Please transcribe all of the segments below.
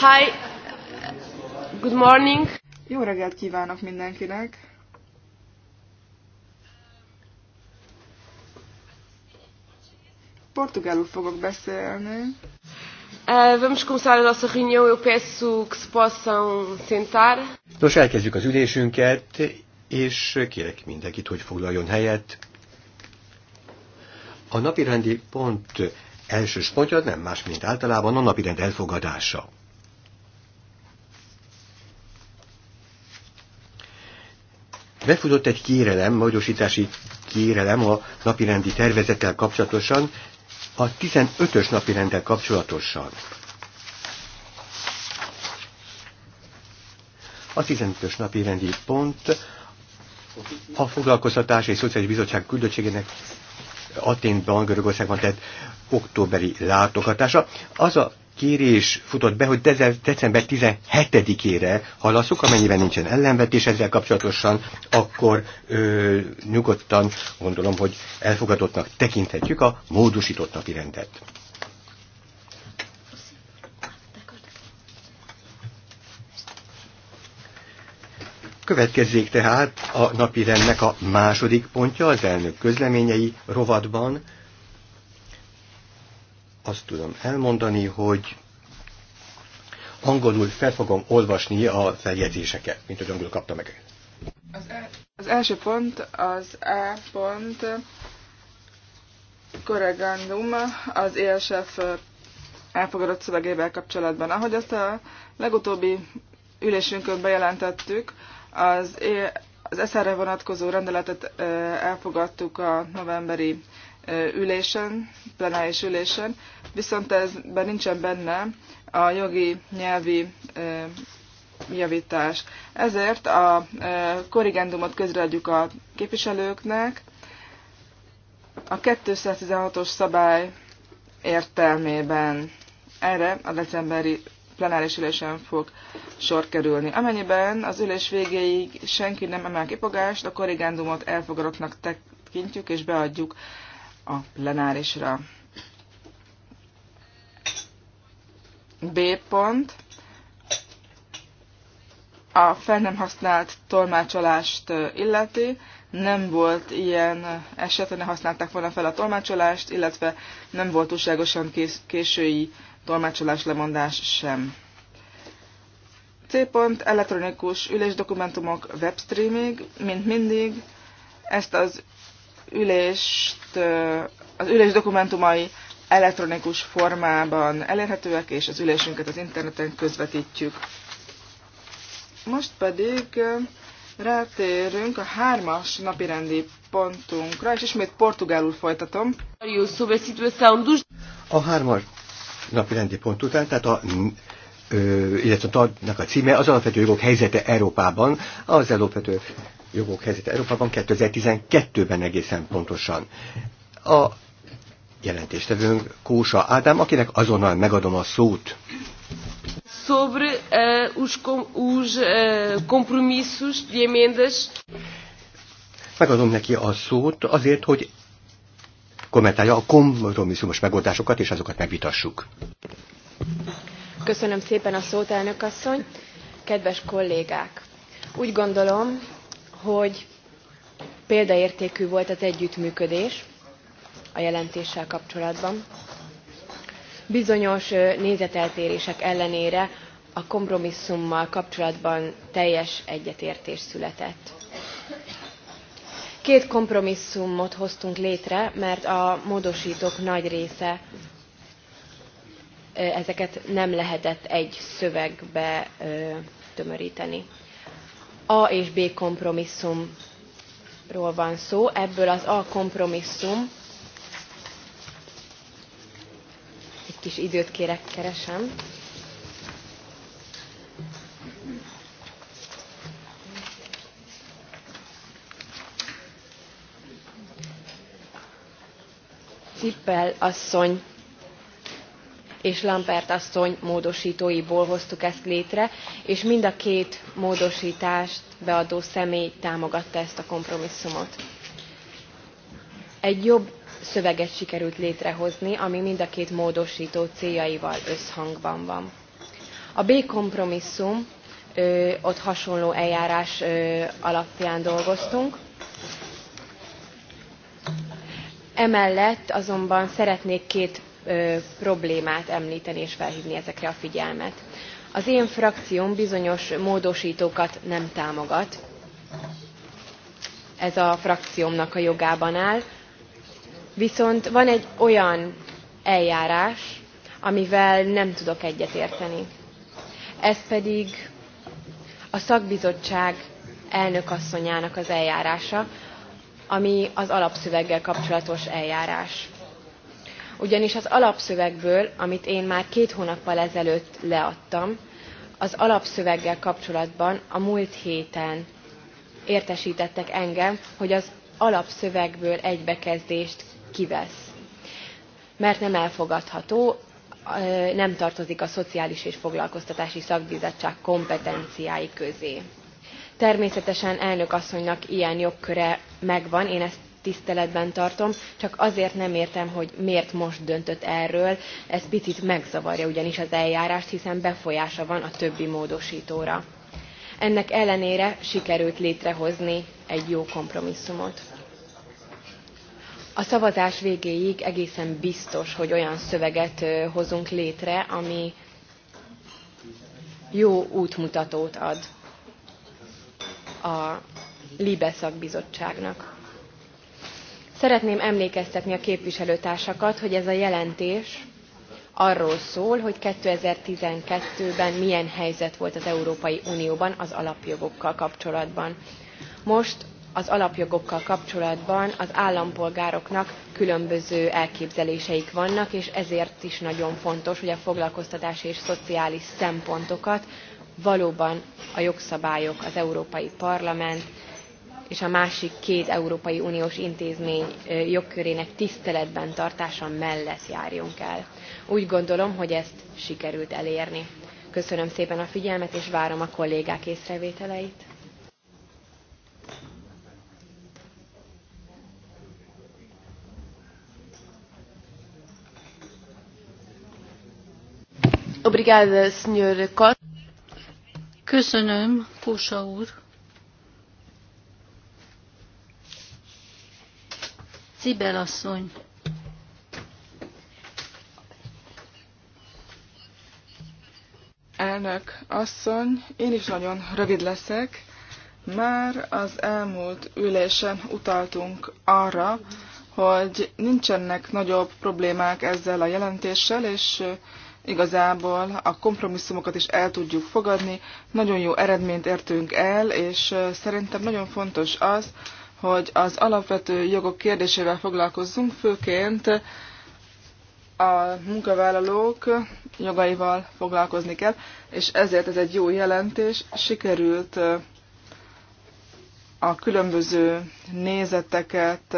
Hi. Good morning. Jó reggelt kívánok mindenkinek. Portugálul fogok beszélni. Uh, vamos começar a nossa reunião. Eu peço que se possam sentar. Nos elkezdjük az ülésünket, és kérek mindenkit, hogy foglaljon helyet. A napirendi pont elsős pontja nem más, mint általában a napirend elfogadása. befutott egy kérelem, módosítási kérelem a napirendi tervezettel kapcsolatosan, a 15-ös napirenddel kapcsolatosan. A 15-ös napirendi pont a Foglalkoztatás és Szociális Bizottság küldöttségének Aténban, Görögországban tett októberi látogatása. Az a kérés futott be, hogy december 17-ére halaszok, amennyiben nincsen ellenvetés ezzel kapcsolatosan, akkor ö, nyugodtan gondolom, hogy elfogadottnak tekinthetjük a módosított napi rendet. Következzék tehát a napi rendnek a második pontja az elnök közleményei rovatban azt tudom elmondani, hogy angolul fel fogom olvasni a feljegyzéseket, mint hogy angolul kapta meg. Az, el, az első pont, az A e pont, korregandum az ESF elfogadott szövegével kapcsolatban. Ahogy azt a legutóbbi ülésünkön bejelentettük, az, e- az SR-re vonatkozó rendeletet elfogadtuk a novemberi ülésen, plenáris ülésen, viszont ezben nincsen benne a jogi nyelvi javítás. Ezért a korrigendumot közreadjuk a képviselőknek a 216-os szabály értelmében. Erre a decemberi plenáris ülésen fog sor kerülni. Amennyiben az ülés végéig senki nem emel kipogást a korrigendumot elfogadottnak tekintjük és beadjuk a plenárisra. B pont. A fel nem használt tolmácsolást illeti. Nem volt ilyen eset, hogy ne használták volna fel a tolmácsolást, illetve nem volt túlságosan kés késői tolmácsolás lemondás sem. C pont elektronikus ülésdokumentumok webstreaming, mint mindig. Ezt az ülést, az ülés dokumentumai elektronikus formában elérhetőek, és az ülésünket az interneten közvetítjük. Most pedig rátérünk a hármas napirendi pontunkra, és ismét portugálul folytatom. A hármas napirendi pont után, tehát a illetve a a címe az alapvető jogok helyzete Európában, az alapvető jogok helyzet Európában 2012-ben egészen pontosan. A jelentéstevőnk Kósa Ádám, akinek azonnal megadom a szót. Sobre uh, os, uh, compromissos de emendas. Megadom neki a szót azért, hogy kommentálja a kompromisszumos megoldásokat, és azokat megvitassuk. Köszönöm szépen a szót, elnök asszony. Kedves kollégák! Úgy gondolom, hogy példaértékű volt az együttműködés a jelentéssel kapcsolatban. Bizonyos nézeteltérések ellenére a kompromisszummal kapcsolatban teljes egyetértés született. Két kompromisszumot hoztunk létre, mert a módosítók nagy része ezeket nem lehetett egy szövegbe tömöríteni. A és B kompromisszumról van szó, ebből az A kompromisszum, egy kis időt kérek, keresem, Cippel asszony és lambert asszony módostóiból hoztuk ezt létre, és mind a két módosítást beadó személy támogatta ezt a kompromisszumot. Egy jobb szöveget sikerült létrehozni, ami mind a két módosító céljaival összhangban van. A B kompromisszum, ö, ott hasonló eljárás ö, alapján dolgoztunk. Emellett azonban szeretnék két problémát említeni és felhívni ezekre a figyelmet. Az én frakcióm bizonyos módosítókat nem támogat. Ez a frakciómnak a jogában áll. Viszont van egy olyan eljárás, amivel nem tudok egyetérteni. Ez pedig a szakbizottság asszonyának az eljárása, ami az alapszöveggel kapcsolatos eljárás ugyanis az alapszövegből, amit én már két hónappal ezelőtt leadtam, az alapszöveggel kapcsolatban a múlt héten értesítettek engem, hogy az alapszövegből egybekezdést kivesz. Mert nem elfogadható, nem tartozik a Szociális és Foglalkoztatási Szakbizottság kompetenciái közé. Természetesen elnök asszonynak ilyen jogköre megvan, én ezt tiszteletben tartom, csak azért nem értem, hogy miért most döntött erről. Ez picit megzavarja ugyanis az eljárást, hiszen befolyása van a többi módosítóra. Ennek ellenére sikerült létrehozni egy jó kompromisszumot. A szavazás végéig egészen biztos, hogy olyan szöveget hozunk létre, ami jó útmutatót ad a Libe szakbizottságnak szeretném emlékeztetni a képviselőtársakat hogy ez a jelentés arról szól hogy two thousand and twelve ben milyen helyzet volt az európai unióban az alapjogokkal kapcsolatban. most az alapjogokkal kapcsolatban az állampolgároknak különböző elképzeléseik vannak és ezért is nagyon fontos hogy a foglalkoztatási és szociális szempontokat valóban a jogszabályok az európai parlament és a másik két Európai Uniós intézmény jogkörének tiszteletben tartása mellett járjunk el. Úgy gondolom, hogy ezt sikerült elérni. Köszönöm szépen a figyelmet, és várom a kollégák észrevételeit. Obrigada, Sr. Köszönöm, Kósa úr. Cibel asszony. Elnök asszony, én is nagyon rövid leszek. Már az elmúlt ülésen utaltunk arra, hogy nincsenek nagyobb problémák ezzel a jelentéssel, és igazából a kompromisszumokat is el tudjuk fogadni. Nagyon jó eredményt értünk el, és szerintem nagyon fontos az, hogy az alapvető jogok kérdésével foglalkozzunk, főként a munkavállalók jogaival foglalkozni kell, és ezért ez egy jó jelentés. Sikerült a különböző nézeteket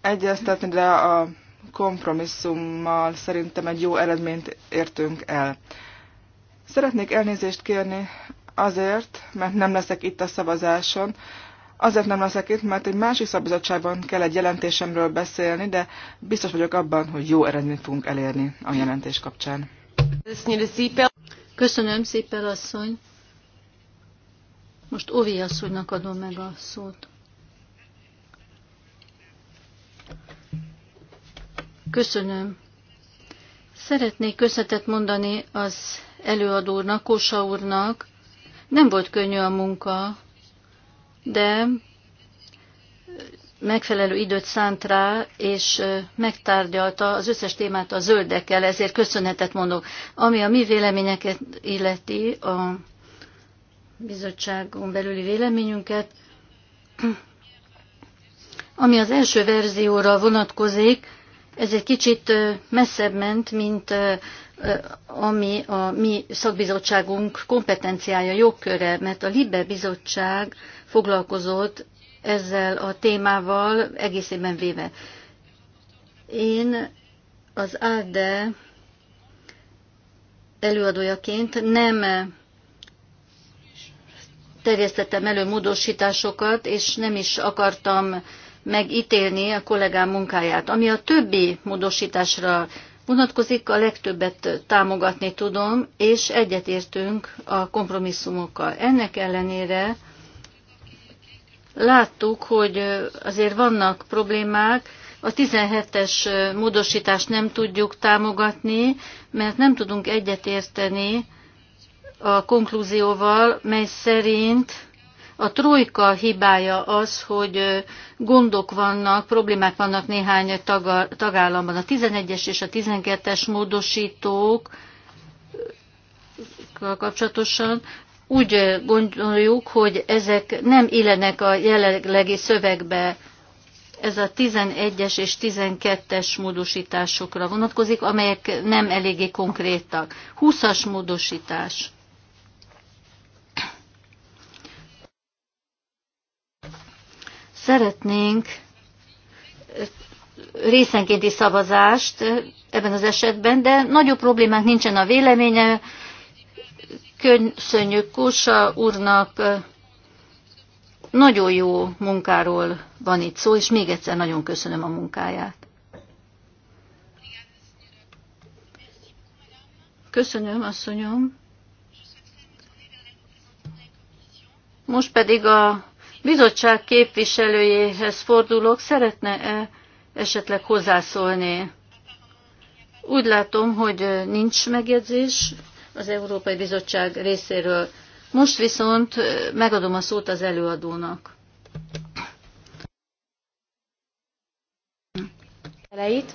egyeztetni, de a kompromisszummal szerintem egy jó eredményt értünk el. Szeretnék elnézést kérni azért, mert nem leszek itt a szavazáson, Azért nem leszek itt, mert egy másik szabizottságban kell egy jelentésemről beszélni, de biztos vagyok abban, hogy jó eredményt fogunk elérni a jelentés kapcsán. Köszönöm, szépen, asszony. Most Ovi asszonynak adom meg a szót. Köszönöm. Szeretnék köszönetet mondani az előadónak, Kósa úrnak. Nem volt könnyű a munka, de megfelelő időt szánt rá, és megtárgyalta az összes témát a zöldekkel, ezért köszönetet mondok. Ami a mi véleményeket illeti, a bizottságon belüli véleményünket, ami az első verzióra vonatkozik, ez egy kicsit messzebb ment, mint ami a mi szakbizottságunk kompetenciája, jogköre, mert a LIBE bizottság foglalkozott ezzel a témával egészében véve. Én az ALDE előadójaként nem terjesztettem elő módosításokat, és nem is akartam megítélni a kollégám munkáját. Ami a többi módosításra vonatkozik, a legtöbbet támogatni tudom, és egyetértünk a kompromisszumokkal. Ennek ellenére láttuk, hogy azért vannak problémák, a 17-es módosítást nem tudjuk támogatni, mert nem tudunk egyetérteni a konklúzióval, mely szerint a trojka hibája az, hogy gondok vannak, problémák vannak néhány tagállamban. A 11-es és a 12-es módosítók kapcsolatosan úgy gondoljuk, hogy ezek nem illenek a jelenlegi szövegbe. Ez a 11-es és 12-es módosításokra vonatkozik, amelyek nem eléggé konkrétak. 20-as módosítás. Szeretnénk részenkénti szavazást ebben az esetben, de nagyobb problémák nincsen a véleménye, Köszönjük Kósa úrnak, nagyon jó munkáról van itt szó, és még egyszer nagyon köszönöm a munkáját. Köszönöm, asszonyom. Most pedig a bizottság képviselőjéhez fordulok. Szeretne-e esetleg hozzászólni? Úgy látom, hogy nincs megjegyzés az Európai Bizottság részéről. Most viszont megadom a szót az előadónak. Eleit.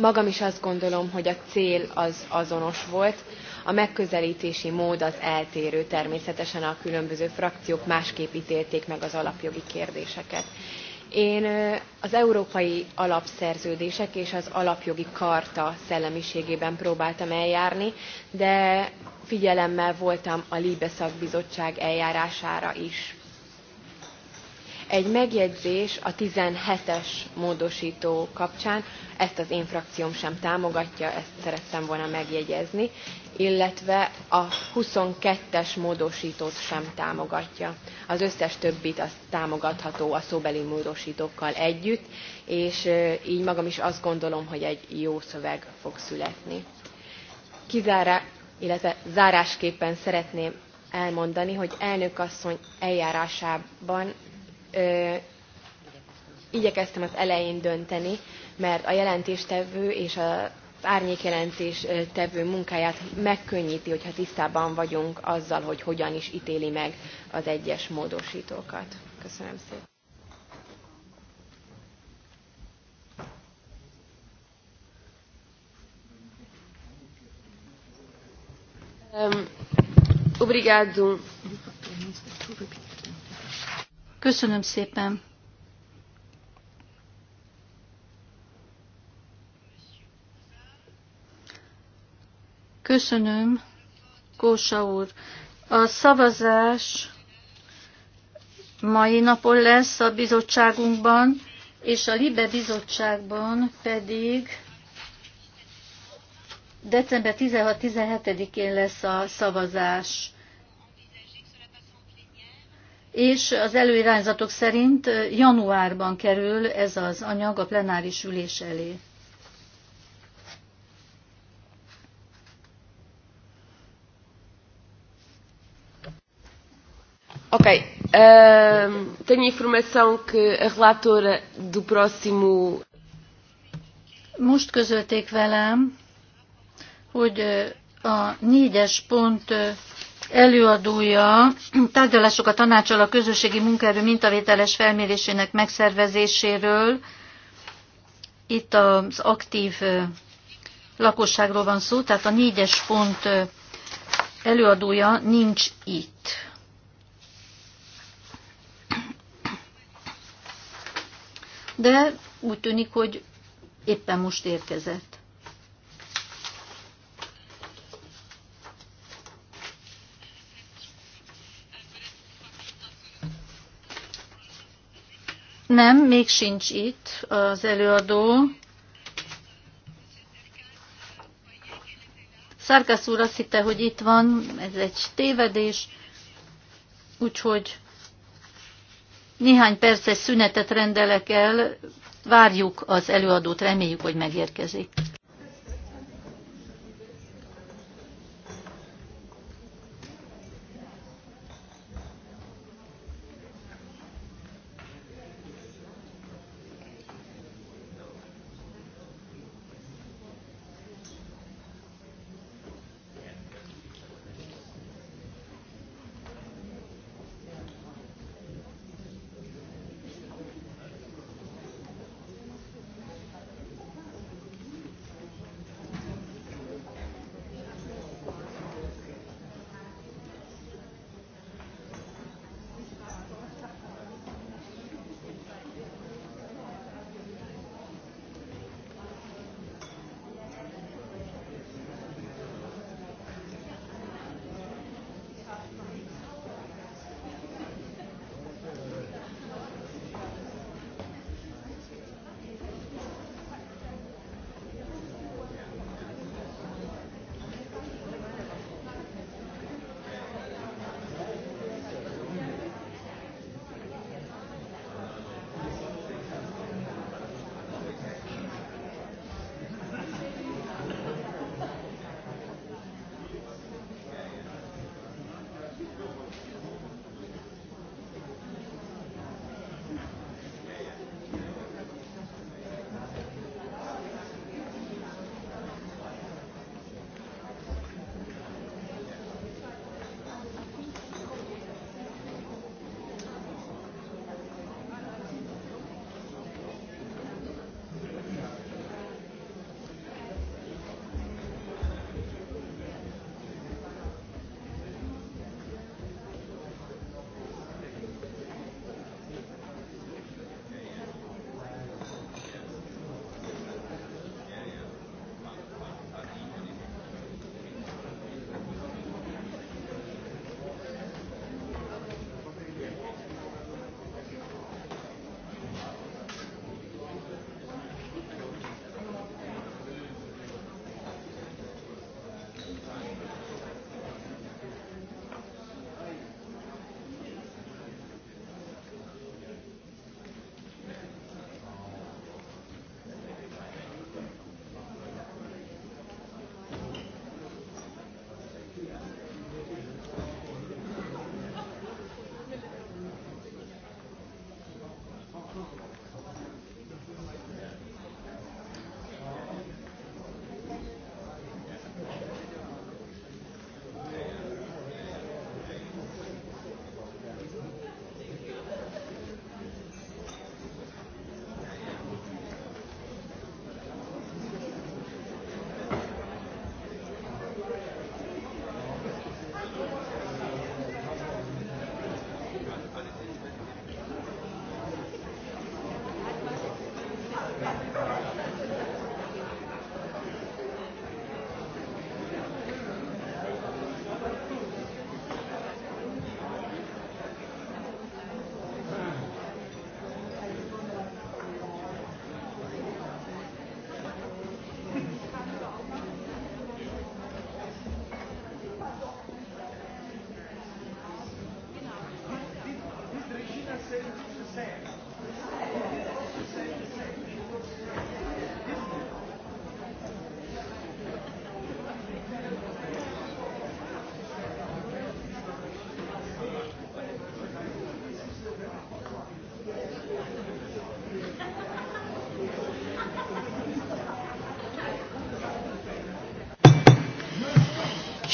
Magam is azt gondolom, hogy a cél az azonos volt, a megközelítési mód az eltérő, természetesen a különböző frakciók másképp ítélték meg az alapjogi kérdéseket én az európai alapszerződések és az alapjogi karta szellemiségében próbáltam eljárni de figyelemmel voltam a libe szakbizottság eljárására is. egy megjegyzés a seventeen es módostó kapcsán ezt az én frakcióm sem támogatja ezt szerettem volna megjegyezni illetve a 22-es módosítót sem támogatja. Az összes többit az támogatható a szóbeli módosítókkal együtt, és így magam is azt gondolom, hogy egy jó szöveg fog születni. Kizára, illetve zárásképpen szeretném elmondani, hogy elnök asszony eljárásában ö, igyekeztem az elején dönteni, mert a jelentéstevő és a árnyékjelentés tevő munkáját megkönnyíti, hogyha tisztában vagyunk azzal, hogy hogyan is ítéli meg az egyes módosítókat. Köszönöm szépen. Köszönöm szépen. Köszönöm, Kósa úr. A szavazás mai napon lesz a bizottságunkban, és a Libe bizottságban pedig december 16-17-én lesz a szavazás. És az előirányzatok szerint januárban kerül ez az anyag a plenáris ülés elé. Ok. Um, tenho informação que a relatora do próximo. Most közölték velem, hogy eh, a négyes pont eh, előadója tárgyalások a tanácsal a közösségi munkaerő mintavételes felmérésének megszervezéséről. Itt az aktív eh, lakosságról van szó, tehát a négyes pont előadója nincs itt. de úgy tűnik, hogy éppen most érkezett. Nem, még sincs itt az előadó. Szárkász úr azt hitte, hogy itt van, ez egy tévedés, úgyhogy néhány perces szünetet rendelek el, várjuk az előadót, reméljük, hogy megérkezik.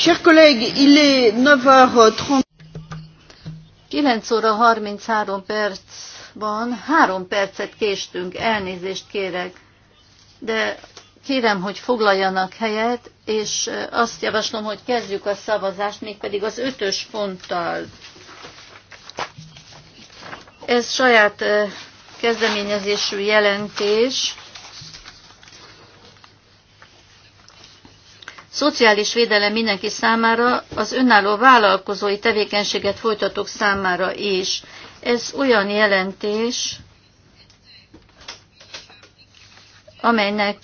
Chers collègues, il est 9h30. 9 óra 33 percban három percet késtünk, elnézést kérek, de kérem, hogy foglaljanak helyet, és azt javaslom, hogy kezdjük a szavazást, mégpedig az ötös ponttal. Ez saját kezdeményezésű jelentés szociális védelem mindenki számára, az önálló vállalkozói tevékenységet folytatók számára is. Ez olyan jelentés, amelynek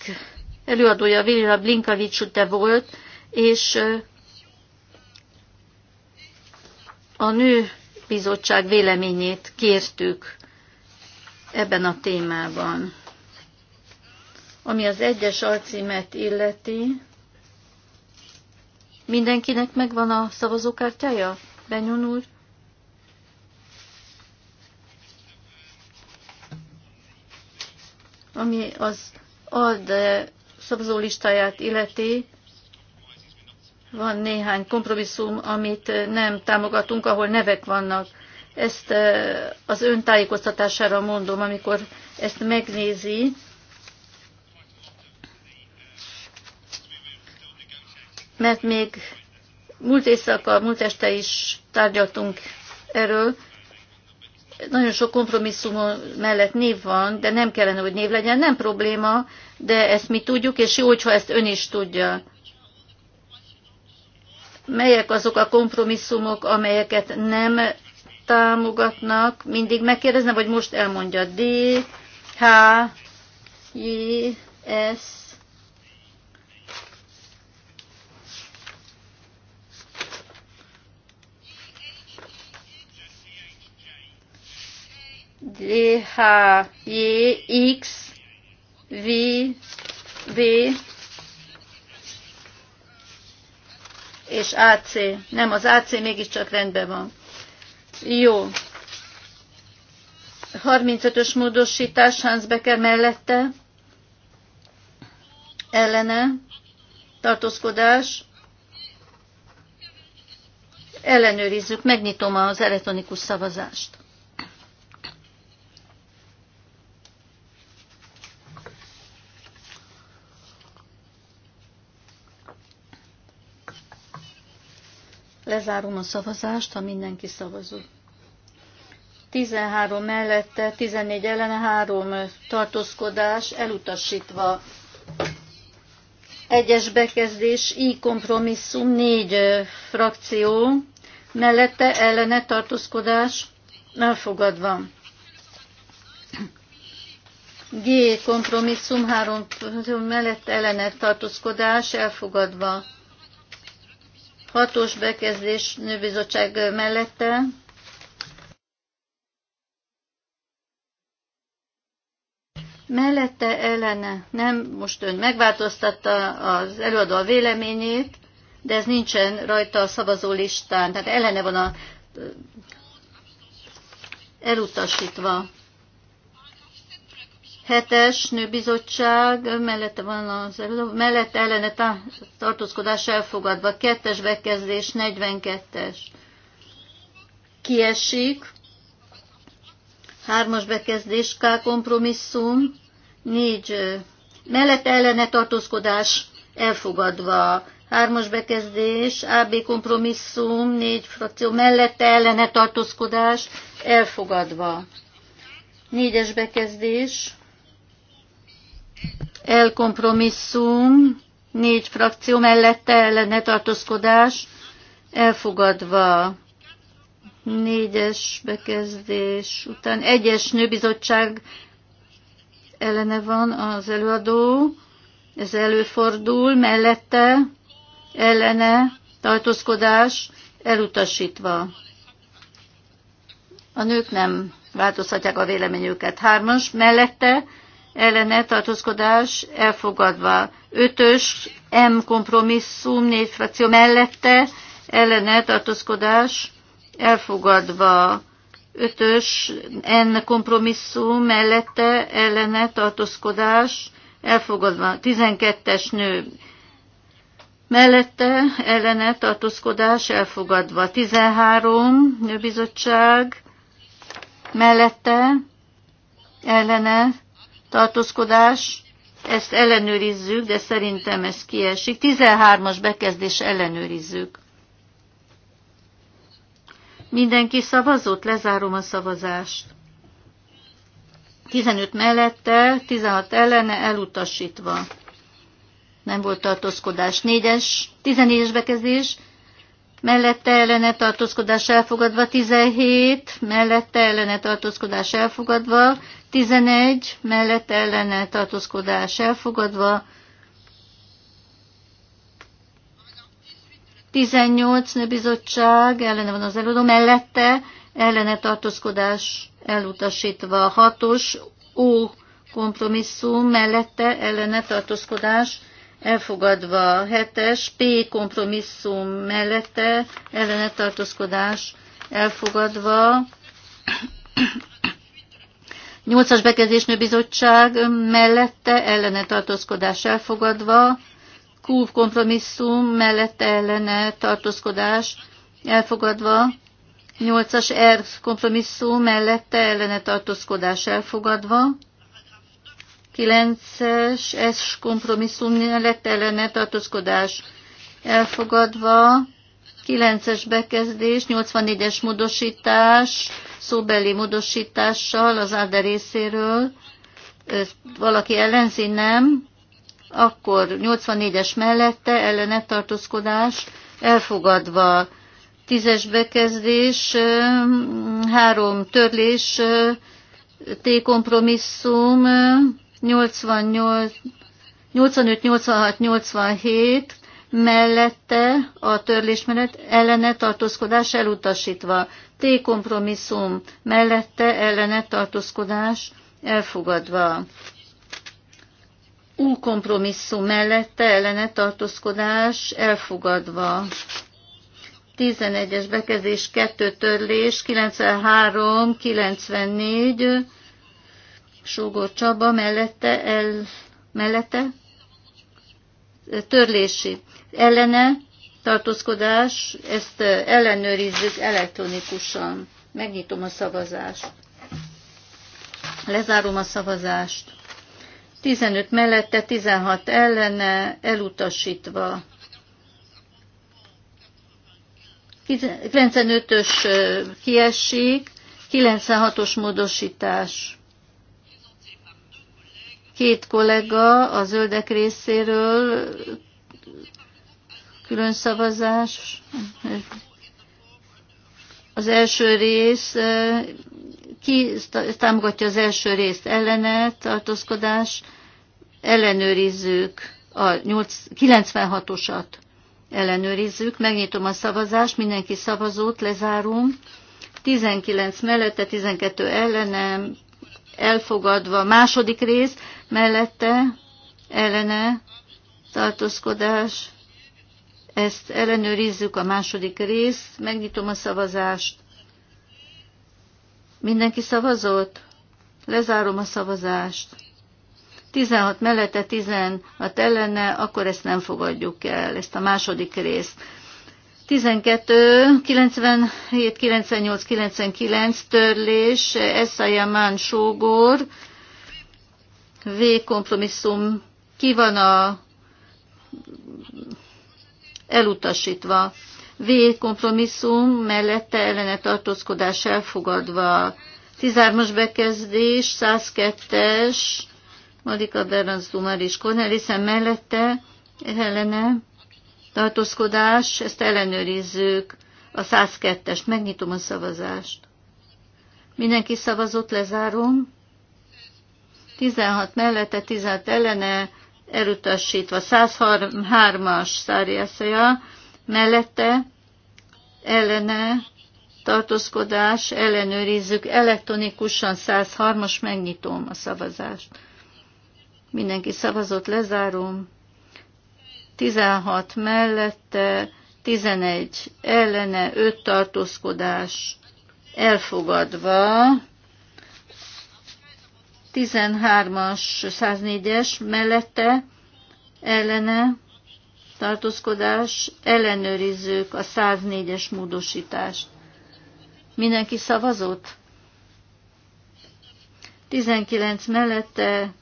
előadója Vilja te volt, és a nő bizottság véleményét kértük ebben a témában. Ami az egyes alcímet illeti, Mindenkinek megvan a szavazókártyája? Benyon úr? Ami az ad szavazólistáját illeti, van néhány kompromisszum, amit nem támogatunk, ahol nevek vannak. Ezt eh, az ön tájékoztatására mondom, amikor ezt megnézi, mert még múlt éjszaka, múlt este is tárgyaltunk erről. Nagyon sok kompromisszum mellett név van, de nem kellene, hogy név legyen. Nem probléma, de ezt mi tudjuk, és jó, hogyha ezt ön is tudja. Melyek azok a kompromisszumok, amelyeket nem támogatnak? Mindig megkérdezem, vagy most elmondja D, H, J, S, D, H, J, e X, V, V és AC. Nem, az AC mégiscsak rendben van. Jó. 35-ös módosítás Hans Becker mellette. Ellene. Tartózkodás. Ellenőrizzük, megnyitom az elektronikus szavazást. Lezárom a szavazást, ha mindenki szavazott. 13 mellette, 14 ellene, 3 tartózkodás elutasítva. Egyes bekezdés, így kompromisszum, 4 frakció, mellette ellene tartózkodás elfogadva. G kompromisszum, 3 mellette ellene tartózkodás elfogadva. Hatós bekezdés nőbizottság mellette. Mellette ellene, nem, most ön megváltoztatta az előadó a véleményét, de ez nincsen rajta a szavazó listán, tehát ellene van a elutasítva. Hetes nőbizottság mellette van az mellett ellene tartózkodás elfogadva. Kettes bekezdés 42-es kiesik. Hármas bekezdés K kompromisszum. Négy mellett ellene tartózkodás elfogadva. Hármas bekezdés, AB kompromisszum, négy frakció mellette ellene tartózkodás elfogadva. Négyes bekezdés, elkompromisszum, négy frakció mellette ellene tartózkodás, elfogadva négyes bekezdés után egyes nőbizottság ellene van az előadó, ez előfordul, mellette ellene tartózkodás elutasítva. A nők nem változhatják a véleményüket. Hármas, mellette ellene tartózkodás elfogadva. Ötös M kompromisszum négy frakció mellette ellene tartózkodás elfogadva. Ötös N kompromisszum mellette ellene tartózkodás elfogadva. Tizenkettes nő mellette ellene tartózkodás elfogadva. Tizenhárom nőbizottság mellette ellene tartózkodás, ezt ellenőrizzük, de szerintem ez kiesik. 13-as bekezdés ellenőrizzük. Mindenki szavazott, lezárom a szavazást. 15 mellette, 16 ellene, elutasítva. Nem volt tartózkodás. 4-es, 14-es bekezdés, mellette ellene tartózkodás elfogadva, 17, mellette ellene tartózkodás elfogadva, 11 mellett ellene tartózkodás elfogadva, 18 bizottság ellene van az előadó, mellette ellene tartózkodás elutasítva, 6-os ó kompromisszum, mellette ellene tartózkodás elfogadva, 7-es P kompromisszum, mellette ellene tartózkodás elfogadva, Nyolcas bekezdésnő bizottság mellette ellene tartózkodás elfogadva, kúv kompromisszum mellette ellene tartózkodás elfogadva, nyolcas erd kompromisszum mellette ellene tartózkodás elfogadva, kilences es kompromisszum mellette ellene tartózkodás elfogadva, 9-es bekezdés, 84-es módosítás, szóbeli módosítással az áder részéről. Valaki ellenzi, nem? Akkor 84-es mellette ellene tartózkodás elfogadva. 10-es bekezdés, három törlés, T kompromisszum, 88, 85, 86, 87 mellette a törlésmenet ellene tartózkodás elutasítva. T kompromisszum mellette ellene tartózkodás elfogadva. U kompromisszum mellette ellene tartózkodás elfogadva. 11-es bekezés 2 törlés 93 94 Sógor Csaba mellette el mellette törlési ellene tartózkodás, ezt ellenőrizzük elektronikusan. Megnyitom a szavazást. Lezárom a szavazást. 15 mellette, 16 ellene, elutasítva. 95-ös kiesik, 96-os módosítás. Két kollega a zöldek részéről külön szavazás. Az első rész, ki támogatja az első részt ellene, tartózkodás, ellenőrizzük a 96-osat. Ellenőrizzük, megnyitom a szavazást, mindenki szavazott, lezárom. 19 mellette, 12 ellene, elfogadva, második rész mellette, ellene, tartózkodás, ezt ellenőrizzük a második részt, megnyitom a szavazást. Mindenki szavazott? Lezárom a szavazást. 16 mellette 16 ellene, akkor ezt nem fogadjuk el, ezt a második részt. 12, 97, 98, 99 törlés, Eszajamán Sógor, V kompromisszum, ki van a elutasítva. V kompromisszum mellette ellene tartózkodás elfogadva. 13-as bekezdés, 102-es, Marika Dumar és Cornelissen mellette ellene tartózkodás, ezt ellenőrizzük. A 102-est, megnyitom a szavazást. Mindenki szavazott, lezárom. 16 mellette, 16 ellene, elutasítva. 103-as szárjászaja mellette ellene tartózkodás, ellenőrizzük elektronikusan 103-as, megnyitom a szavazást. Mindenki szavazott, lezárom. 16 mellette, 11 ellene, 5 tartózkodás elfogadva. 13-as 104-es mellette ellene tartózkodás, ellenőrizzük a 104-es módosítást. Mindenki szavazott? 19 mellette,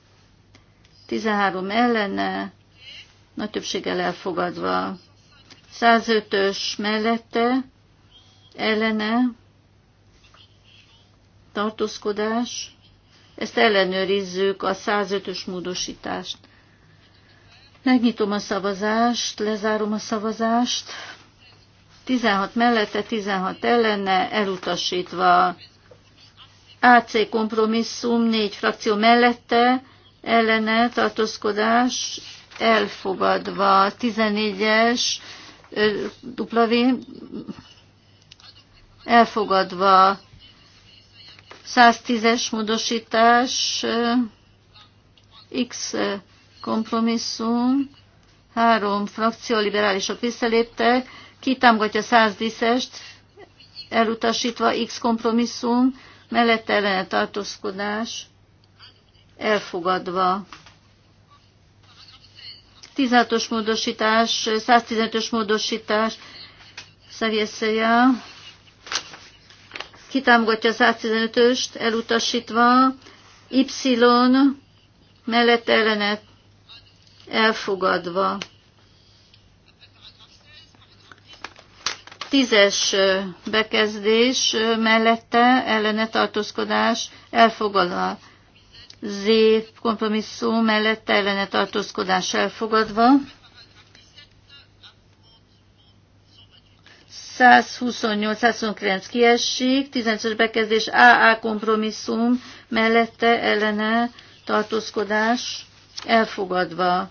13 ellene, nagy többséggel elfogadva. 105-ös mellette, ellene, tartózkodás, ezt ellenőrizzük a 105-ös módosítást. Megnyitom a szavazást, lezárom a szavazást. 16 mellette, 16 ellene, elutasítva. AC kompromisszum, 4 frakció mellette, ellene, tartózkodás, elfogadva. 14-es, W, elfogadva. 110-es módosítás, eh, X eh, kompromisszum, három frakció liberálisok visszaléptek, ki támogatja 110-est, elutasítva X kompromisszum, mellette ellene tartózkodás, elfogadva. 16-os módosítás, 115-ös módosítás, Szavjeszeja, kitámogatja a 115 öst elutasítva, Y mellett ellenet elfogadva. Tízes bekezdés mellette ellene tartózkodás elfogadva. Z kompromisszum mellette ellene tartózkodás elfogadva. 128-129 kiesik, 15-ös bekezdés AA kompromisszum, mellette ellene tartózkodás elfogadva.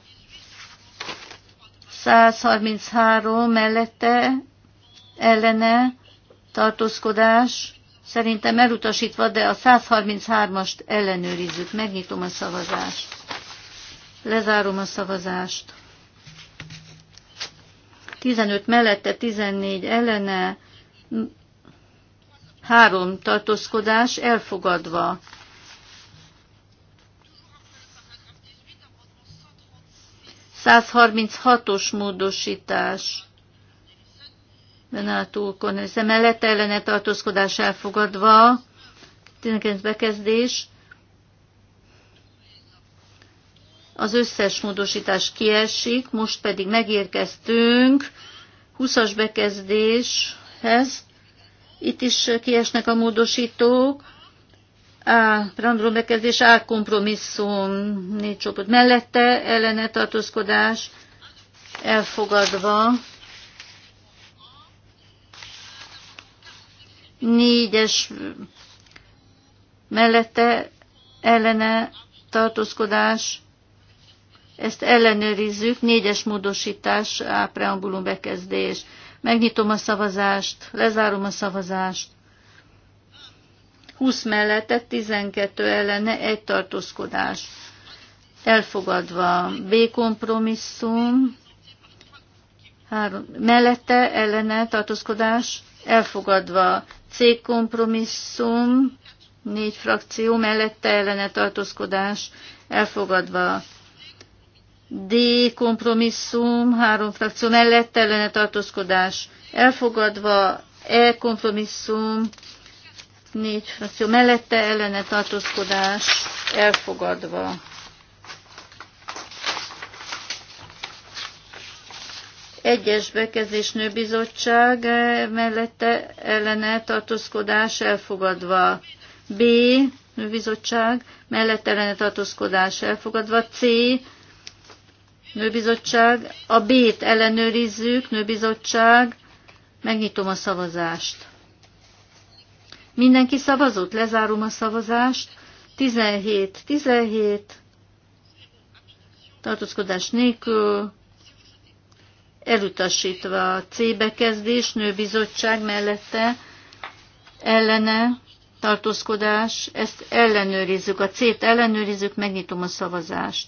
133 mellette ellene tartózkodás szerintem elutasítva, de a 133-ast ellenőrizzük. Megnyitom a szavazást. Lezárom a szavazást. 15 mellette, 14 ellene, 3 tartózkodás elfogadva. os módosítás. Benátó ez mellett ellene tartózkodás elfogadva. 19 bekezdés. az összes módosítás kiesik, most pedig megérkeztünk 20-as bekezdéshez. Itt is kiesnek a módosítók. A randról bekezdés A kompromisszum négy csoport mellette ellene tartózkodás elfogadva. Négyes mellette ellene tartózkodás ezt ellenőrizzük, négyes módosítás, A preambulum bekezdés. Megnyitom a szavazást, lezárom a szavazást. 20 mellette, 12 ellene, egy tartózkodás. Elfogadva B kompromisszum, három, mellette ellene tartózkodás, elfogadva C kompromisszum, négy frakció mellette ellene tartózkodás, elfogadva D kompromisszum, három frakció mellett ellene tartózkodás elfogadva, E kompromisszum, négy frakció mellette ellene tartózkodás elfogadva. Egyes bekezdés nőbizottság mellette ellene tartózkodás elfogadva. B nőbizottság mellette ellene tartózkodás elfogadva. C nőbizottság. A B-t ellenőrizzük, nőbizottság. Megnyitom a szavazást. Mindenki szavazott? Lezárom a szavazást. 17, 17. Tartózkodás nélkül. Elutasítva a C bekezdés, nőbizottság mellette ellene tartózkodás, ezt ellenőrizzük, a C-t ellenőrizzük, megnyitom a szavazást.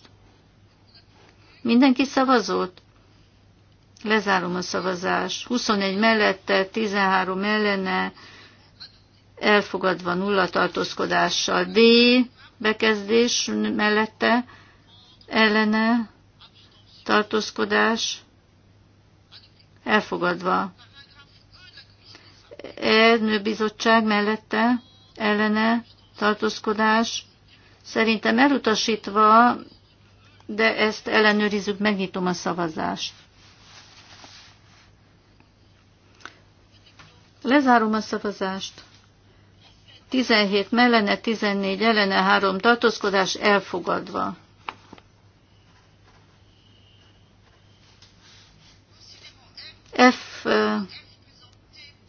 Mindenki szavazott? Lezárom a szavazást. 21 mellette, 13 ellene, elfogadva nulla tartózkodással. D bekezdés mellette, ellene, tartózkodás, elfogadva. E nőbizottság mellette, ellene, tartózkodás, szerintem elutasítva de ezt ellenőrizzük, megnyitom a szavazást. Lezárom a szavazást. 17 mellene, 14 ellene, 3 tartózkodás elfogadva. F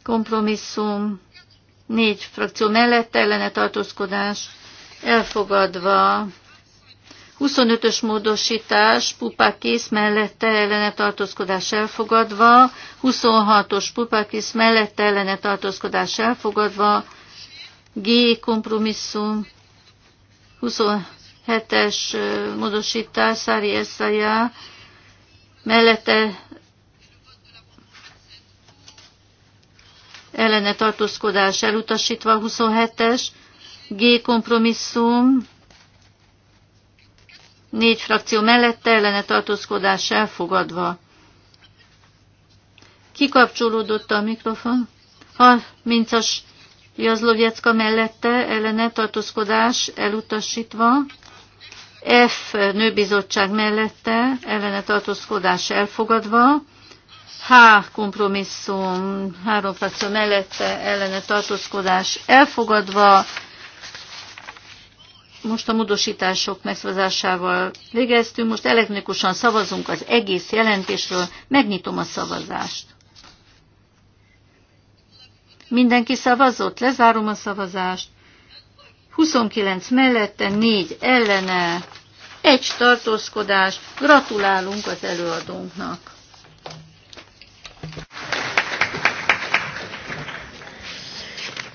kompromisszum, 4 frakció mellette ellene tartózkodás elfogadva. 25-ös módosítás, Pupakis mellette ellene tartózkodás elfogadva, 26-os Pupakis mellette ellene tartózkodás elfogadva, G kompromisszum, 27-es módosítás, Szári Eszaja, mellette ellene tartózkodás elutasítva, 27-es, G kompromisszum, Négy frakció mellette ellene tartózkodás elfogadva. Kikapcsolódott a mikrofon. Ha Mincas Jazlovjecka mellette ellene tartózkodás elutasítva. F nőbizottság mellette ellene tartózkodás elfogadva. H kompromisszum három frakció mellette ellene tartózkodás elfogadva, most a módosítások megszavazásával végeztünk, most elektronikusan szavazunk az egész jelentésről, megnyitom a szavazást. Mindenki szavazott, lezárom a szavazást. 29 mellette, 4 ellene, egy tartózkodás. Gratulálunk az előadónknak.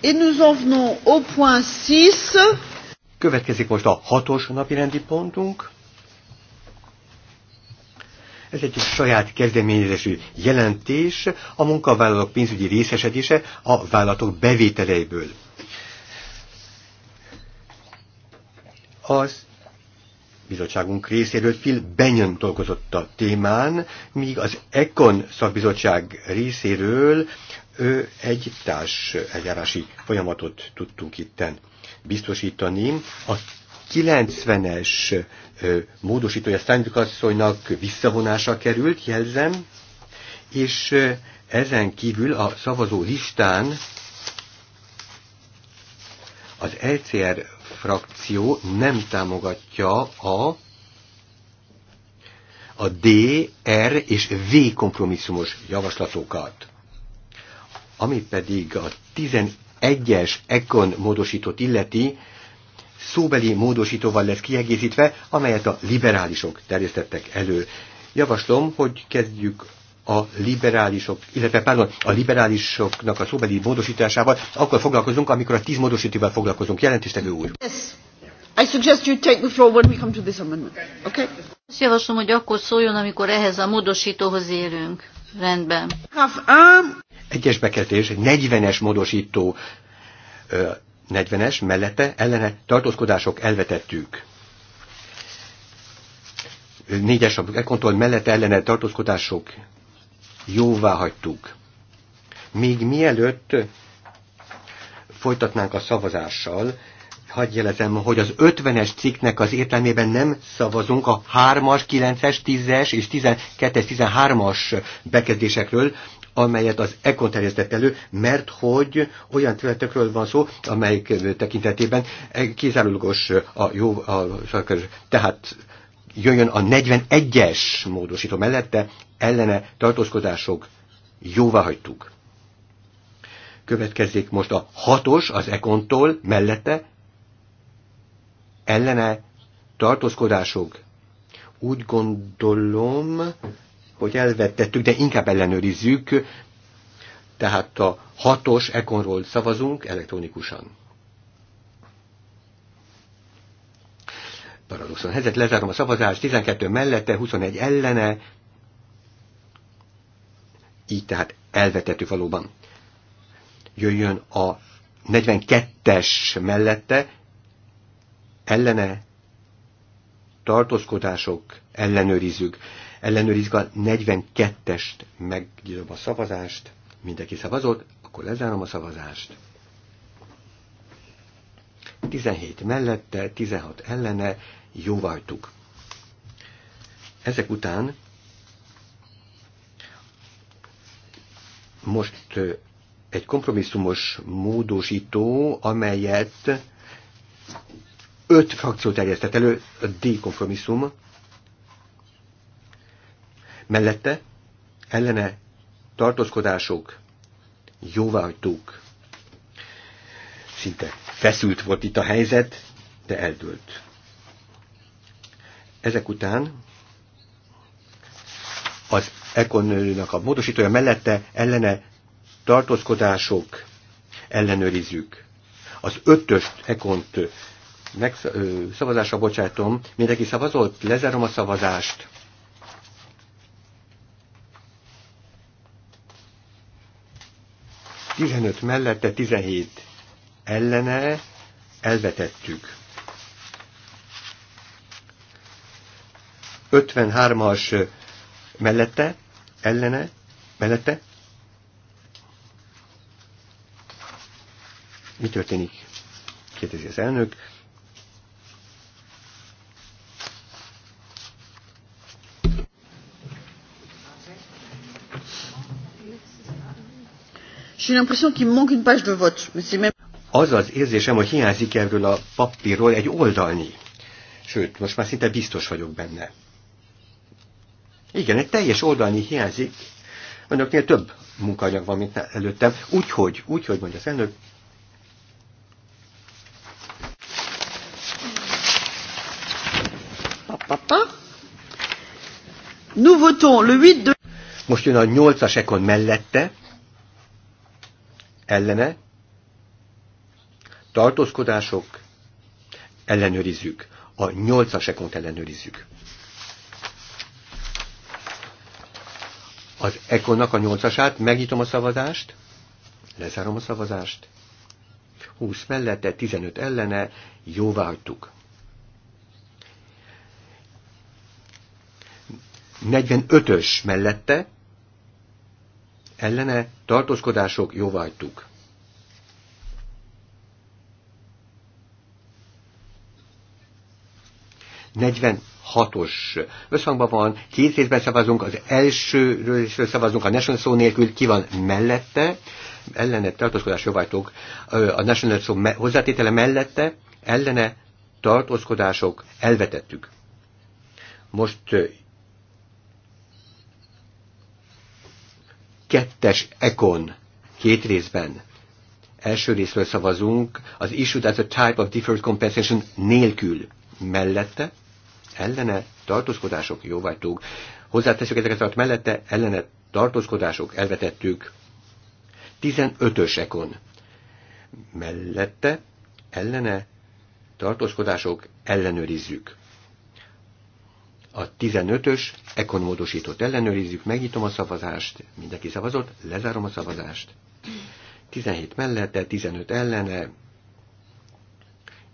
Et nous en venons au point 6 Következik most a hatos napi rendi pontunk. Ez egy saját kezdeményezésű jelentés a munkavállalók pénzügyi részesedése a vállalatok bevételeiből. Az bizottságunk részéről Phil Benyon dolgozott a témán, míg az Econ szakbizottság részéről ő egy társ eljárási folyamatot tudtunk itten biztosítani a 90-es módosítója Sztányvik asszonynak visszavonása került, jelzem, és ezen kívül a szavazó listán az LCR frakció nem támogatja a a D, R és V kompromisszumos javaslatokat. Ami pedig a egyes ekkon módosítót illeti, szóbeli módosítóval lesz kiegészítve, amelyet a liberálisok terjesztettek elő. Javaslom, hogy kezdjük a liberálisok, illetve pardon, a liberálisoknak a szóbeli módosításával, akkor foglalkozunk, amikor a tíz módosítóval foglalkozunk. Jelentéstevő úr. Yes. I suggest you take the floor when we come to this amendment. Okay? Azt javaslom, hogy akkor szóljon, amikor ehhez a módosítóhoz érünk. Rendben. Egyes bekezdés, 40-es módosító, 40-es mellette ellene tartózkodások elvetettük. Négyes a kontroll mellette ellene tartózkodások jóvá hagytuk. Még mielőtt folytatnánk a szavazással, hagyj jelezem, hogy az 50-es cikknek az értelmében nem szavazunk a 3-as, 9-es, 10-es és 12-es, 13-as bekezdésekről, amelyet az ECON terjesztett elő, mert hogy olyan területekről van szó, amelyik tekintetében kizárólagos a jó, a, a, tehát jöjjön a 41-es módosító mellette, ellene tartózkodások jóvá hagytuk. Következzék most a 6-os az ECON-tól mellette, ellene tartózkodások. Úgy gondolom, hogy elvettettük, de inkább ellenőrizzük, tehát a hatos ekonról szavazunk elektronikusan. Paradoxon helyzet, lezárom a szavazást, 12 mellette, 21 ellene, így tehát elvetettük valóban. Jöjjön a 42-es mellette, ellene tartózkodások ellenőrizzük. Ellenőrizzük a 42-est, megnyitom a szavazást. Mindenki szavazott, akkor lezárom a szavazást. 17 mellette, 16 ellene, jóvajtuk. Ezek után most egy kompromisszumos módosító, amelyet öt frakció terjesztett elő a D kompromisszum mellette ellene tartózkodások jóváhagytók. Szinte feszült volt itt a helyzet, de eldőlt. Ezek után az ekonőnök a módosítója mellette ellene tartózkodások ellenőrizzük. Az ötöst ekont megsz- ö, szavazásra bocsátom. Mindenki szavazott? Lezárom a szavazást. Tizenöt mellette, 17 ellene elvetettük. 53-as mellette, ellene, mellette. Mi történik? kérdezi az elnök. j'ai l'impression qu'il me manque une page de vote. Mais c'est même... Az az érzésem, hogy hiányzik erről a papírról egy oldalnyi. Sőt, most már szinte biztos vagyok benne. Igen, egy teljes oldalnyi hiányzik, önöknél több munkanyag van, mint előttem. Úgyhogy, úgyhogy mondja az elnök, Nous votons le 8 de... Most jön a 8-as ekon mellette, ellene tartózkodások ellenőrizzük. A nyolcasekont ellenőrizzük. Az ekonnak a nyolcasát megnyitom a szavazást, lezárom a szavazást, 20 mellette, 15 ellene, jóvá hagytuk. 45-ös mellette, ellene tartózkodások jóvágytuk. Negyven hatos összhangban van, két részben szavazunk, az elsőről is szavazunk, a National szó nélkül ki van mellette, ellene tartózkodás jóvágytók, a National szó me- hozzátétele mellette, ellene tartózkodások elvetettük. Most kettes ekon két részben. Első részről szavazunk, az issued as a type of deferred compensation nélkül. Mellette, ellene, tartózkodások, jóvágytuk. Hozzáteszük ezeket a mellette, ellene, tartózkodások, elvetettük. 15-ös ekon. Mellette, ellene, tartózkodások, ellenőrizzük. A 15-ös ekonmódosítót ellenőrizzük, megnyitom a szavazást, mindenki szavazott, lezárom a szavazást. 17 mellette, 15 ellene,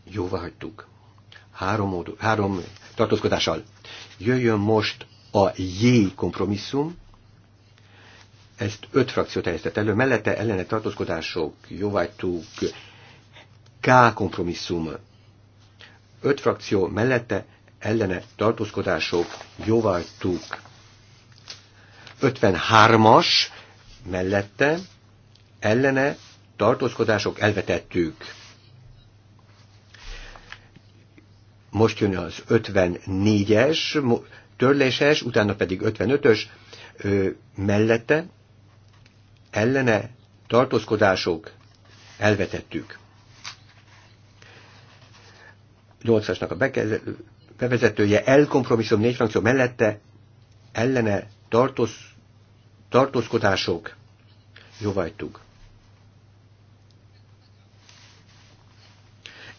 jóva hagytuk. Három, módu, három tartózkodással. Jöjjön most a J kompromisszum, ezt öt frakció terjesztett elő, mellette ellene tartózkodások, jóvágytuk, K kompromisszum. Öt frakció mellette ellene tartózkodások jóváltuk. 53-as mellette ellene tartózkodások elvetettük. Most jön az 54-es, törléses, utána pedig 55-ös, mellette ellene tartózkodások elvetettük. 8-asnak a bevezetője elkompromisszum négy frakció mellette ellene tartoz, tartózkodások jóvajtuk.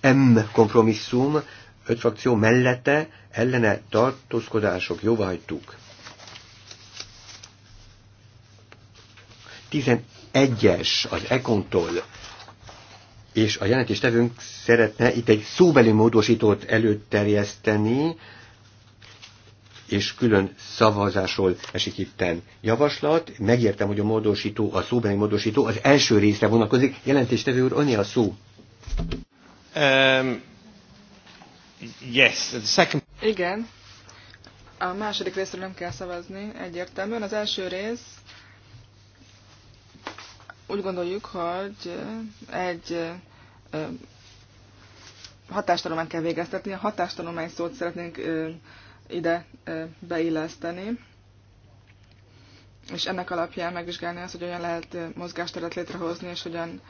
M kompromisszum öt frakció mellette ellene tartózkodások jóvajtuk. 11-es az Ekontól és a jelentéstevőnk szeretne itt egy szóbeli módosítót előterjeszteni, és külön szavazásról esik itten javaslat. Megértem, hogy a módosító, a szóbeli módosító az első részre vonatkozik. Jelentéstevő úr, öné a szó. Um, yes, the second... Igen. A második részről nem kell szavazni egyértelműen. Az első rész úgy gondoljuk, hogy eh, egy eh, eh, hatástanulmányt kell végeztetni. A hatástanulmány szót szeretnénk ide beilleszteni, és ennek alapján megvizsgálni azt, hogy olyan lehet mozgásteret létrehozni, és hogyan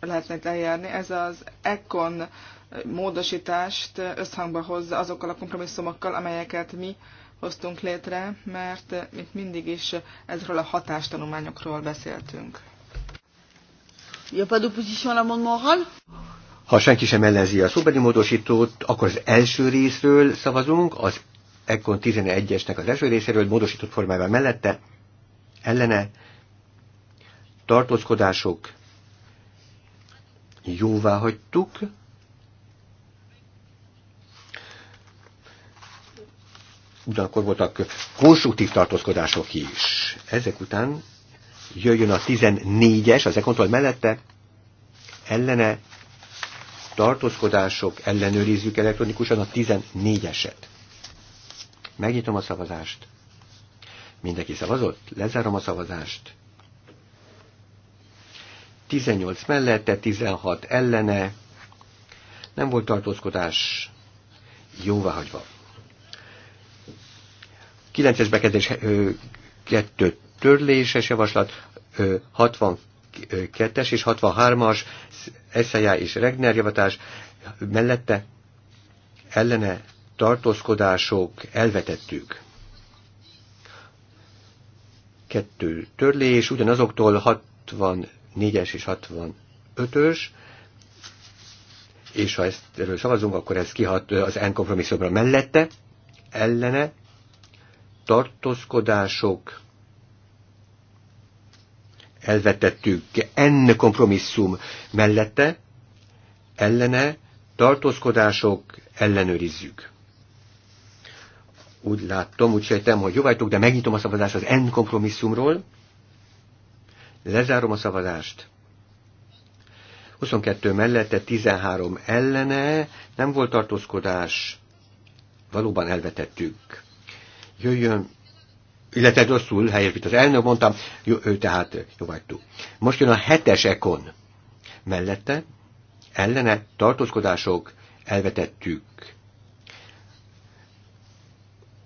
lehetne eljárni. Ez az ECON módosítást összhangba hozza azokkal a kompromisszumokkal, amelyeket mi hoztunk létre, mert eh, mint mindig is eh, ezről a hatástanulmányokról beszéltünk. Ha senki sem ellenzi a szóbeli módosítót, akkor az első részről szavazunk, az Ekkor 11-esnek az első részéről módosított formájában mellette, ellene tartózkodások jóvá hagytuk, ugyanakkor voltak konstruktív tartózkodások is. Ezek után jöjjön a 14-es, az e mellette ellene tartózkodások, ellenőrizzük elektronikusan a 14-eset. Megnyitom a szavazást. Mindenki szavazott? Lezárom a szavazást. 18 mellette, 16 ellene. Nem volt tartózkodás. Jóváhagyva. 9-es bekezdés 2 törléses javaslat, 62-es és 63-as Eszeja és Regner javatás mellette ellene tartózkodások elvetettük. Kettő törlés, ugyanazoktól 64-es és 65-ös, és ha ezt, erről szavazunk, akkor ez kihat az N kompromisszumra mellette, ellene tartózkodások, elvetettük enne kompromisszum mellette, ellene tartózkodások ellenőrizzük. Úgy láttam, úgy sejtem, hogy jó vagytok, de megnyitom a szavazást az N kompromisszumról. Lezárom a szavazást. 22 mellette, 13 ellene, nem volt tartózkodás, valóban elvetettük jöjjön, illetve rosszul helyes, mint az elnök mondtam, jó, ő tehát jóvágytó. Most jön a hetes ekon. Mellette ellene tartózkodások elvetettük.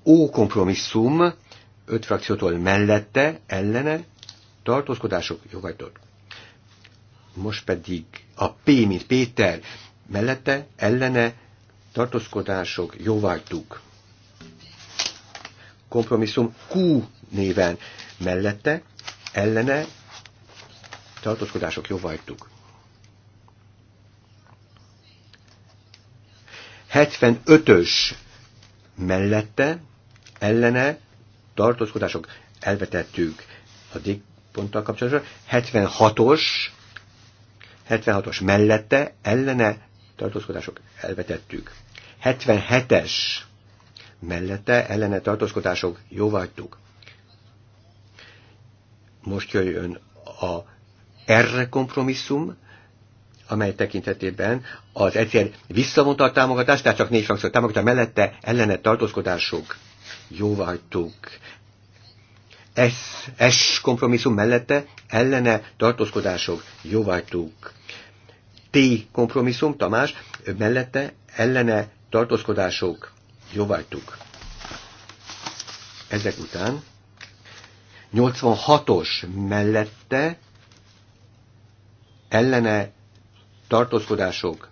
Ó kompromisszum, öt frakciótól mellette, ellene tartózkodások jóvágytott. Most pedig a P, mint Péter, mellette, ellene tartózkodások jóvágytuk kompromisszum Q néven mellette, ellene tartózkodások jóvajtuk. 75-ös mellette, ellene tartózkodások elvetettük a D ponttal kapcsolatban, 76-os, 76-os mellette, ellene tartózkodások elvetettük. 77-es mellette ellene tartózkodások jóvágytuk. Most jöjjön a R kompromisszum, amely tekintetében az egyszer visszavonta a támogatást, tehát csak négy frankció támogatása mellette ellene tartózkodások jóvágytuk. S, S kompromisszum mellette ellene tartózkodások jóvágytuk. T kompromisszum, Tamás, mellette ellene tartózkodások jóvágytuk. Ezek után 86-os mellette ellene tartózkodások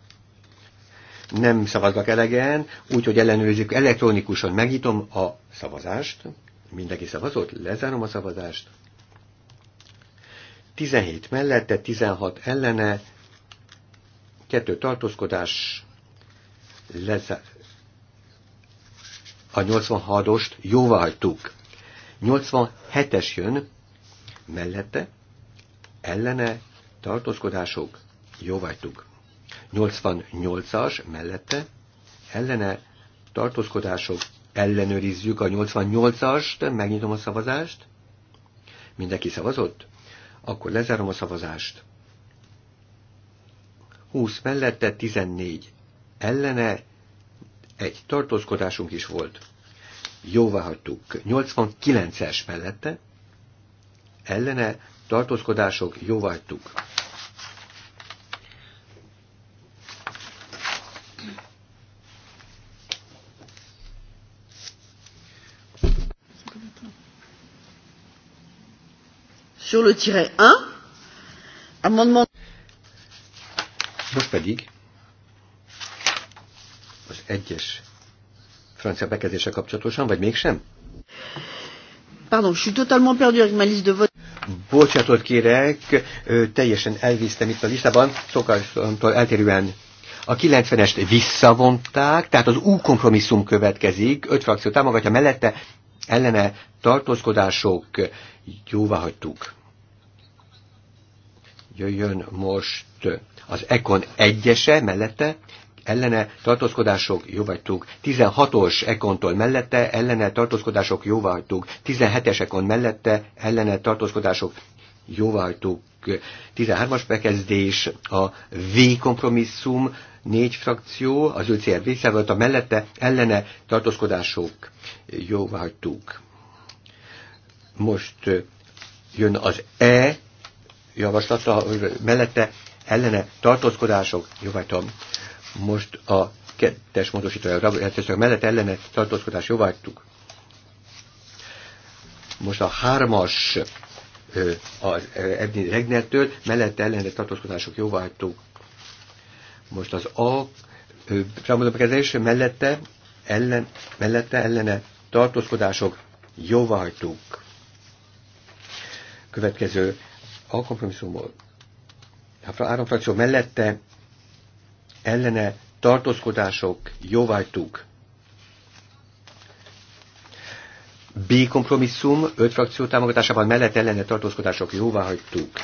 nem szavaznak elegen, úgyhogy ellenőrizzük elektronikusan. Megnyitom a szavazást. Mindenki szavazott? Lezárom a szavazást. 17 mellette, 16 ellene, kettő tartózkodás, leza- a 86-ost jóváhagytuk. 87-es jön, mellette, ellene, tartózkodások, jóváhagytuk. 88-as, mellette, ellene, tartózkodások, ellenőrizzük a 88-ast, megnyitom a szavazást. Mindenki szavazott? Akkor lezárom a szavazást. 20 mellette, 14 ellene, egy tartózkodásunk is volt. Jóvá hagytuk. 89-es mellette ellene tartózkodások jóvá hagytuk. Sur le tiret 1, amendement... Most pedig egyes francia bekezdése kapcsolatosan, vagy mégsem? Pardon, je suis totalement perdu avec ma liste de vote. Bocsátot kérek, teljesen elvisztem itt a listában, szokásomtól eltérően a 90-est visszavonták, tehát az új kompromisszum következik, öt frakció támogatja, mellette ellene tartózkodások jóvá hagytuk. Jöjjön most az Ekon egyese mellette ellene tartózkodások jóvagytuk, 16-os ekontól mellette ellene tartózkodások jóvagytuk, 17-es ekon mellette ellene tartózkodások jóvagytuk, 13-as bekezdés, a V kompromisszum, négy frakció, az ÖCR volt a mellette ellene tartózkodások jóvagytuk. Most jön az E javaslata, mellette ellene tartózkodások jóvagytam most a kettes módosítója, a kettes hát mellett ellene tartózkodás jóvágytuk. Most a hármas az Ebni Regnertől, mellett ellene tartózkodások jóvágytuk. Most az A számolóbekezdés mellette, ellen, mellette ellene tartózkodások jóváhagytuk. Következő a kompromisszumból. A frakció mellette ellene tartózkodások jóvágytuk. B kompromisszum, öt frakció támogatásában mellett ellene tartózkodások jóváhagytuk.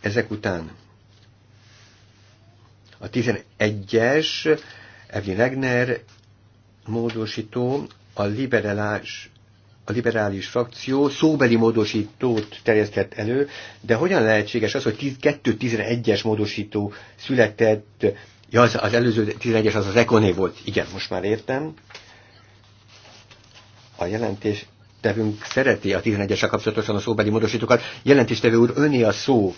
Ezek után a 11-es Evlin Legner módosító a liberális a liberális frakció szóbeli módosítót terjesztett elő, de hogyan lehetséges az, hogy 2-11-es módosító született, ja, az, az előző 11-es az az Econé volt, igen, most már értem. A jelentés tevünk szereti a 11 es kapcsolatosan a szóbeli módosítókat. Jelentéstevő úr, öné a szó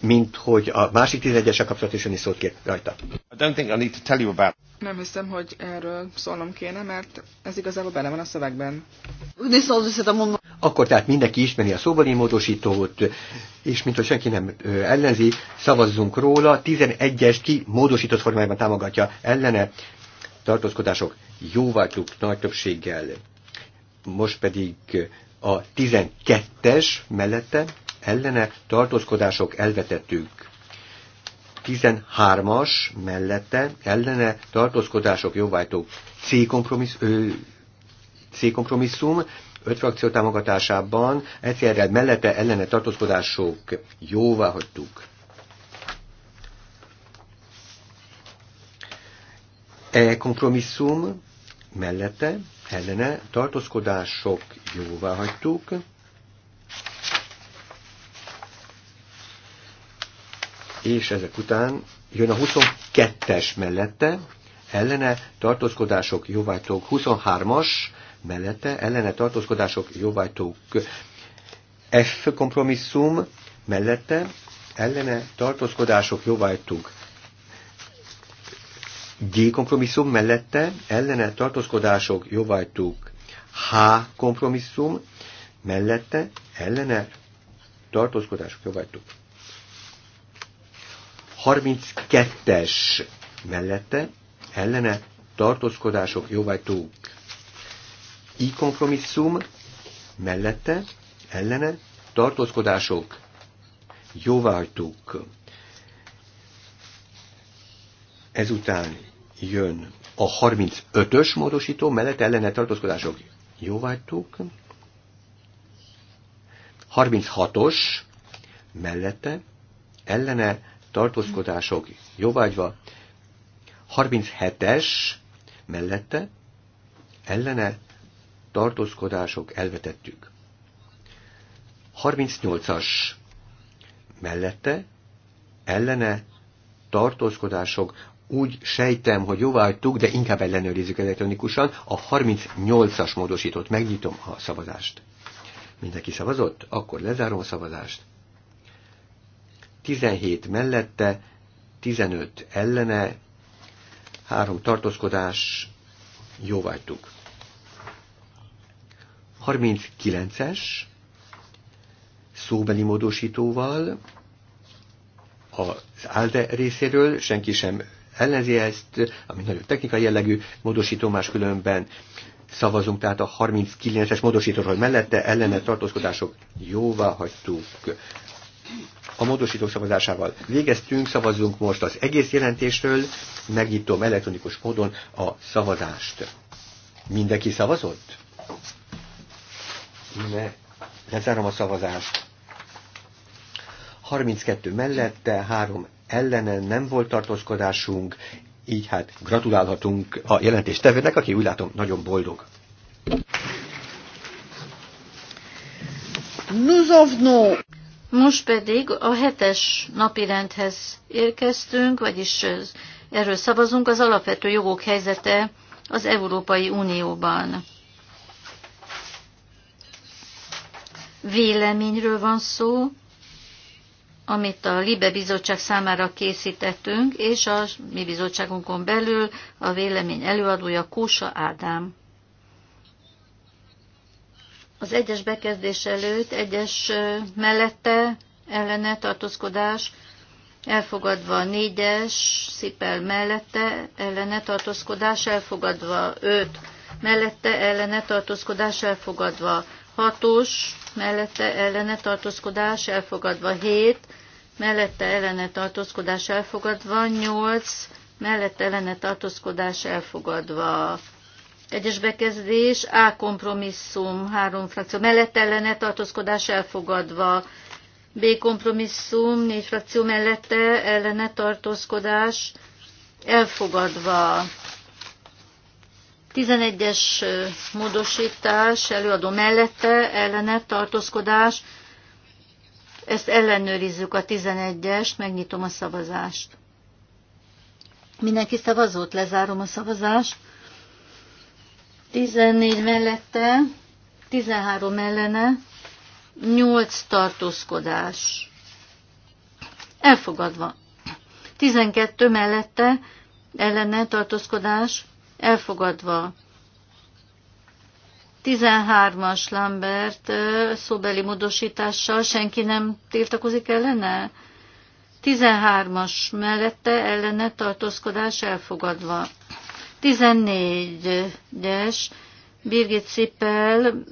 mint hogy a másik 11-esek kapcsolatosan is szót kér rajta. I don't think I need to tell you about. Nem hiszem, hogy erről szólnom kéne, mert ez igazából bele van a szövegben. Akkor tehát mindenki ismeri a szóbeli módosítót, és mint hogy senki nem ellenzi, szavazzunk róla. 11-es ki módosított formájában támogatja ellene tartózkodások jóváltuk nagy többséggel. Most pedig a 12-es mellette ellene tartózkodások elvetettük. 13-as mellette ellene tartózkodások jóváltó C, kompromissz, kompromisszum, öt frakció támogatásában egyszerre mellette ellene tartózkodások jóvá E kompromisszum mellette ellene tartózkodások jóvá hagytuk. és ezek után jön a 22-es mellette, ellene tartózkodások jóvágytók, 23-as mellette, ellene tartózkodások jóvágytók, F kompromisszum mellette, ellene tartózkodások jóvágytók, G kompromisszum mellette, ellene tartózkodások jóvágytók, H kompromisszum mellette, ellene tartózkodások jóvágytók. 32-es mellette ellene tartózkodások jóvágytók. I kompromisszum mellette ellene tartózkodások jóvágytók. Ezután jön a 35-ös módosító mellette, ellene tartózkodások jóvágytók. 36-os mellette ellene tartózkodások jóvágyva, 37-es mellette ellene tartózkodások elvetettük. 38-as mellette ellene tartózkodások úgy sejtem, hogy jóvágytuk, de inkább ellenőrizzük elektronikusan, a 38-as módosított. Megnyitom a szavazást. Mindenki szavazott? Akkor lezárom a szavazást. 17 mellette, 15 ellene, három tartózkodás, jóvágytuk. 39-es, szóbeli módosítóval, az ALDE részéről, senki sem ellenzi ezt, ami nagyon technikai jellegű módosító máskülönben, szavazunk tehát a 39-es módosítóról mellette, ellene tartózkodások jóvá hagytuk a módosítók szavazásával végeztünk, szavazzunk most az egész jelentésről, megnyitom elektronikus módon a szavazást. Mindenki szavazott? Ne, lezárom a szavazást. 32 mellette, 3 ellene nem volt tartózkodásunk, így hát gratulálhatunk a jelentéstevőnek, aki úgy látom nagyon boldog. Nous avons most pedig a hetes rendhez érkeztünk, vagyis erről szavazunk, az alapvető jogok helyzete az Európai Unióban. Véleményről van szó, amit a Libe Bizottság számára készítettünk, és a mi bizottságunkon belül a vélemény előadója Kósa Ádám az egyes bekezdés előtt, egyes mellette ellene tartózkodás elfogadva, négyes szipel mellette ellene tartózkodás elfogadva, öt mellette ellene tartózkodás elfogadva, hatos mellette ellene tartózkodás elfogadva, hét mellette ellene tartózkodás elfogadva, nyolc mellette ellene tartózkodás elfogadva. Egyes bekezdés, A kompromisszum, három frakció mellett ellene, tartózkodás elfogadva. B kompromisszum, négy frakció mellette, ellene, tartózkodás elfogadva. 11-es módosítás, előadó mellette, ellene, tartózkodás. Ezt ellenőrizzük a 11-est, megnyitom a szavazást. Mindenki szavazott, lezárom a szavazást. 14 mellette, 13 ellene, 8 tartózkodás. Elfogadva. 12 mellette, ellene tartózkodás, elfogadva. 13-as Lambert szóbeli módosítással senki nem tiltakozik ellene? 13-as mellette ellene tartózkodás elfogadva. 14-es Birgit Cipel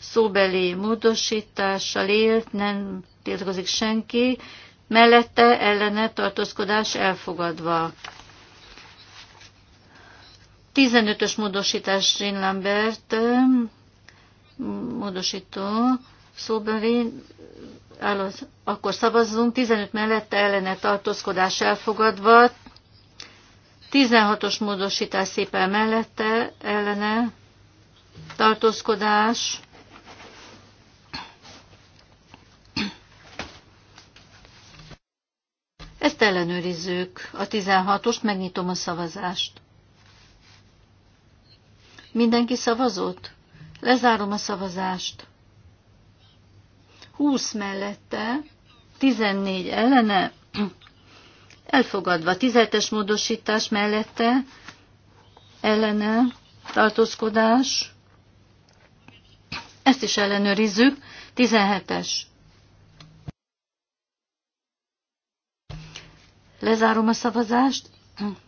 szóbeli módosítással élt, nem tiltakozik senki, mellette ellene tartózkodás elfogadva. 15-ös módosítás Jean Lambert, módosító, szóbeli, akkor szavazzunk, 15 mellette ellene tartózkodás elfogadva, 16-os módosítás szépen mellette, ellene, tartózkodás, Ezt ellenőrizzük. A 16-ost megnyitom a szavazást. Mindenki szavazott? Lezárom a szavazást. 20 mellette, 14 ellene, elfogadva. Tizetes módosítás mellette ellene tartózkodás. Ezt is ellenőrizzük. 17-es. Lezárom a szavazást.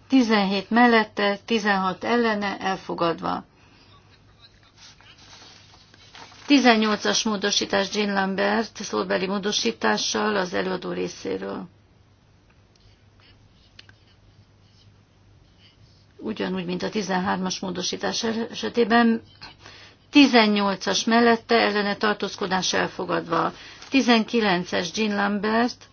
17 mellette, 16 ellene, elfogadva. 18-as módosítás Jean Lambert szóbeli módosítással az előadó részéről. ugyanúgy, mint a 13-as módosítás esetében, 18-as mellette ellene tartózkodás elfogadva. 19-es Jean Lambert,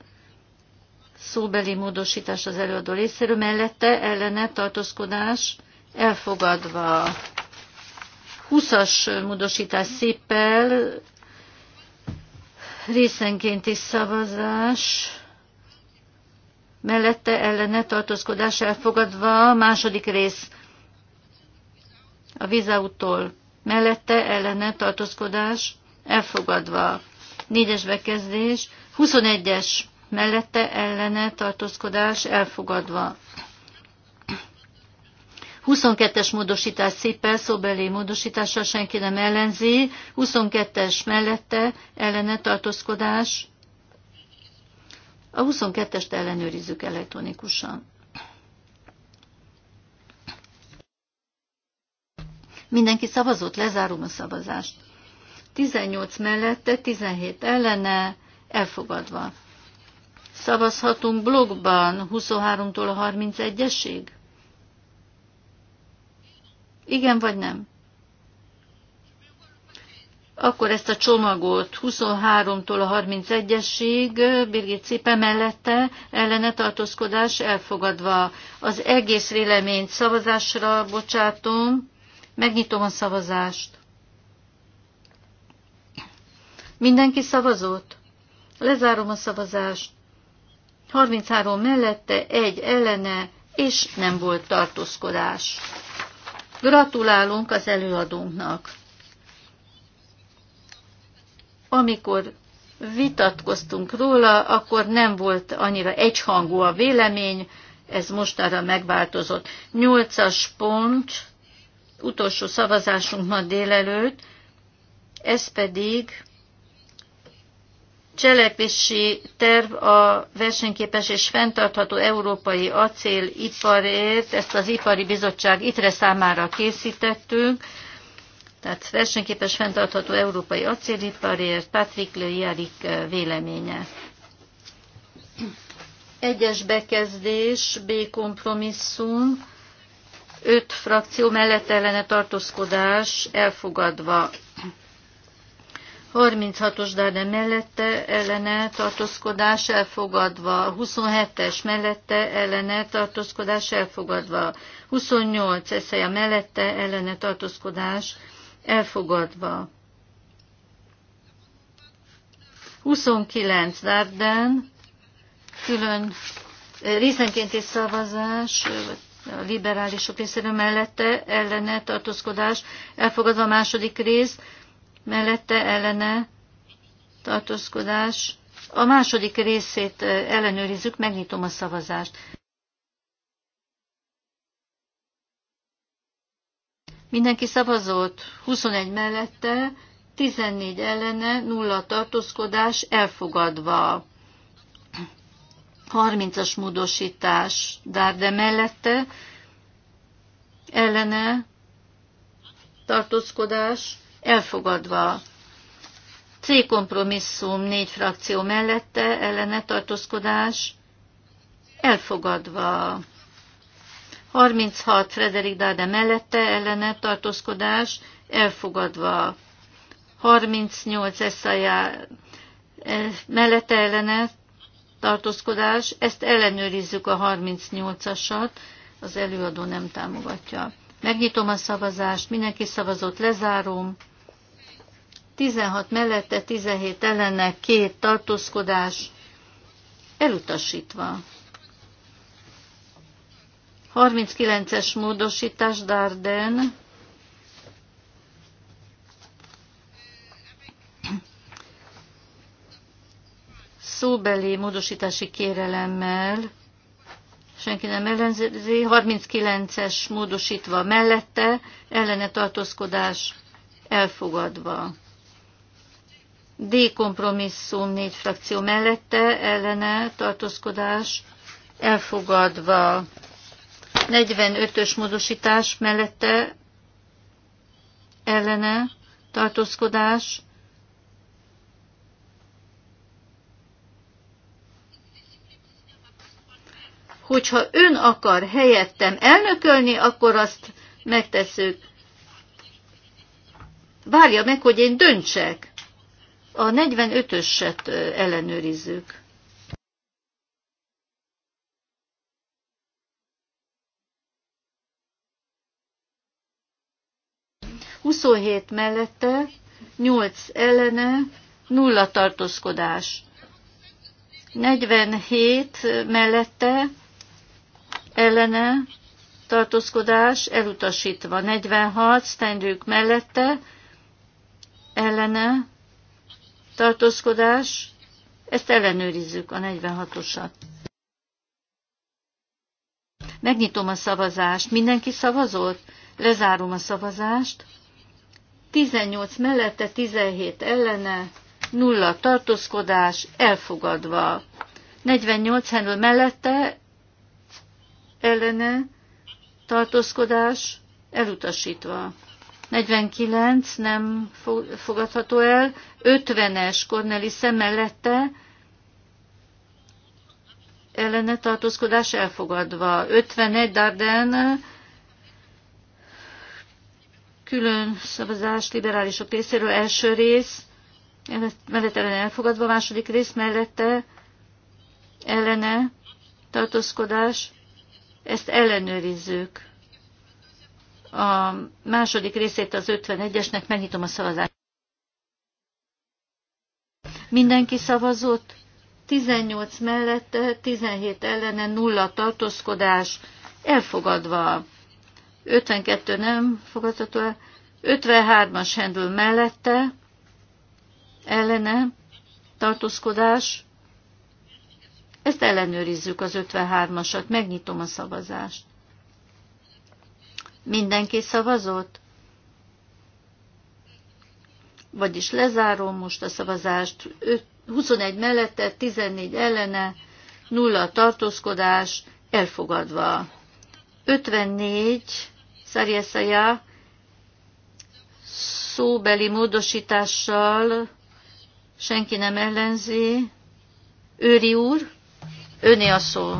szóbeli módosítás az előadó részéről, mellette ellene tartózkodás elfogadva. 20-as módosítás széppel, részenkénti szavazás, mellette ellene tartózkodás elfogadva, második rész a vizautól mellette ellene tartózkodás elfogadva, négyes bekezdés, 21-es mellette ellene tartózkodás elfogadva. 22-es módosítás szépen, szóbeli módosítással senki nem ellenzi, 22-es mellette ellene tartózkodás a 22-est ellenőrizzük elektronikusan. Mindenki szavazott, lezárom a szavazást. 18 mellette, 17 ellene, elfogadva. Szavazhatunk blogban 23-tól a 31-esig? Igen vagy nem? Akkor ezt a csomagot 23-tól a 31-esig Birgit Cipe mellette ellene tartózkodás elfogadva. Az egész véleményt szavazásra bocsátom. Megnyitom a szavazást. Mindenki szavazott? Lezárom a szavazást. 33 mellette, egy ellene, és nem volt tartózkodás. Gratulálunk az előadónknak! amikor vitatkoztunk róla, akkor nem volt annyira egyhangú a vélemény, ez mostára megváltozott. Nyolcas pont, utolsó szavazásunk ma délelőtt, ez pedig cselekvési terv a versenyképes és fenntartható európai acéliparért, ezt az ipari bizottság itre számára készítettünk, tehát versenyképes fenntartható európai acéliparért Patrick Le Jarik véleménye. Egyes bekezdés, B kompromisszum, öt frakció mellett ellene tartózkodás elfogadva. 36-os Dárden mellette ellene tartózkodás elfogadva, 27-es mellette ellene tartózkodás elfogadva, 28 eszeje mellette ellene tartózkodás elfogadva elfogadva. 29 Darden, külön eh, részenkénti szavazás, eh, a liberálisok részéről mellette, ellene tartózkodás, elfogadva a második rész, mellette ellene tartózkodás. A második részét eh, ellenőrizzük, megnyitom a szavazást. Mindenki szavazott 21 mellette, 14 ellene, 0 tartózkodás elfogadva. 30-as módosítás, de mellette ellene tartózkodás elfogadva. C kompromisszum négy frakció mellette ellene tartózkodás elfogadva. 36 Frederik Dade mellette ellene tartózkodás elfogadva. 38 Eszajá eh, mellette ellene tartózkodás, ezt ellenőrizzük a 38-asat, az előadó nem támogatja. Megnyitom a szavazást, mindenki szavazott, lezárom. 16 mellette, 17 ellene, két tartózkodás, elutasítva. 39-es módosítás Darden. Szóbeli módosítási kérelemmel. Senki nem ellenzi. 39-es módosítva mellette, ellene tartózkodás elfogadva. D kompromisszum négy frakció mellette, ellene tartózkodás elfogadva. 45-ös módosítás mellette ellene tartózkodás hogyha ön akar helyettem elnökölni, akkor azt megteszük. Várja meg, hogy én döntsek. A 45-öset ellenőrizzük. 27 mellette, 8 ellene, 0 tartózkodás. 47 mellette, ellene, tartózkodás, elutasítva. 46 Steinrück mellette, ellene, tartózkodás, ezt ellenőrizzük a 46-osat. Megnyitom a szavazást. Mindenki szavazott? Lezárom a szavazást. 18 mellette, 17 ellene, nulla tartózkodás, elfogadva. 48 henről mellette, ellene, tartózkodás, elutasítva. 49 nem fogadható el, 50-es Cornelisse mellette, ellene tartózkodás elfogadva. 51 Darden külön szavazás liberálisok részéről első rész, mellette elfogadva a második rész mellette ellene tartózkodás, ezt ellenőrizzük. A második részét az 51-esnek megnyitom a szavazást. Mindenki szavazott? 18 mellette, 17 ellene, nulla tartózkodás, elfogadva. 52 nem fogadható el, 53-as Hendl mellette, ellene, tartózkodás. Ezt ellenőrizzük az 53-asat, megnyitom a szavazást. Mindenki szavazott? Vagyis lezárom most a szavazást. 21 mellette, 14 ellene, 0 tartózkodás, elfogadva. 54 Szerjeszeja szóbeli módosítással senki nem ellenzi. Őri úr, öné a szó.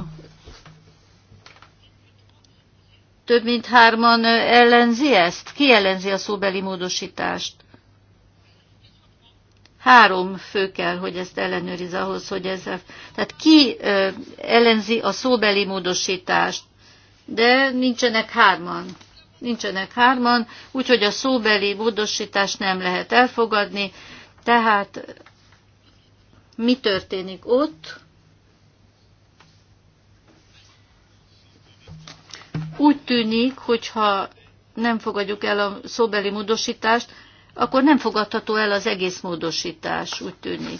Több mint hárman ellenzi ezt? Ki ellenzi a szóbeli módosítást? Három fő kell, hogy ezt ellenőriz ahhoz, hogy ezzel... Tehát ki ellenzi a szóbeli módosítást? De nincsenek hárman nincsenek hárman, úgyhogy a szóbeli módosítást nem lehet elfogadni. Tehát mi történik ott? Úgy tűnik, hogyha nem fogadjuk el a szóbeli módosítást, akkor nem fogadható el az egész módosítás, úgy tűnik,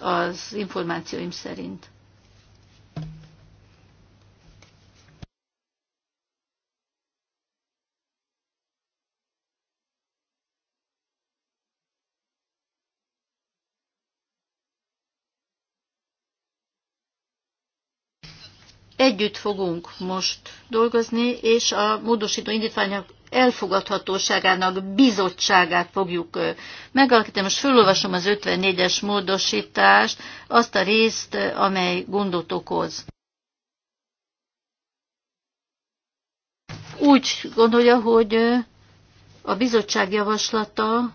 az információim szerint. Együtt fogunk most dolgozni, és a módosító indítványok elfogadhatóságának bizottságát fogjuk megalakítani. Most felolvasom az 54-es módosítást, azt a részt, amely gondot okoz. Úgy gondolja, hogy a bizottság javaslata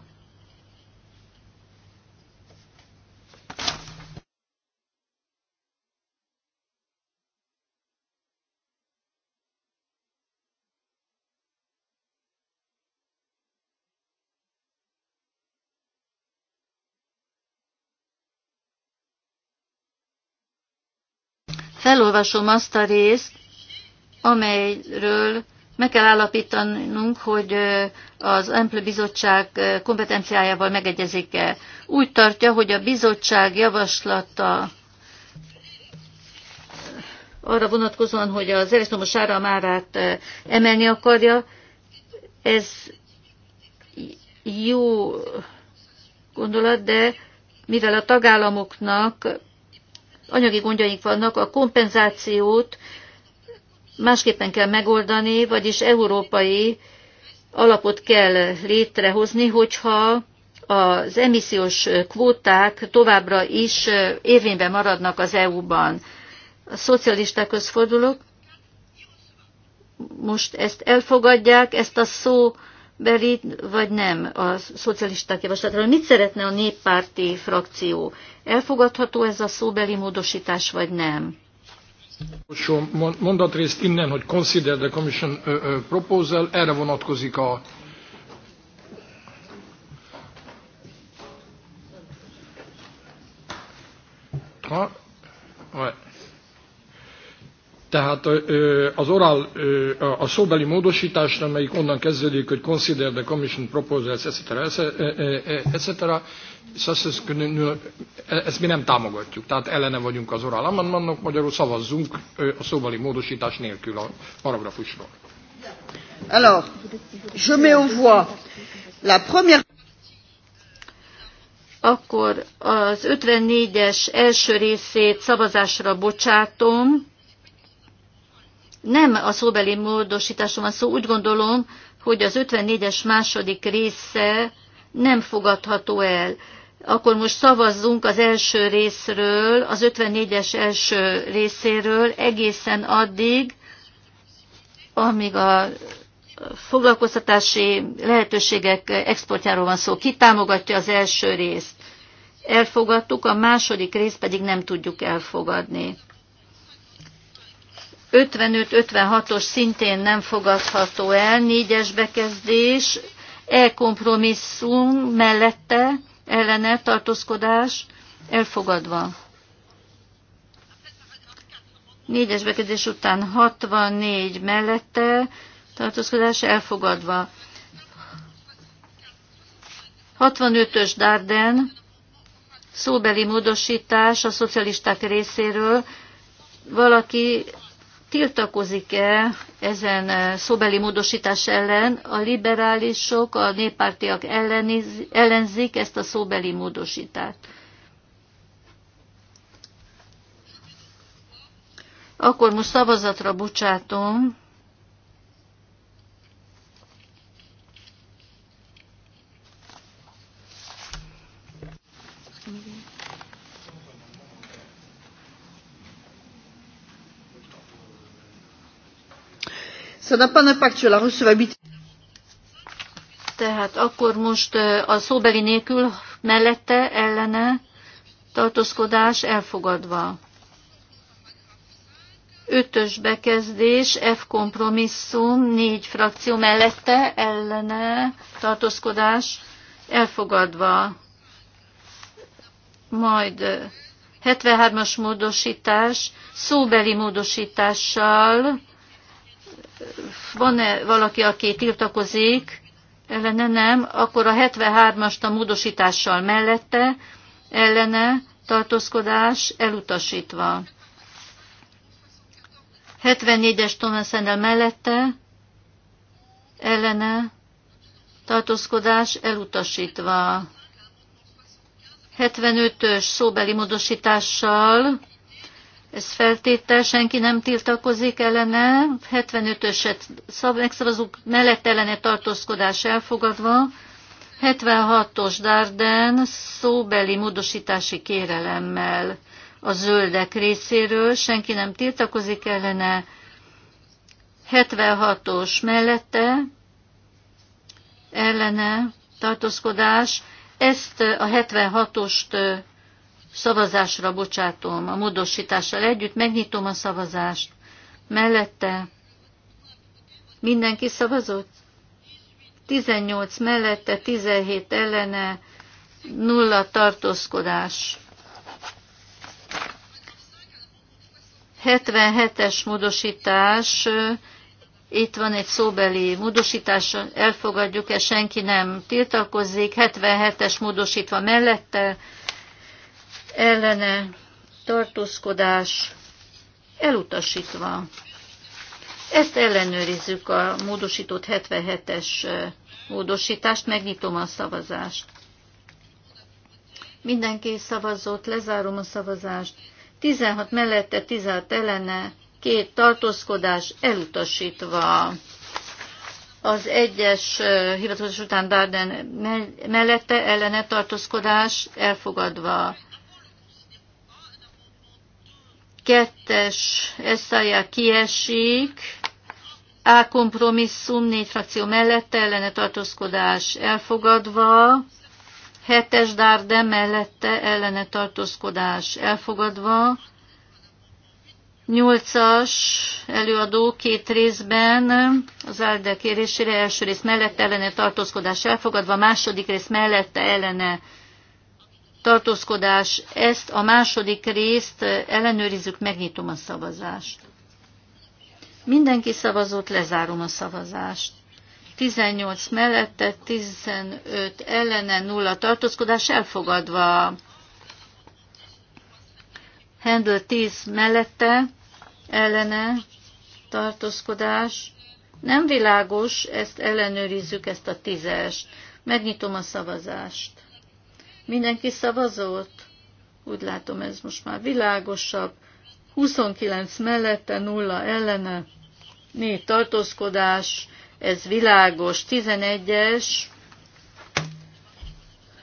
felolvasom azt a részt, amelyről meg kell állapítanunk, hogy az Ample Bizottság kompetenciájával megegyezik-e. Úgy tartja, hogy a bizottság javaslata arra vonatkozóan, hogy az elektromos áramárát emelni akarja, ez jó gondolat, de mivel a tagállamoknak anyagi gondjaink vannak, a kompenzációt másképpen kell megoldani, vagyis európai alapot kell létrehozni, hogyha az emissziós kvóták továbbra is érvényben maradnak az EU-ban. A szocialistákhoz fordulok. Most ezt elfogadják, ezt a szó beli, vagy nem a szocialisták javaslatára. Mit szeretne a néppárti frakció? Elfogadható ez a szóbeli módosítás, vagy nem? utolsó mondatrészt innen, hogy consider the commission proposal, erre vonatkozik a ha, ouais. Tehát az orál, a szóbeli módosításra, amelyik onnan kezdődik, hogy consider the commission proposals, etc., etc., e, e, e, ezt mi nem támogatjuk. Tehát ellene vagyunk az orál amendmentnak, magyarul szavazzunk a szóbeli módosítás nélkül a paragrafusról. Alors, je mets en voix la première akkor az 54-es első részét szavazásra bocsátom, nem a szóbeli módosításom van szó, úgy gondolom, hogy az 54-es második része nem fogadható el. Akkor most szavazzunk az első részről, az 54-es első részéről egészen addig, amíg a foglalkoztatási lehetőségek exportjáról van szó. Ki támogatja az első részt? Elfogadtuk, a második részt pedig nem tudjuk elfogadni. 55-56-os szintén nem fogadható el, négyes bekezdés, e-kompromisszum mellette ellene tartózkodás elfogadva. Négyes bekezdés után 64 mellette tartózkodás elfogadva. 65-ös Darden szóbeli módosítás a szocialisták részéről. Valaki tiltakozik-e ezen e, szóbeli módosítás ellen? A liberálisok, a néppártiak ellenzik ezt a szóbeli módosítást. Akkor most szavazatra bocsátom Ça n'a pas d'impact sur la recevabilité. Tehát akkor most a szóbeli nélkül mellette ellene tartózkodás elfogadva. Ötös bekezdés, F kompromisszum, négy frakció mellette ellene tartózkodás elfogadva. Majd 73-as módosítás, szóbeli módosítással van-e valaki, aki tiltakozik, ellene nem, akkor a 73-ast a módosítással mellette, ellene tartózkodás elutasítva. 74-es Tomenszenel mellette, ellene tartózkodás elutasítva. 75-ös szóbeli módosítással ez feltétel, senki nem tiltakozik ellene. 75-öset megszavazunk, mellett ellene tartózkodás elfogadva. 76-os Darden szóbeli módosítási kérelemmel a zöldek részéről, senki nem tiltakozik ellene. 76-os mellette ellene tartózkodás, ezt a 76-ost szavazásra bocsátom a módosítással együtt, megnyitom a szavazást. Mellette mindenki szavazott? 18 mellette, 17 ellene, nulla tartózkodás. 77-es módosítás, itt van egy szóbeli módosítás, elfogadjuk-e, senki nem tiltakozik, 77-es módosítva mellette, ellene tartózkodás elutasítva. Ezt ellenőrizzük a módosított 77-es módosítást, megnyitom a szavazást. Mindenki szavazott, lezárom a szavazást. 16 mellette, 16 ellene, két tartózkodás elutasítva. Az egyes hivatalos után Darden mellette ellene tartózkodás elfogadva kettes esszája kiesik, A kompromisszum, négy frakció mellette, ellene tartózkodás elfogadva, hetes dárde mellette, ellene tartózkodás elfogadva, nyolcas előadó két részben az Alde kérésére első rész mellette ellene tartózkodás elfogadva, második rész mellette ellene tartózkodás, ezt a második részt ellenőrizzük, megnyitom a szavazást. Mindenki szavazott, lezárom a szavazást. 18 mellette, 15 ellene, 0 tartózkodás elfogadva. Handel 10 mellette, ellene, tartózkodás. Nem világos, ezt ellenőrizzük, ezt a tízest. Megnyitom a szavazást. Mindenki szavazott? Úgy látom, ez most már világosabb. 29 mellette, 0 ellene, 4 tartózkodás, ez világos. 11-es,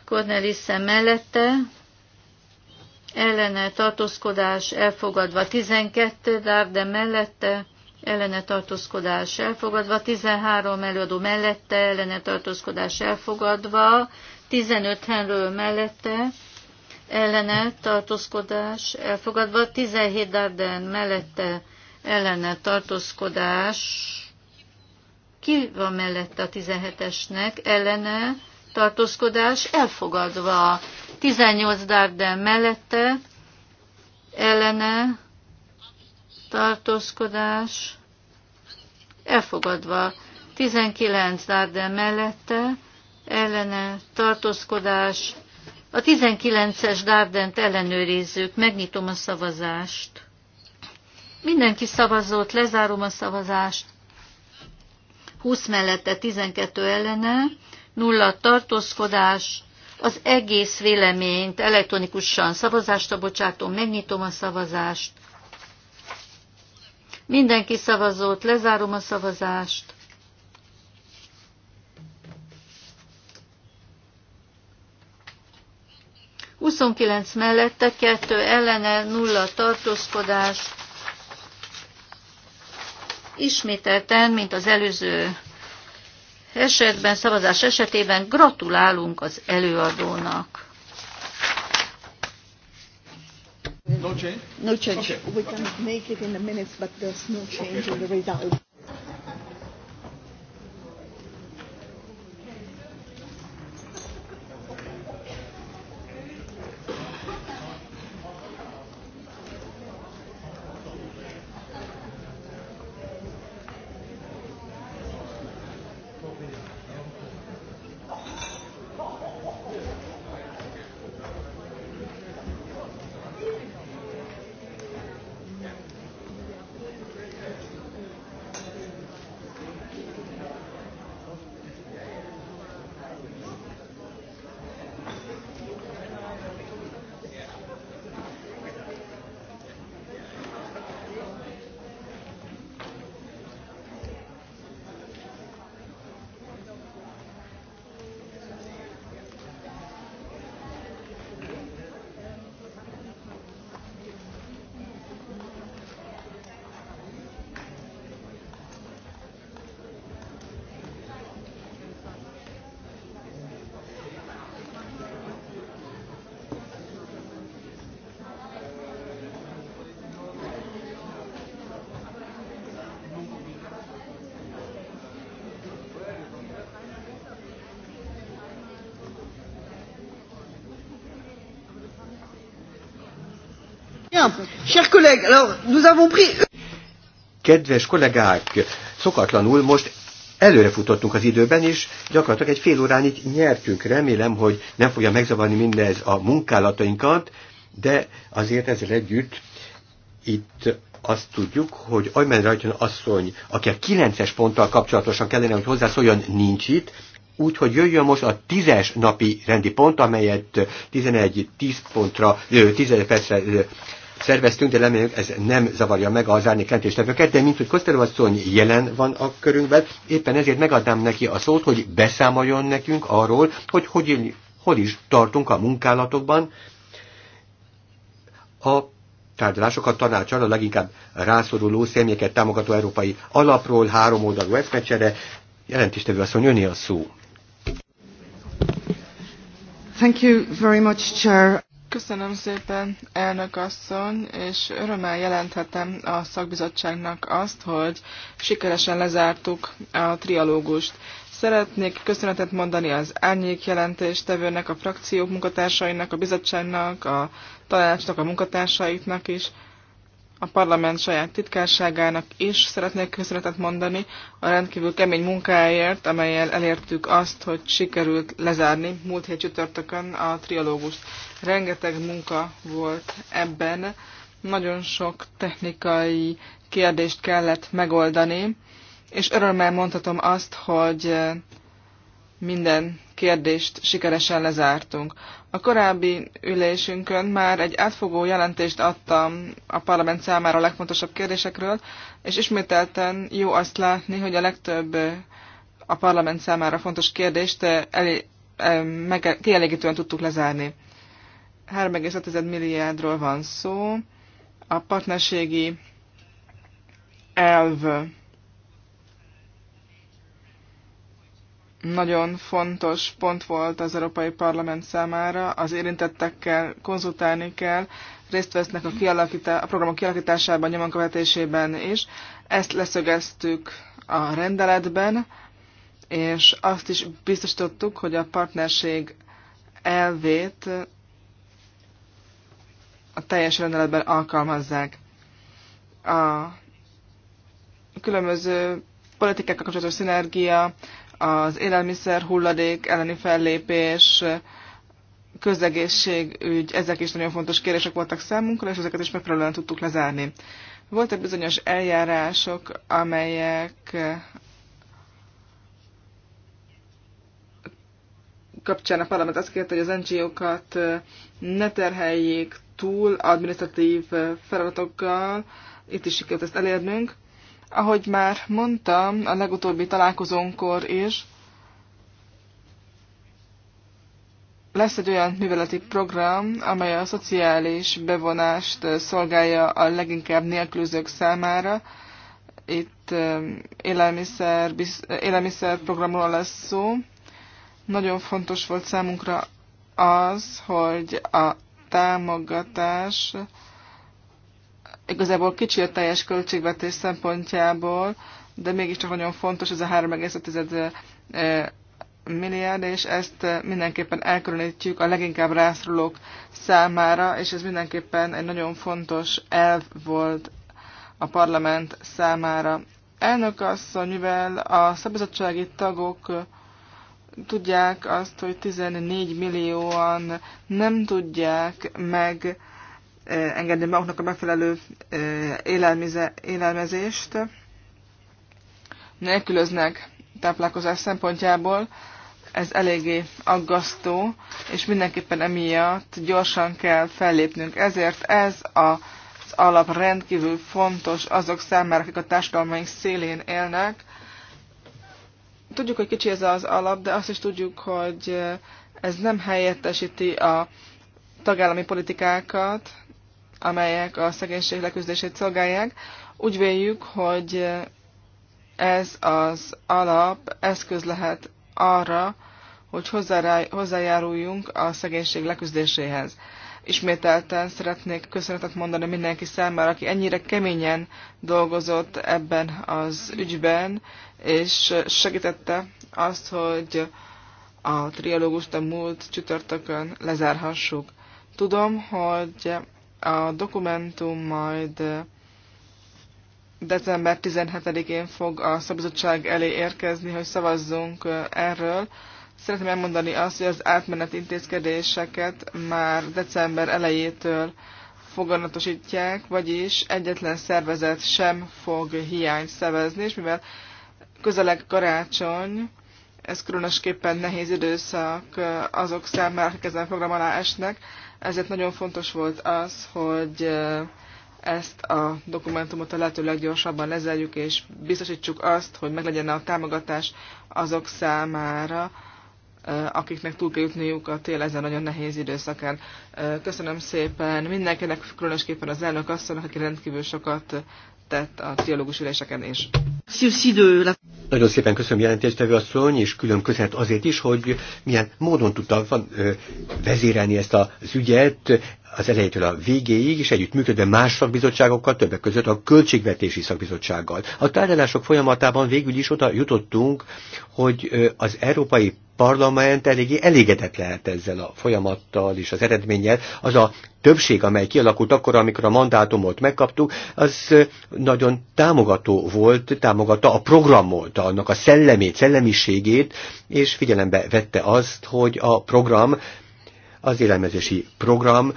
Cornelissen mellette, ellene tartózkodás elfogadva 12, de mellette, ellene tartózkodás elfogadva, 13 előadó mellette ellene tartózkodás elfogadva, 15 Henről mellette, ellene tartózkodás elfogadva, 17 Darden mellette ellene tartózkodás, ki van mellette a 17-esnek, ellene tartózkodás elfogadva, 18 Darden mellette ellene tartózkodás elfogadva, 19 Darden mellette ellene tartózkodás. A 19-es Dárdent ellenőrizzük, megnyitom a szavazást. Mindenki szavazott, lezárom a szavazást. 20 mellette 12 ellene, nulla tartózkodás, az egész véleményt elektronikusan szavazásra bocsátom, megnyitom a szavazást. Mindenki szavazott, lezárom a szavazást. 29 mellette, 2 ellene, 0 tartózkodás. Ismételten, mint az előző esetben, szavazás esetében gratulálunk az előadónak. No change? No change. Okay. We can okay. make it in a minute, but there's no change okay. in the result. Chers collègues, alors nous avons pris... Kedves kollégák, szokatlanul most előre futottunk az időben, és gyakorlatilag egy fél órán nyertünk. Remélem, hogy nem fogja megzavarni mindez a munkálatainkat, de azért ezzel együtt itt azt tudjuk, hogy Ajmen Rajton asszony, aki a 9-es ponttal kapcsolatosan kellene, hogy hozzászóljon, nincs itt, Úgyhogy jöjjön most a tízes napi rendi pont, amelyet 11-10 pontra, 10 percre szerveztünk, de reméljük ez nem zavarja meg az árnyék jelentéstevőket, de mint hogy Koszterov asszony jelen van a körünkben, éppen ezért megadnám neki a szót, hogy beszámoljon nekünk arról, hogy hogy, hol is tartunk a munkálatokban, a tárgyalásokat tanácsal a leginkább rászoruló személyeket támogató európai alapról három oldalú eszmecsere. Jelentéstevő asszony, öné a szó. Thank you very much, Chair. Köszönöm szépen, elnök asszony, és örömmel jelenthetem a szakbizottságnak azt, hogy sikeresen lezártuk a trialógust. Szeretnék köszönetet mondani az árnyék jelentéstevőnek, a frakciók munkatársainak, a bizottságnak, a tanácsnak, a munkatársaiknak is a parlament saját titkárságának is szeretnék köszönetet mondani a rendkívül kemény munkáért, amelyel elértük azt, hogy sikerült lezárni múlt hét csütörtökön a trialógust. Rengeteg munka volt ebben, nagyon sok technikai kérdést kellett megoldani, és örömmel mondhatom azt, hogy minden kérdést sikeresen lezártunk. A korábbi ülésünkön már egy átfogó jelentést adtam a parlament számára a legfontosabb kérdésekről, és ismételten jó azt látni, hogy a legtöbb a parlament számára fontos kérdést eh, el eh, meg, kielégítően tudtuk lezárni. 3,5 milliárdról van szó. A partnerségi elv nagyon fontos pont volt az Európai Parlament számára. Az érintettekkel konzultálni kell, részt vesznek a, kialakítá- a programok kialakításában, követésében is. Ezt leszögeztük a rendeletben, és azt is biztosítottuk, hogy a partnerség elvét a teljes rendeletben alkalmazzák. A különböző politikákkal kapcsolatos szinergia, az élelmiszer hulladék elleni fellépés, közegészségügy, ezek is nagyon fontos kérések voltak számunkra, és ezeket is megfelelően tudtuk lezárni. Voltak bizonyos eljárások, amelyek kapcsán a parlament azt kérte, hogy az NGO-kat ne terheljék túl administratív feladatokkal, itt is sikerült ezt elérnünk. Ahogy már mondtam a legutóbbi találkozónkor is, lesz egy olyan műveleti program, amely a szociális bevonást szolgálja a leginkább nélkülözők számára. Itt élelmiszer, élelmiszer programról lesz szó. Nagyon fontos volt számunkra az, hogy a támogatás igazából kicsi a teljes költségvetés szempontjából, de mégiscsak nagyon fontos ez a 3,5 milliárd, és ezt mindenképpen elkülönítjük a leginkább rászorulók számára, és ez mindenképpen egy nagyon fontos elv volt a parlament számára. Elnök asszony, mivel a szabizottsági tagok tudják azt, hogy 14 millióan nem tudják meg engedni maguknak a megfelelő élelmize, élelmezést, nélkülöznek táplálkozás szempontjából, ez eléggé aggasztó, és mindenképpen emiatt gyorsan kell fellépnünk. Ezért ez a az alap rendkívül fontos azok számára, akik a társadalmaink szélén élnek. Tudjuk, hogy kicsi ez az alap, de azt is tudjuk, hogy ez nem helyettesíti a tagállami politikákat, amelyek a szegénység leküzdését szolgálják. Úgy véljük, hogy ez az alap eszköz lehet arra, hogy hozzájáruljunk a szegénység leküzdéséhez. Ismételten szeretnék köszönetet mondani mindenki számára, aki ennyire keményen dolgozott ebben az ügyben, és segítette azt, hogy a trialógust a múlt csütörtökön lezárhassuk. Tudom, hogy a dokumentum majd december 17-én fog a szabadság elé érkezni, hogy szavazzunk erről. Szeretném elmondani azt, hogy az átmeneti intézkedéseket már december elejétől foganatosítják, vagyis egyetlen szervezet sem fog hiányt szervezni, és mivel közeleg karácsony, ez különösképpen nehéz időszak azok számára, akik ezen program alá esnek, ezért nagyon fontos volt az, hogy ezt a dokumentumot a lehető leggyorsabban lezárjuk, és biztosítsuk azt, hogy meglegyen a támogatás azok számára, akiknek túl kell jutniuk a tél ezen nagyon nehéz időszakán. Köszönöm szépen mindenkinek, különösképpen az elnök asszonynak, aki rendkívül sokat tett a dialógus üléseken is. Nagyon szépen köszönöm jelentéstevő asszony, és külön köszönet azért is, hogy milyen módon tudta vezérelni ezt az ügyet az elejétől a végéig, és működve más szakbizottságokkal, többek között a költségvetési szakbizottsággal. A tárgyalások folyamatában végül is oda jutottunk, hogy az Európai Parlament eléggé elégedett lehet ezzel a folyamattal és az eredménnyel. Az a többség, amely kialakult akkor, amikor a mandátumot megkaptuk, az nagyon támogató volt, támogatta a programot, annak a szellemét, szellemiségét, és figyelembe vette azt, hogy a program az élelmezési program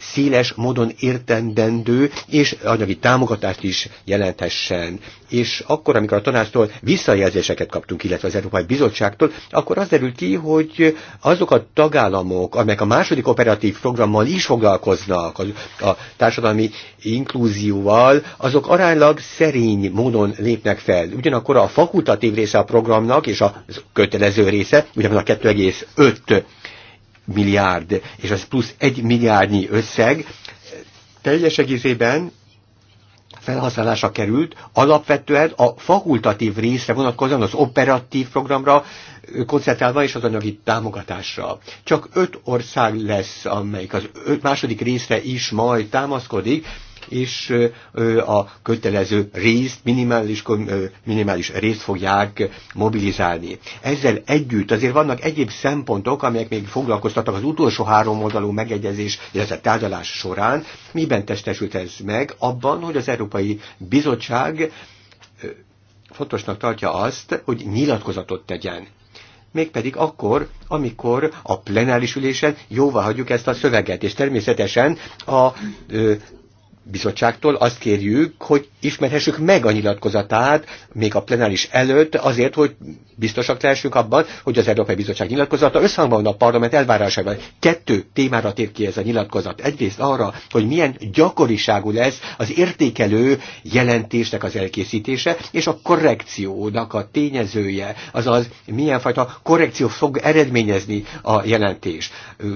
széles módon értendendő, és anyagi támogatást is jelenthessen. És akkor, amikor a tanástól visszajelzéseket kaptunk, illetve az Európai Bizottságtól, akkor az derült ki, hogy azok a tagállamok, amelyek a második operatív programmal is foglalkoznak, a társadalmi inklúzióval, azok aránylag szerény módon lépnek fel. Ugyanakkor a fakultatív része a programnak, és a kötelező része, ugyanaz a 2,5 milliárd, és az plusz egy milliárdnyi összeg teljes egészében felhasználásra került, alapvetően a fakultatív részre vonatkozóan az operatív programra koncentrálva és az anyagi támogatásra. Csak öt ország lesz, amelyik az öt második részre is majd támaszkodik, és a kötelező részt, minimális, minimális részt fogják mobilizálni. Ezzel együtt azért vannak egyéb szempontok, amelyek még foglalkoztatnak az utolsó három oldalú megegyezés, illetve tárgyalás során. Miben testesült ez meg? Abban, hogy az Európai Bizottság fontosnak tartja azt, hogy nyilatkozatot tegyen mégpedig akkor, amikor a plenáris ülésen jóvá hagyjuk ezt a szöveget, és természetesen a ö, bizottságtól azt kérjük, hogy ismerhessük meg a nyilatkozatát még a plenáris előtt, azért, hogy biztosak lehessünk abban, hogy az Európai Bizottság nyilatkozata összhangban van a parlament elvárásával. Kettő témára tér ki ez a nyilatkozat. Egyrészt arra, hogy milyen gyakoriságú lesz az értékelő jelentésnek az elkészítése, és a korrekciónak a tényezője, azaz milyen fajta korrekció fog eredményezni a jelentés.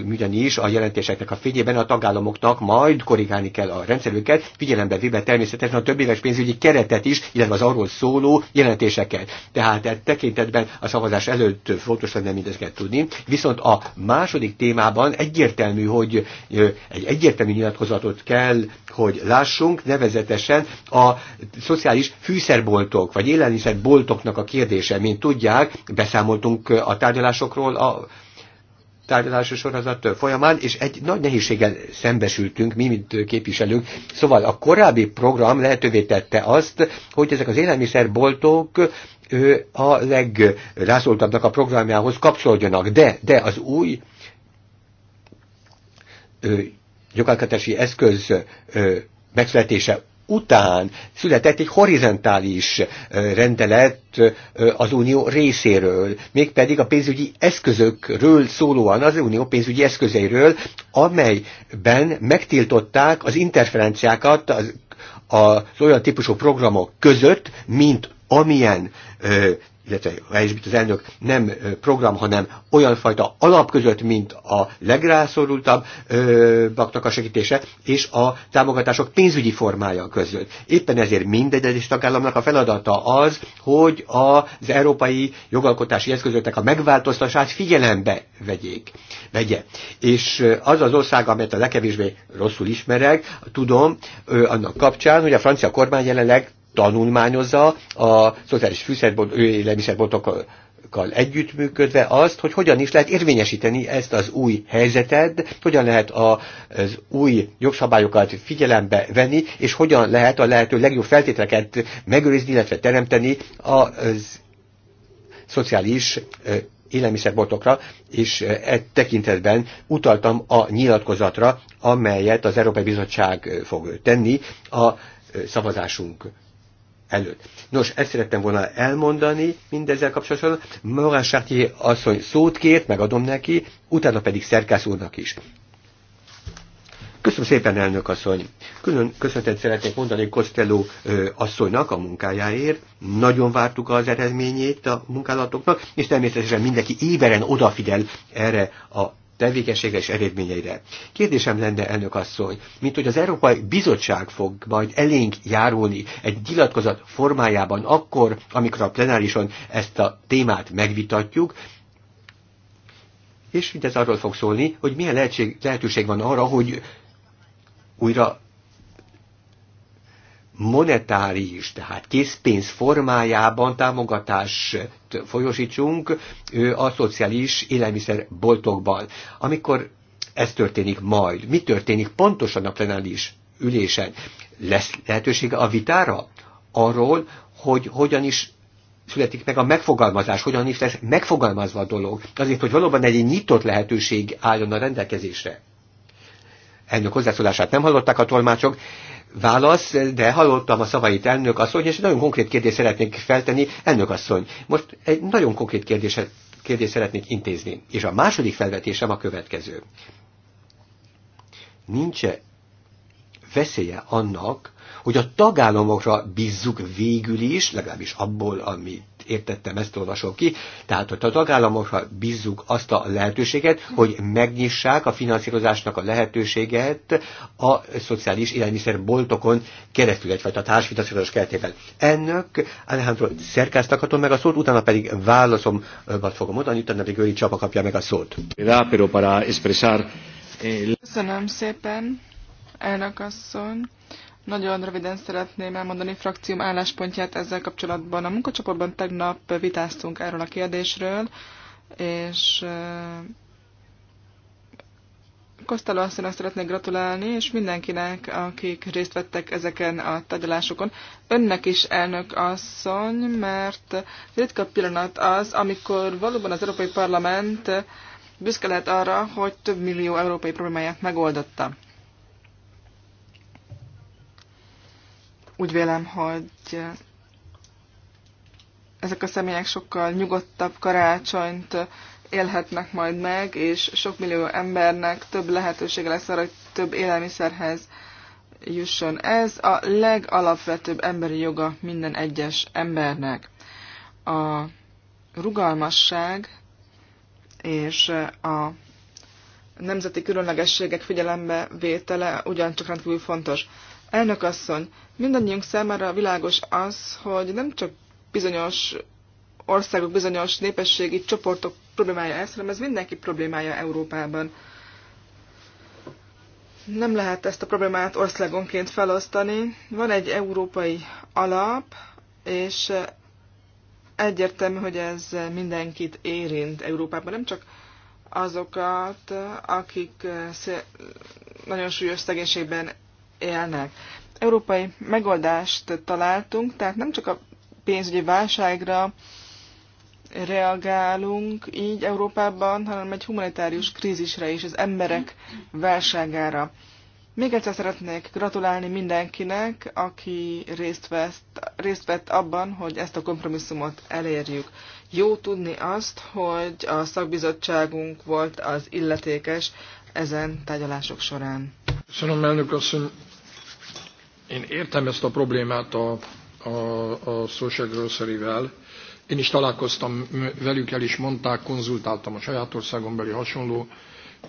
Ugyanis a jelentéseknek a fényében a tagállamoknak majd korrigálni kell a rendszerű feltételüket, figyelembe véve természetesen a több éves pénzügyi keretet is, illetve az arról szóló jelentéseket. Tehát e tekintetben a szavazás előtt fontos lenne mindezeket tudni. Viszont a második témában egyértelmű, hogy egy egyértelmű nyilatkozatot kell, hogy lássunk, nevezetesen a szociális fűszerboltok, vagy élelmiszerboltoknak a kérdése, mint tudják, beszámoltunk a tárgyalásokról a tárgyalási sorozat folyamán, és egy nagy nehézséggel szembesültünk, mi, mint képviselők. Szóval a korábbi program lehetővé tette azt, hogy ezek az élelmiszerboltok a legrászoltabbnak a programjához kapcsolódjanak, de, de az új gyakorlatási eszköz megszületése után született egy horizontális rendelet az unió részéről, mégpedig a pénzügyi eszközökről szólóan, az unió pénzügyi eszközeiről, amelyben megtiltották az interferenciákat az, az olyan típusú programok között, mint amilyen illetve mint az elnök nem program, hanem olyan fajta alap között, mint a baknak a segítése, és a támogatások pénzügyi formája között. Éppen ezért mindegy egyes tagállamnak a feladata az, hogy az európai jogalkotási eszközöknek a megváltoztatását figyelembe vegyék, vegye. És az az ország, amelyet a legkevésbé rosszul ismerek, tudom annak kapcsán, hogy a francia kormány jelenleg tanulmányozza a szociális fűszerbont, élelmiszerbontokkal együttműködve azt, hogy hogyan is lehet érvényesíteni ezt az új helyzetet, hogyan lehet az új jogszabályokat figyelembe venni, és hogyan lehet a lehető legjobb feltételeket megőrizni, illetve teremteni az szociális élelmiszerboltokra, és e tekintetben utaltam a nyilatkozatra, amelyet az Európai Bizottság fog tenni a szavazásunk előtt. Nos, ezt szerettem volna elmondani mindezzel kapcsolatban. Morán Sartier asszony szót kért, megadom neki, utána pedig Szerkász úrnak is. Köszönöm szépen, elnök asszony. Külön köszöntet szeretnék mondani Costello asszonynak a munkájáért. Nagyon vártuk az eredményét a munkálatoknak, és természetesen mindenki éberen odafigyel erre a tevékenységre és eredményeire. Kérdésem lenne, elnök asszony, mint hogy az Európai Bizottság fog majd elénk járulni egy nyilatkozat formájában akkor, amikor a plenárison ezt a témát megvitatjuk, és mindez arról fog szólni, hogy milyen lehetőség van arra, hogy újra monetáris, tehát készpénz formájában támogatást folyosítsunk a szociális élelmiszerboltokban. Amikor ez történik majd, mi történik pontosan a plenális ülésen? Lesz lehetősége a vitára arról, hogy hogyan is születik meg a megfogalmazás, hogyan is lesz megfogalmazva a dolog, azért, hogy valóban egy nyitott lehetőség álljon a rendelkezésre. a hozzászólását nem hallották a tolmácsok, válasz, de hallottam a szavait elnök asszony, és nagyon konkrét kérdést szeretnék feltenni elnök asszony. Most egy nagyon konkrét kérdéset, kérdést szeretnék intézni. És a második felvetésem a következő. nincs -e veszélye annak, hogy a tagállamokra bízzuk végül is, legalábbis abból, amit értettem, ezt olvasom ki. Tehát, hogy a tagállamokra bízzuk azt a lehetőséget, hogy megnyissák a finanszírozásnak a lehetőséget a szociális élelmiszerboltokon keresztül, a társfinanszírozás keretében. Ennek Alejandro szerkáztakatom meg a szót, utána pedig vagy fogom mondani, utána pedig Őri Csapa kapja meg a szót. Eh, Köszönöm szépen, elnök asszony. Nagyon röviden szeretném elmondani frakcióm álláspontját ezzel kapcsolatban. A munkacsoportban tegnap vitáztunk erről a kérdésről, és Kosztala eh, asszonynak szeretnék gratulálni, és mindenkinek, akik részt vettek ezeken a tárgyalásokon. Önnek is, elnök asszony, mert ritka pillanat az, amikor valóban az Európai Parlament büszke lehet arra, hogy több millió európai problémáját megoldotta. Úgy vélem, hogy ezek a személyek sokkal nyugodtabb karácsonyt élhetnek majd meg, és sok millió embernek több lehetősége lesz arra, hogy több élelmiszerhez jusson. Ez a legalapvetőbb emberi joga minden egyes embernek. A rugalmasság és a nemzeti különlegességek figyelembe vétele ugyancsak rendkívül fontos. Elnök asszony, mindannyiunk számára világos az, hogy nem csak bizonyos országok, bizonyos népességi csoportok problémája ez, hanem ez mindenki problémája Európában. Nem lehet ezt a problémát országonként felosztani. Van egy európai alap, és egyértelmű, hogy ez mindenkit érint Európában, nem csak azokat, akik nagyon súlyos szegénységben élnek. Európai megoldást találtunk, tehát nem csak a pénzügyi válságra reagálunk így Európában, hanem egy humanitárius krízisre is, az emberek válságára. Még egyszer szeretnék gratulálni mindenkinek, aki részt, vesz, részt vett abban, hogy ezt a kompromisszumot elérjük. Jó tudni azt, hogy a szakbizottságunk volt az illetékes ezen tárgyalások során. Köszönöm, elnök asszony én értem ezt a problémát a, a, a social grocery-vel. Én is találkoztam velük, el is mondták, konzultáltam a saját országon beli hasonló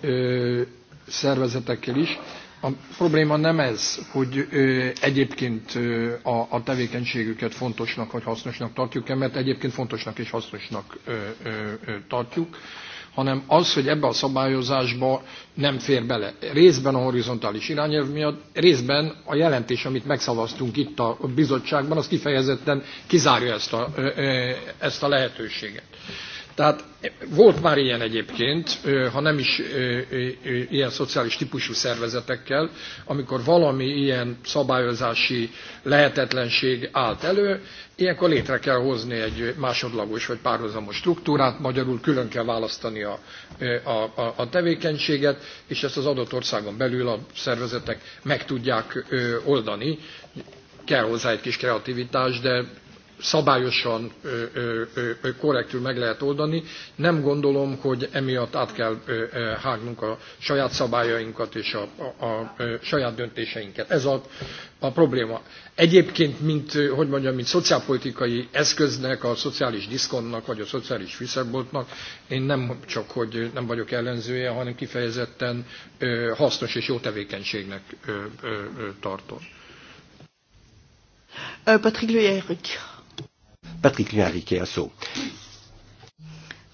ö, szervezetekkel is. A probléma nem ez, hogy ö, egyébként ö, a, a tevékenységüket fontosnak vagy hasznosnak tartjuk-e, mert egyébként fontosnak és hasznosnak ö, ö, tartjuk. Ö, hanem az, hogy ebbe a szabályozásba nem fér bele. Részben a horizontális irányelv miatt, részben a jelentés, amit megszavaztunk itt a bizottságban, az kifejezetten kizárja ezt a, ezt a lehetőséget. Tehát volt már ilyen egyébként, ha nem is ilyen szociális típusú szervezetekkel, amikor valami ilyen szabályozási lehetetlenség állt elő, ilyenkor létre kell hozni egy másodlagos vagy párhuzamos struktúrát, magyarul külön kell választani a, a, a, a tevékenységet, és ezt az adott országon belül a szervezetek meg tudják oldani kell hozzá egy kis kreativitás, de szabályosan, korrektül meg lehet oldani. Nem gondolom, hogy emiatt át kell hágnunk a saját szabályainkat és a, a, a saját döntéseinket. Ez a, a probléma. Egyébként, mint, hogy mondjam, mint szociálpolitikai eszköznek, a szociális diszkonnak, vagy a szociális fűszerboltnak, én nem csak, hogy nem vagyok ellenzője, hanem kifejezetten hasznos és jó tevékenységnek tartom. Patrick Leherick. Patrik Nyáriké a szó.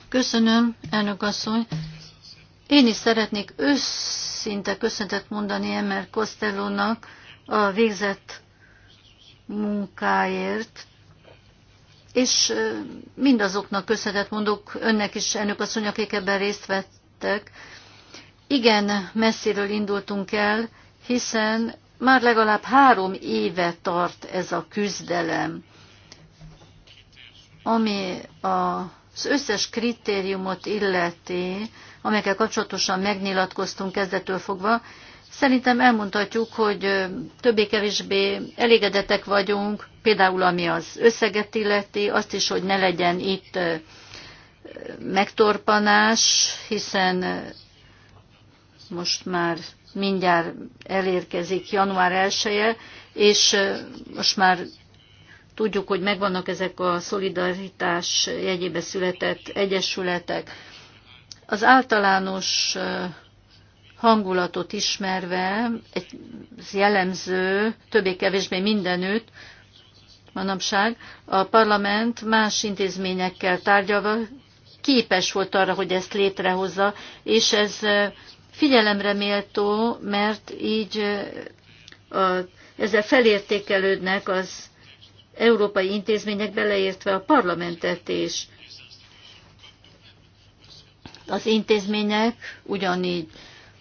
Köszönöm, elnök asszony. Én is szeretnék őszinte köszöntet mondani Emmer Costellónak a végzett munkáért, és mindazoknak köszönetet mondok önnek is, elnök asszony, akik ebben részt vettek. Igen, messziről indultunk el, hiszen már legalább három éve tart ez a küzdelem ami az összes kritériumot illeti, amelyekkel kapcsolatosan megnyilatkoztunk kezdetől fogva, szerintem elmondhatjuk, hogy többé-kevésbé elégedetek vagyunk, például ami az összeget illeti, azt is, hogy ne legyen itt megtorpanás, hiszen most már mindjárt elérkezik január 1 -e, és most már Tudjuk, hogy megvannak ezek a szolidaritás jegyébe született egyesületek. Az általános hangulatot ismerve, egy jellemző, többé-kevésbé mindenütt, manapság, a parlament más intézményekkel tárgyalva képes volt arra, hogy ezt létrehozza, és ez figyelemre méltó, mert így a, ezzel felértékelődnek az európai intézmények beleértve a parlamentet is. Az intézmények ugyanígy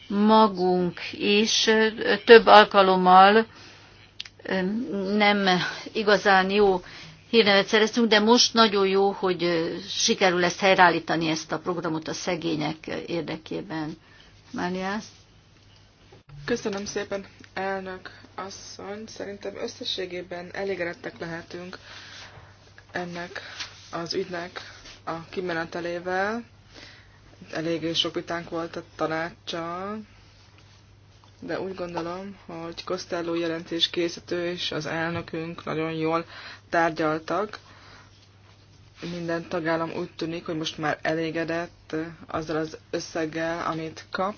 magunk is több alkalommal nem igazán jó hírnevet szereztünk, de most nagyon jó, hogy sikerül ezt helyreállítani, ezt a programot a szegények érdekében. Máliász? Köszönöm szépen, elnök asszony, szerintem összességében elégedettek lehetünk ennek az ügynek a kimenetelével. Eléggé sok vitánk volt a tanácsa. de úgy gondolom, hogy Costello jelentés készítő és az elnökünk nagyon jól tárgyaltak. Minden tagállam úgy tűnik, hogy most már elégedett azzal az összeggel, amit kap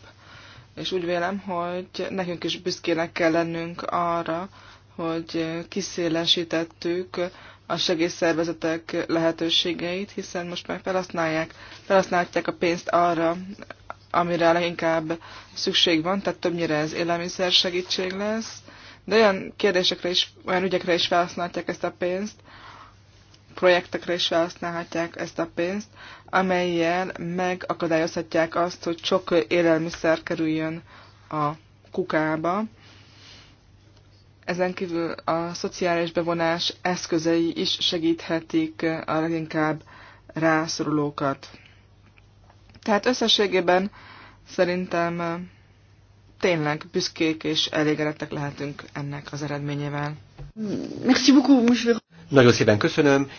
és úgy vélem, hogy nekünk is büszkének kell lennünk arra, hogy kiszélesítettük a segélyszervezetek lehetőségeit, hiszen most már felhasználják, felhasználják a pénzt arra, amire leginkább szükség van, tehát többnyire ez élelmiszer segítség lesz, de olyan kérdésekre is, olyan ügyekre is felhasználják ezt a pénzt, projektekre is felhasználhatják ezt a pénzt, amelyel megakadályozhatják azt, hogy sok élelmiszer kerüljön a kukába. Ezen kívül a szociális bevonás eszközei is segíthetik a leginkább rászorulókat. Tehát összességében szerintem tényleg büszkék és elégedettek lehetünk ennek az eredményével. Merci beaucoup, nagyon szépen köszönöm,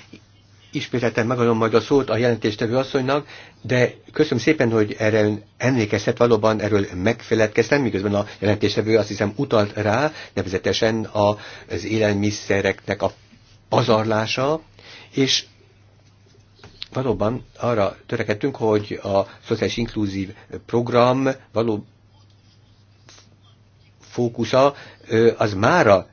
ismételten megadom majd a szót a jelentéstevő asszonynak, de köszönöm szépen, hogy erre ön emlékeztet valóban, erről megfeledkeztem, miközben a jelentéstevő azt hiszem utalt rá, nevezetesen az élelmiszereknek a pazarlása, és valóban arra törekedtünk, hogy a szociális inkluzív program való fókusza az mára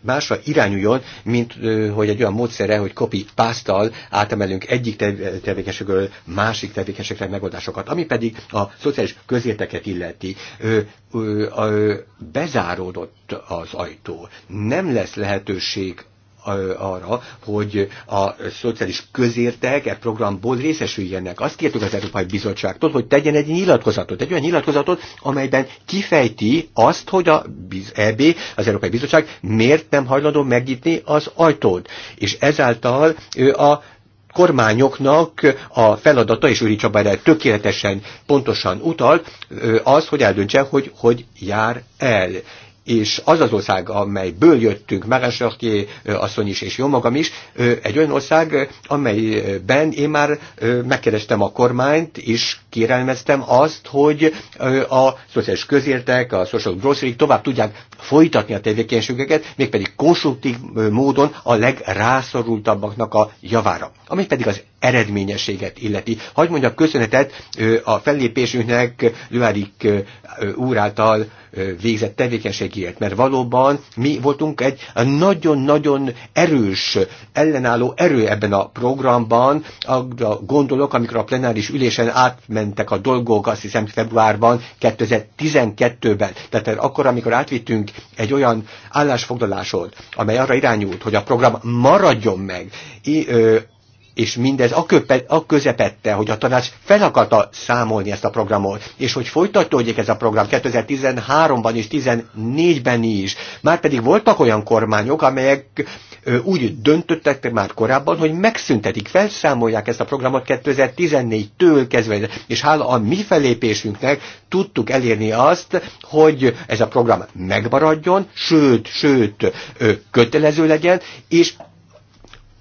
másra irányuljon, mint hogy egy olyan módszere, hogy copy pásztal átemelünk egyik tevékenységről másik tevékenységre megoldásokat. Ami pedig a szociális közérteket illeti, bezáródott az ajtó. Nem lesz lehetőség arra, hogy a szociális közértek e programból részesüljenek. Azt kértük az Európai Bizottságtól, hogy tegyen egy nyilatkozatot, egy olyan nyilatkozatot, amelyben kifejti azt, hogy a EB, az Európai Bizottság miért nem hajlandó megnyitni az ajtót. És ezáltal a kormányoknak a feladata, és Őri Csabára tökéletesen, pontosan utal, az, hogy eldöntse, hogy hogy jár el és az az ország, amelyből jöttünk, Márás asszony is, és jó magam is, egy olyan ország, amelyben én már megkerestem a kormányt, és kérelmeztem azt, hogy a szociális közértek, a social grocery tovább tudják folytatni a tevékenységeket, mégpedig konstruktív módon a legrászorultabbaknak a javára. Ami pedig az eredményességet illeti. Hagy mondjak köszönetet a fellépésünknek Lőárik úr által végzett tevékenységért, mert valóban mi voltunk egy nagyon-nagyon erős, ellenálló erő ebben a programban. A gondolok, amikor a plenáris ülésen átmentek a dolgok, azt hiszem februárban, 2012-ben. Tehát akkor, amikor átvittünk egy olyan állásfoglalásot, amely arra irányult, hogy a program maradjon meg, és mindez a, köpe, a közepette, hogy a tanács fel akarta számolni ezt a programot, és hogy folytatódjék ez a program 2013-ban és 2014-ben is. Márpedig voltak olyan kormányok, amelyek úgy döntöttek már korábban, hogy megszüntetik, felszámolják ezt a programot 2014-től kezdve, és hála a mi felépésünknek tudtuk elérni azt, hogy ez a program megmaradjon, sőt, sőt, kötelező legyen, és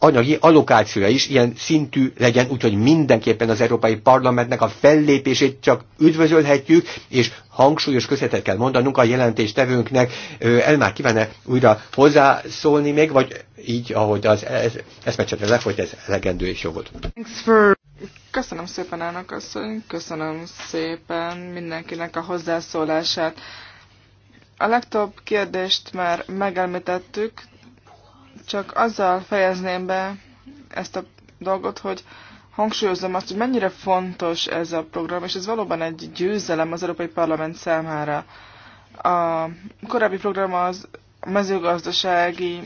anyagi allokációja is ilyen szintű legyen, úgyhogy mindenképpen az Európai Parlamentnek a fellépését csak üdvözölhetjük, és hangsúlyos köszönetet kell mondanunk a jelentéstevőnknek. Elmár kívánne újra hozzászólni még, vagy így, ahogy az e-, eszmecsetre lefolyt, ez legendő és jó volt. Köszönöm szépen, elnök asszony, köszönöm szépen mindenkinek a hozzászólását. A legtöbb kérdést már megelmítettük, csak azzal fejezném be ezt a dolgot, hogy hangsúlyozom azt, hogy mennyire fontos ez a program, és ez valóban egy győzelem az Európai Parlament számára. A korábbi program az mezőgazdasági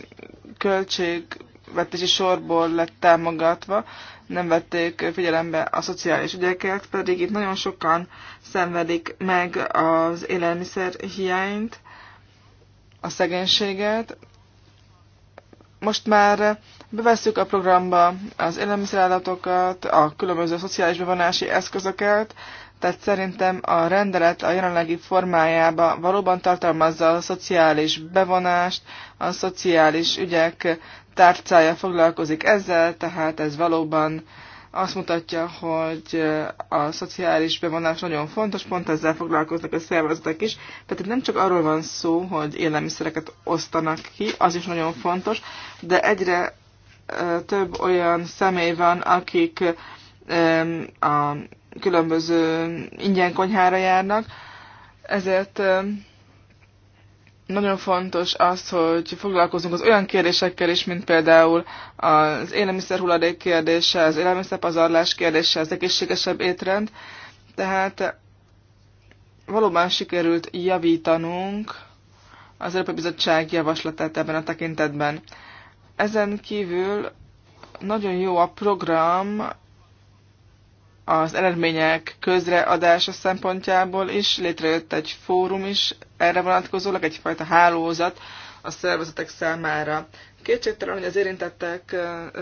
költségvetési sorból lett támogatva, nem vették figyelembe a szociális ügyeket, pedig itt nagyon sokan szenvedik meg az élelmiszer hiányt, a szegénységet, most már bevesszük a programba az élelmiszerállatokat, a különböző szociális bevonási eszközöket, tehát szerintem a rendelet a jelenlegi formájába valóban tartalmazza a szociális bevonást, a szociális ügyek tárcája foglalkozik ezzel, tehát ez valóban azt mutatja, hogy a szociális bevonás nagyon fontos, pont ezzel foglalkoznak a szervezetek is. Tehát itt nem csak arról van szó, hogy élelmiszereket osztanak ki, az is nagyon fontos, de egyre több olyan személy van, akik a különböző ingyen konyhára járnak, ezért nagyon fontos az, hogy foglalkozunk az olyan kérdésekkel is, mint például az élelmiszer hulladék kérdése, az élelmiszer pazarlás kérdése, az egészségesebb étrend. Tehát valóban sikerült javítanunk az Európai Bizottság javaslatát ebben a tekintetben. Ezen kívül nagyon jó a program az eredmények közreadása szempontjából is, létrejött egy fórum is erre vonatkozólag egyfajta hálózat a szervezetek számára. Kétségtelen, hogy az érintettek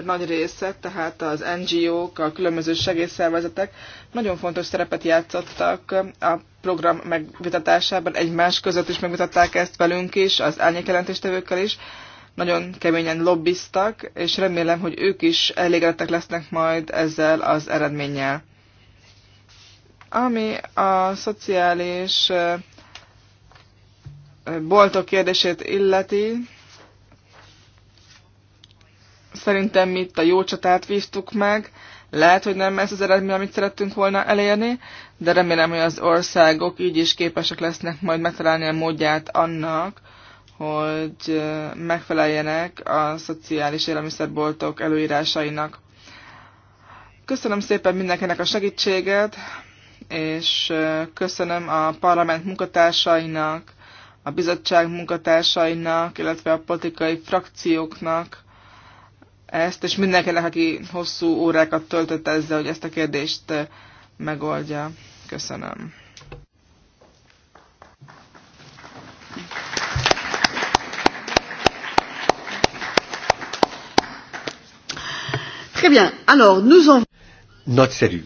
nagy része, tehát az NGO-k, a különböző segélyszervezetek nagyon fontos szerepet játszottak a program megvitatásában, egymás között is megvitatták ezt velünk is, az árnyékjelentéstevőkkel is, nagyon keményen lobbiztak, és remélem, hogy ők is elégedettek lesznek majd ezzel az eredménnyel. Ami a szociális boltok kérdését illeti, szerintem mi itt a jó csatát vívtuk meg. Lehet, hogy nem ez az eredmény, amit szerettünk volna elérni, de remélem, hogy az országok így is képesek lesznek majd megtalálni a módját annak, hogy megfeleljenek a szociális élelmiszerboltok előírásainak. Köszönöm szépen mindenkinek a segítséget, és köszönöm a parlament munkatársainak, a bizottság munkatársainak, illetve a politikai frakcióknak ezt, és mindenkinek, aki hosszú órákat töltött ezzel, hogy ezt a kérdést eh, megoldja. Köszönöm. Très bien. Alors, nous en... Nagyszerű.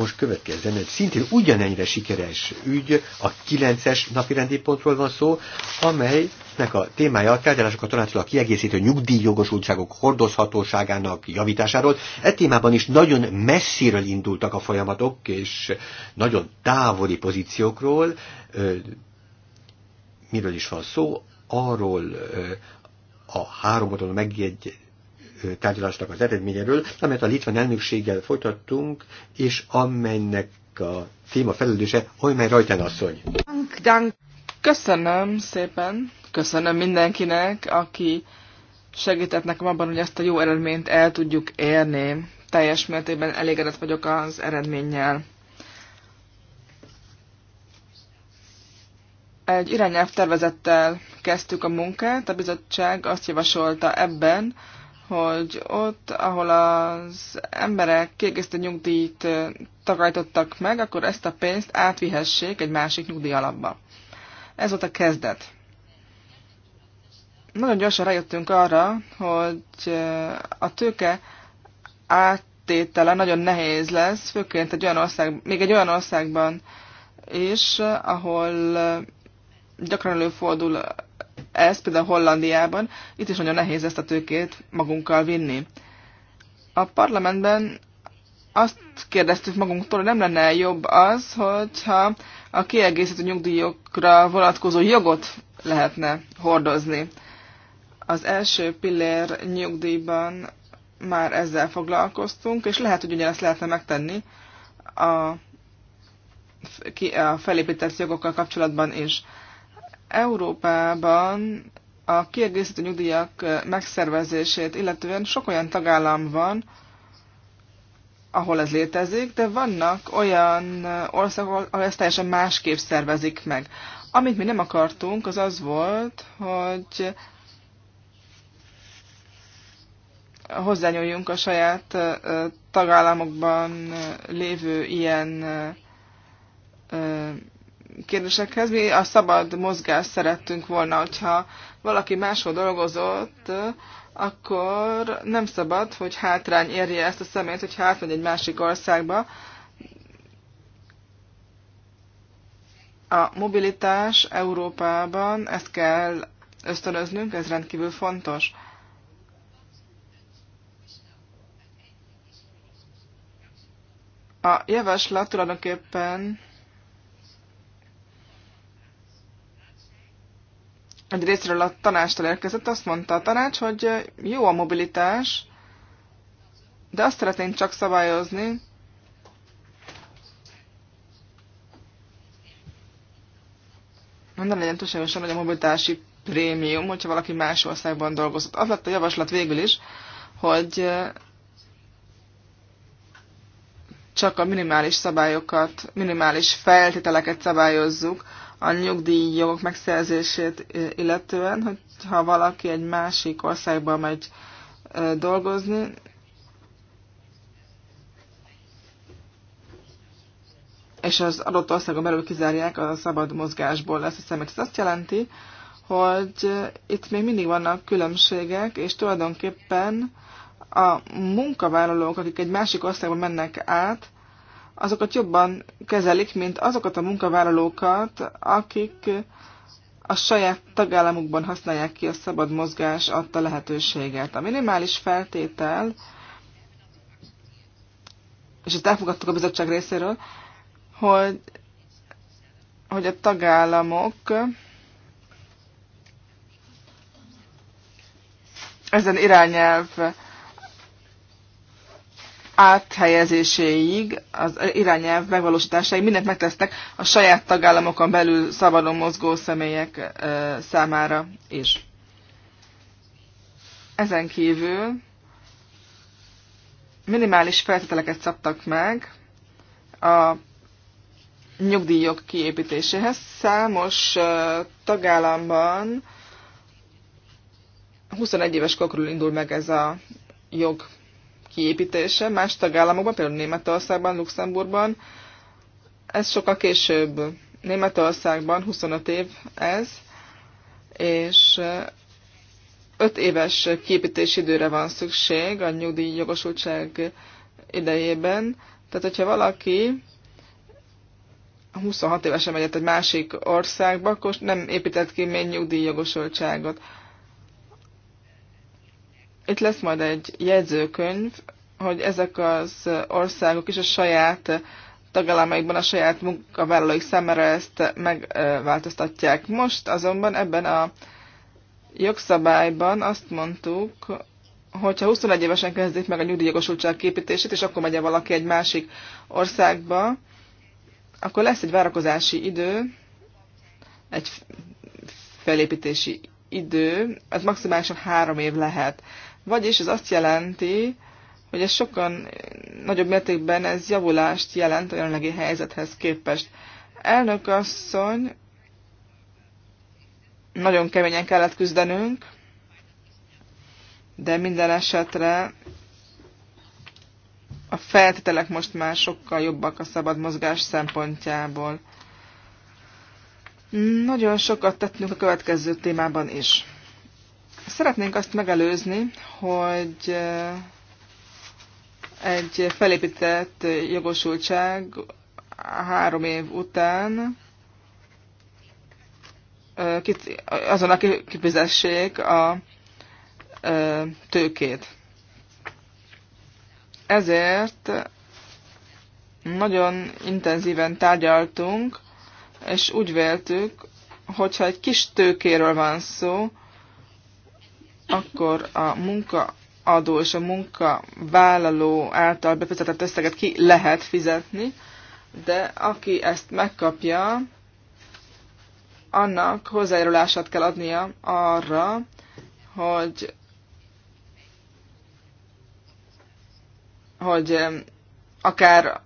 Most következzen egy szintén ugyanennyire sikeres ügy, a 9-es napirendi pontról van szó, amelynek a témája a tárgyalásokat tanácsolva a kiegészítő nyugdíjjogosultságok hordozhatóságának javításáról. E témában is nagyon messziről indultak a folyamatok, és nagyon távoli pozíciókról. Miről is van szó? Arról a három oldalon megjegy tárgyalásnak az eredményéről, amelyet a litván elnökséggel folytattunk, és amelynek a téma felelőse Olymen Rajten asszony. Köszönöm szépen, köszönöm mindenkinek, aki segített nekem abban, hogy ezt a jó eredményt el tudjuk érni. Teljes mértékben elégedett vagyok az eredménnyel. Egy irányelv tervezettel kezdtük a munkát, a bizottság azt javasolta ebben, hogy ott, ahol az emberek kiegészítő nyugdíjt takarítottak meg, akkor ezt a pénzt átvihessék egy másik nyugdíj alapba. Ez volt a kezdet. Nagyon gyorsan rájöttünk arra, hogy a tőke áttétele nagyon nehéz lesz, főként egy olyan ország, még egy olyan országban is, ahol gyakran előfordul ez például Hollandiában, itt is nagyon nehéz ezt a tőkét magunkkal vinni. A parlamentben azt kérdeztük magunktól, hogy nem lenne jobb az, hogyha a kiegészítő nyugdíjokra vonatkozó jogot lehetne hordozni. Az első pillér nyugdíjban már ezzel foglalkoztunk, és lehet, hogy ugyanezt lehetne megtenni a, a felépített jogokkal kapcsolatban is. Európában a kiegészítő nyugdíjak megszervezését, illetően sok olyan tagállam van, ahol ez létezik, de vannak olyan országok, ahol ezt teljesen másképp szervezik meg. Amit mi nem akartunk, az az volt, hogy hozzányúljunk a saját tagállamokban lévő ilyen kérdésekhez. Mi a szabad mozgást szerettünk volna, hogyha valaki máshol dolgozott, akkor nem szabad, hogy hátrány érje ezt a személyt, hogyha átmegy egy másik országba. A mobilitás Európában, ezt kell ösztönöznünk, ez rendkívül fontos. A javaslat tulajdonképpen egy részről a tanástól érkezett, azt mondta a tanács, hogy jó a mobilitás, de azt szeretnénk csak szabályozni, Minden legyen túlságosan nagy a mobilitási prémium, hogyha valaki más országban dolgozott. Az lett a javaslat végül is, hogy csak a minimális szabályokat, minimális feltételeket szabályozzuk a nyugdíjjogok megszerzését illetően, hogy ha valaki egy másik országba megy dolgozni, és az adott országon belül kizárják a szabad mozgásból ezt a szemek. Ez azt jelenti, hogy itt még mindig vannak különbségek, és tulajdonképpen a munkavállalók, akik egy másik országba mennek át, azokat jobban kezelik, mint azokat a munkavállalókat, akik a saját tagállamukban használják ki a szabad mozgás adta lehetőséget. A minimális feltétel, és ezt elfogadtuk a bizottság részéről, hogy, hogy a tagállamok ezen irányelv áthelyezéséig, az irányelv megvalósításáig mindent megtesznek a saját tagállamokon belül szabadon mozgó személyek számára is. Ezen kívül minimális feltételeket szabtak meg a nyugdíjok kiépítéséhez. Számos tagállamban 21 éves korról indul meg ez a jog kiépítése más tagállamokban, például Németországban, Luxemburgban. Ez sokkal később. Németországban 25 év ez, és 5 éves kiépítési időre van szükség a nyugdíj jogosultság idejében. Tehát, hogyha valaki 26 évesen megy egy másik országba, akkor nem épített ki még nyugdíjjogosultságot itt lesz majd egy jegyzőkönyv, hogy ezek az országok is a saját tagállamaikban a saját munkavállalóik számára ezt megváltoztatják. Most azonban ebben a jogszabályban azt mondtuk, hogyha 21 évesen kezdik meg a nyugdíjjogosultság képítését, és akkor megy -e valaki egy másik országba, akkor lesz egy várakozási idő, egy felépítési idő, ez maximálisan három év lehet. Vagyis ez azt jelenti, hogy ez sokan nagyobb mértékben ez javulást jelent a jelenlegi helyzethez képest. Elnök asszony, nagyon keményen kellett küzdenünk, de minden esetre a feltételek most már sokkal jobbak a szabad mozgás szempontjából. Nagyon sokat tettünk a következő témában is. Szeretnénk azt megelőzni, hogy egy felépített jogosultság három év után azonnal kifizessék a tőkét. Ezért nagyon intenzíven tárgyaltunk, és úgy véltük, hogyha egy kis tőkéről van szó, akkor a munkaadó és a munkavállaló által befizetett összeget ki lehet fizetni, de aki ezt megkapja, annak hozzájárulását kell adnia arra, hogy hogy akár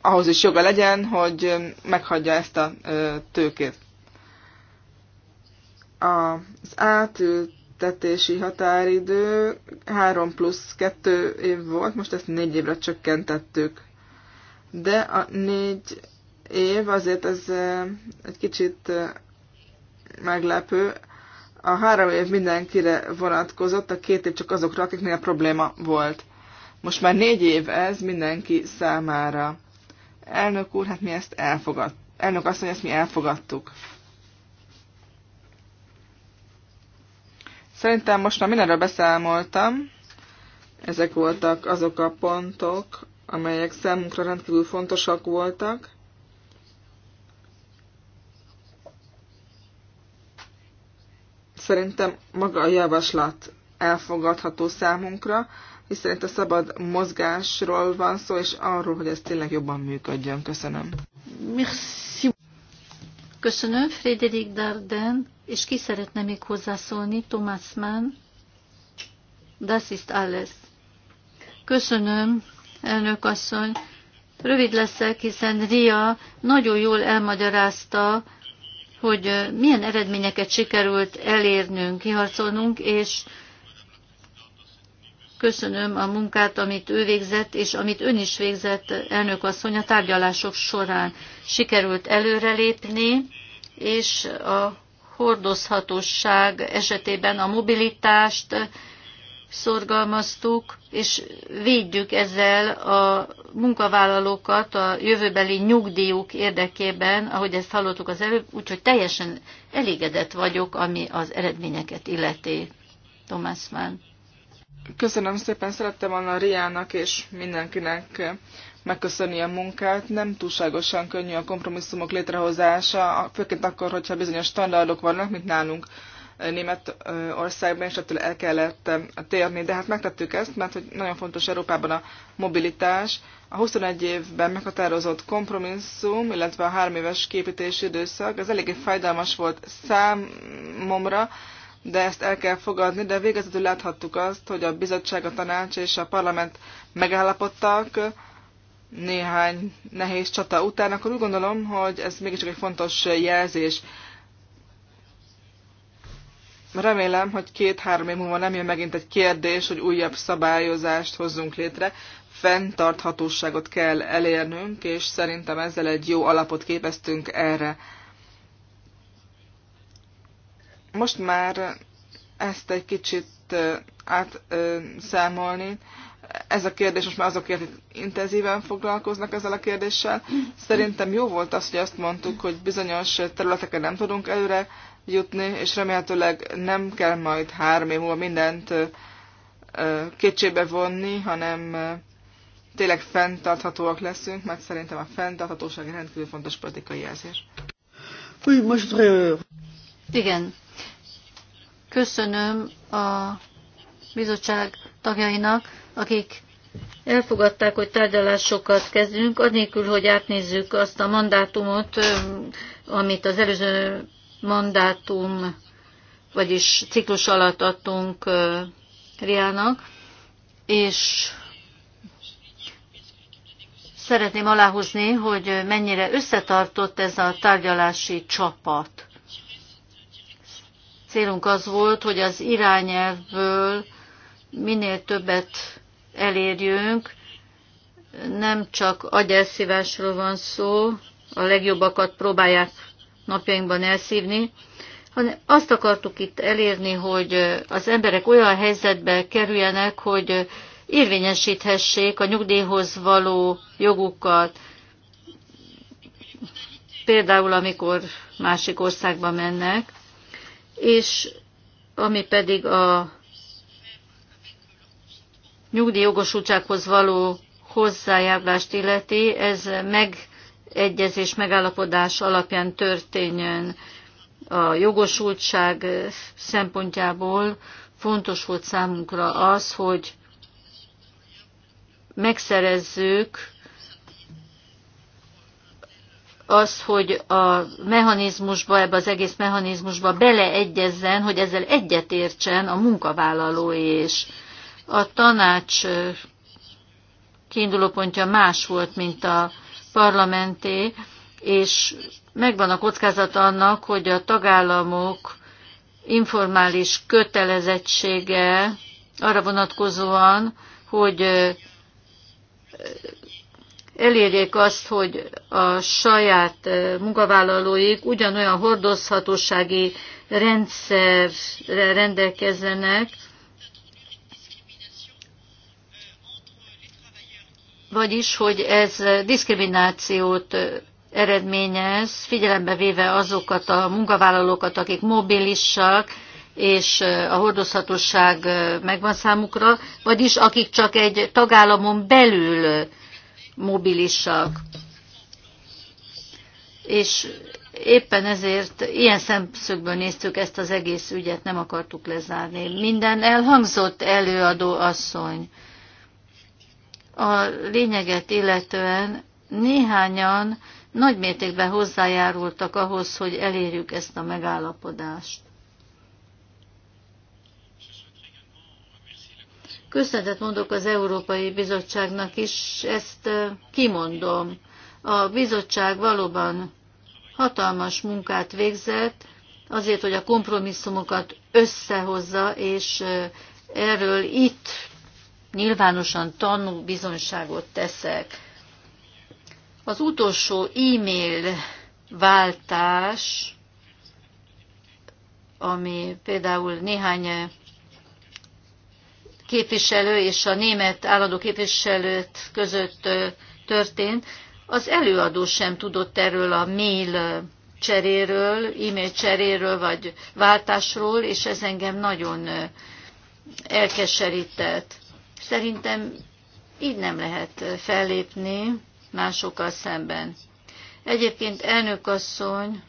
ahhoz is joga legyen, hogy meghagyja ezt a tőkét. Az átült átültetési határidő 3 plusz 2 év volt, most ezt 4 évre csökkentettük. De a 4 év azért ez egy kicsit meglepő. A 3 év mindenkire vonatkozott, a 2 év csak azokra, akiknél probléma volt. Most már 4 év ez mindenki számára. Elnök úr, hát mi ezt elfogadtuk. Elnök azt mondja, ezt mi elfogadtuk. Szerintem most már mindenről beszámoltam. Ezek voltak azok a pontok, amelyek számunkra rendkívül fontosak voltak. Szerintem maga a javaslat elfogadható számunkra, hiszen itt a szabad mozgásról van szó, és arról, hogy ez tényleg jobban működjön. Köszönöm. Merci. Köszönöm, Frédéric Darden. És ki szeretne még hozzászólni? Thomas Mann. Das ist alles. Köszönöm, elnök asszony. Rövid leszek, hiszen Ria nagyon jól elmagyarázta, hogy milyen eredményeket sikerült elérnünk, kiharcolnunk, és köszönöm a munkát, amit ő végzett, és amit ön is végzett, elnök asszony, a tárgyalások során sikerült előrelépni, és a hordozhatóság esetében a mobilitást szorgalmaztuk, és védjük ezzel a munkavállalókat a jövőbeli nyugdíjuk érdekében, ahogy ezt hallottuk az előbb, úgyhogy teljesen elégedett vagyok, ami az eredményeket illeti. Tomás Mann. Köszönöm szépen, szerettem volna Riának és mindenkinek megköszönni a munkát. Nem túlságosan könnyű a kompromisszumok létrehozása, főként akkor, hogyha bizonyos standardok vannak, mint nálunk eh, Németországban, és ettől el kellett eh, térni. De hát megtettük ezt, mert hogy nagyon fontos Európában a mobilitás. A 21 évben meghatározott kompromisszum, illetve a három éves képítési időszak, ez eléggé fájdalmas volt számomra, de ezt el kell fogadni, de végezetül láthattuk azt, hogy a bizottság, a tanács és a parlament megállapodtak, néhány nehéz csata után, akkor úgy gondolom, hogy ez mégiscsak egy fontos jelzés. Remélem, hogy két-három év múlva nem jön megint egy kérdés, hogy újabb szabályozást hozzunk létre. Fenntarthatóságot kell elérnünk, és szerintem ezzel egy jó alapot képeztünk erre. Most már ezt egy kicsit átszámolni. Ö, ez a kérdés most már azokért, intenzíven foglalkoznak ezzel a kérdéssel. Szerintem jó volt az, hogy azt mondtuk, hogy bizonyos területeken nem tudunk előre jutni, és remélhetőleg nem kell majd három év múlva mindent kétségbe vonni, hanem tényleg fenntarthatóak leszünk, mert szerintem a fenntarthatóság rendkívül fontos politikai jelzés. Euh, Igen. Köszönöm a bizottság tagjainak, akik elfogadták, hogy tárgyalásokat kezdünk, anélkül, hogy átnézzük azt a mandátumot, amit az előző mandátum, vagyis ciklus alatt adtunk Riának, és szeretném aláhozni, hogy mennyire összetartott ez a tárgyalási csapat. Célunk az volt, hogy az irányelvből minél többet elérjünk. Nem csak agyelszívásról van szó, a legjobbakat próbálják napjainkban elszívni, hanem azt akartuk itt elérni, hogy az emberek olyan helyzetbe kerüljenek, hogy érvényesíthessék a nyugdíjhoz való jogukat, például amikor másik országba mennek, és ami pedig a nyugdíjjogosultsághoz való hozzájárulást illeti, ez megegyezés, megállapodás alapján történjen A jogosultság szempontjából fontos volt számunkra az, hogy megszerezzük az, hogy a mechanizmusba, ebbe az egész mechanizmusba beleegyezzen, hogy ezzel egyetértsen a munkavállaló és a tanács kiindulópontja más volt, mint a parlamenté, és megvan a kockázat annak, hogy a tagállamok informális kötelezettsége arra vonatkozóan, hogy elérjék azt, hogy a saját munkavállalóik ugyanolyan hordozhatósági rendszerre rendelkezzenek, vagyis, hogy ez diszkriminációt eredményez, figyelembe véve azokat a munkavállalókat, akik mobilisak, és a hordozhatóság megvan számukra, vagyis akik csak egy tagállamon belül mobilisak. És éppen ezért ilyen szemszögből néztük ezt az egész ügyet, nem akartuk lezárni. Minden elhangzott előadó asszony a lényeget illetően néhányan nagy mértékben hozzájárultak ahhoz, hogy elérjük ezt a megállapodást. Köszönetet mondok az Európai Bizottságnak is, ezt kimondom. A bizottság valóban hatalmas munkát végzett, azért, hogy a kompromisszumokat összehozza, és erről itt nyilvánosan tanú bizonyságot teszek. Az utolsó e-mail váltás, ami például néhány képviselő és a német állandó képviselőt között történt, az előadó sem tudott erről a mail cseréről, e-mail cseréről vagy váltásról, és ez engem nagyon elkeserített. Szerintem így nem lehet fellépni másokkal szemben. Egyébként elnök asszony,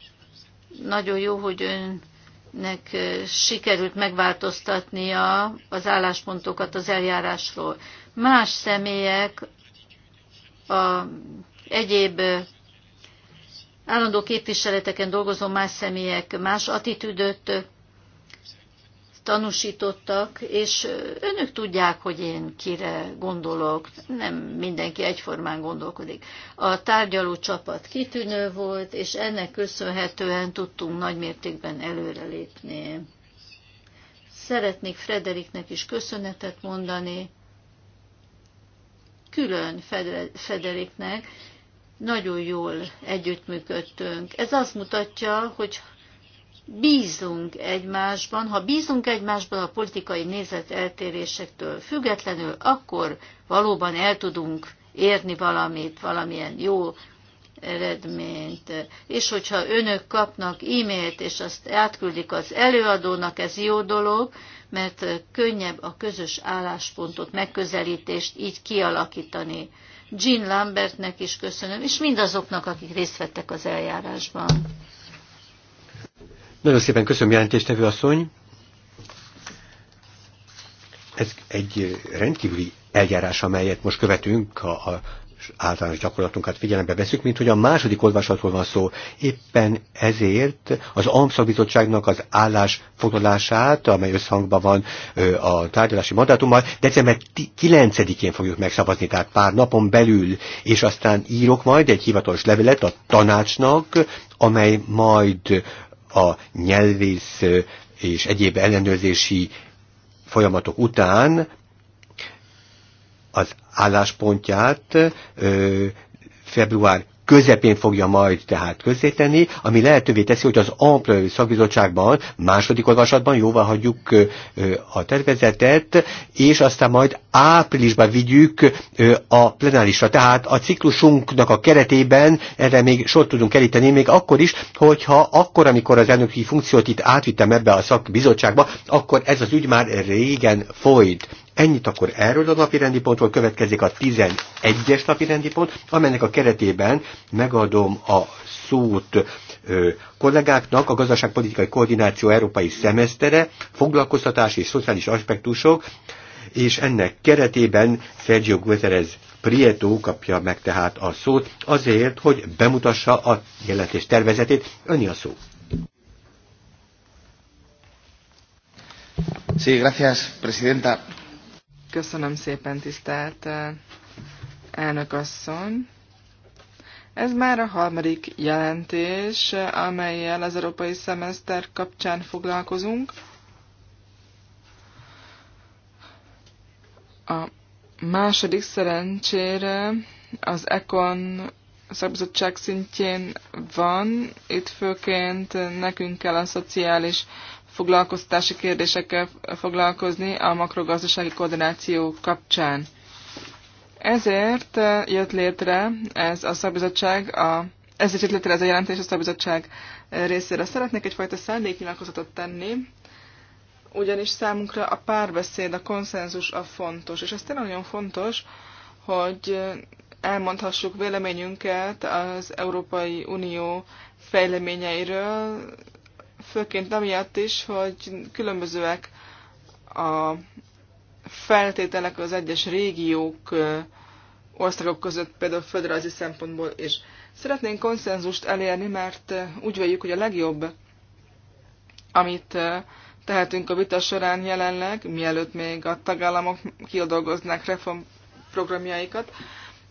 nagyon jó, hogy önnek sikerült megváltoztatnia az álláspontokat az eljárásról. Más személyek a egyéb állandó képviseleteken dolgozó más személyek más attitűdöt tanúsítottak, és önök tudják, hogy én kire gondolok, nem mindenki egyformán gondolkodik. A tárgyaló csapat kitűnő volt, és ennek köszönhetően tudtunk nagymértékben előrelépni. Szeretnék Frederiknek is köszönetet mondani, külön Frederiknek, nagyon jól együttműködtünk. Ez azt mutatja, hogy bízunk egymásban, ha bízunk egymásban a politikai nézet eltérésektől függetlenül, akkor valóban el tudunk érni valamit, valamilyen jó eredményt. És hogyha önök kapnak e-mailt, és azt átküldik az előadónak, ez jó dolog, mert könnyebb a közös álláspontot, megközelítést így kialakítani. Jean Lambertnek is köszönöm, és mindazoknak, akik részt vettek az eljárásban. Nagyon szépen köszönöm jelentéstevő asszony. Ez egy rendkívüli eljárás, amelyet most követünk, ha a általános gyakorlatunkat figyelembe veszük, mint hogy a második olvasatról van szó. Éppen ezért az AMSZ bizottságnak az állásfoglalását, amely összhangban van a tárgyalási mandátummal, december 9-én fogjuk megszavazni, tehát pár napon belül, és aztán írok majd egy hivatalos levelet a tanácsnak, amely majd a nyelvész és egyéb ellenőrzési folyamatok után az álláspontját február közepén fogja majd tehát közzétenni, ami lehetővé teszi, hogy az Amplői szakbizottságban második olvasatban jóvá hagyjuk a tervezetet, és aztán majd áprilisban vigyük a plenárisra. Tehát a ciklusunknak a keretében erre még sor tudunk keríteni, még akkor is, hogyha akkor, amikor az elnöki funkciót itt átvittem ebbe a szakbizottságba, akkor ez az ügy már régen folyt. Ennyit akkor erről a napi rendi pontról következik a 11-es napi rendi pont, amelynek a keretében megadom a szót ö, kollégáknak a gazdaságpolitikai koordináció európai szemesztere, foglalkoztatás és szociális aspektusok, és ennek keretében Sergio Guterres Prieto kapja meg tehát a szót azért, hogy bemutassa a jelentés tervezetét. Öni a szó. Sí, gracias, presidenta. Köszönöm szépen, tisztelt eh, elnök asszony. Ez már a harmadik jelentés, amelyel az európai szemeszter kapcsán foglalkozunk. A második szerencsére az ECON szakbizottság szintjén van, itt főként nekünk kell a szociális foglalkoztási kérdésekkel foglalkozni a makrogazdasági koordináció kapcsán. Ezért eh, jött létre ez a szakbizottság, a, ezért jött létre ez a jelentés a szakbizottság részére. Szeretnék egyfajta szándéknyilatkozatot tenni, ugyanis számunkra a párbeszéd, a konszenzus a fontos. És ez tényleg nagyon fontos, hogy elmondhassuk véleményünket az Európai Unió fejleményeiről, főként amiatt is, hogy különbözőek a feltételek az egyes régiók, országok között, például földrajzi szempontból is. Szeretnénk konszenzust elérni, mert úgy véljük, hogy a legjobb, amit tehetünk a vita során jelenleg, mielőtt még a tagállamok kiadolgoznák reformprogramjaikat,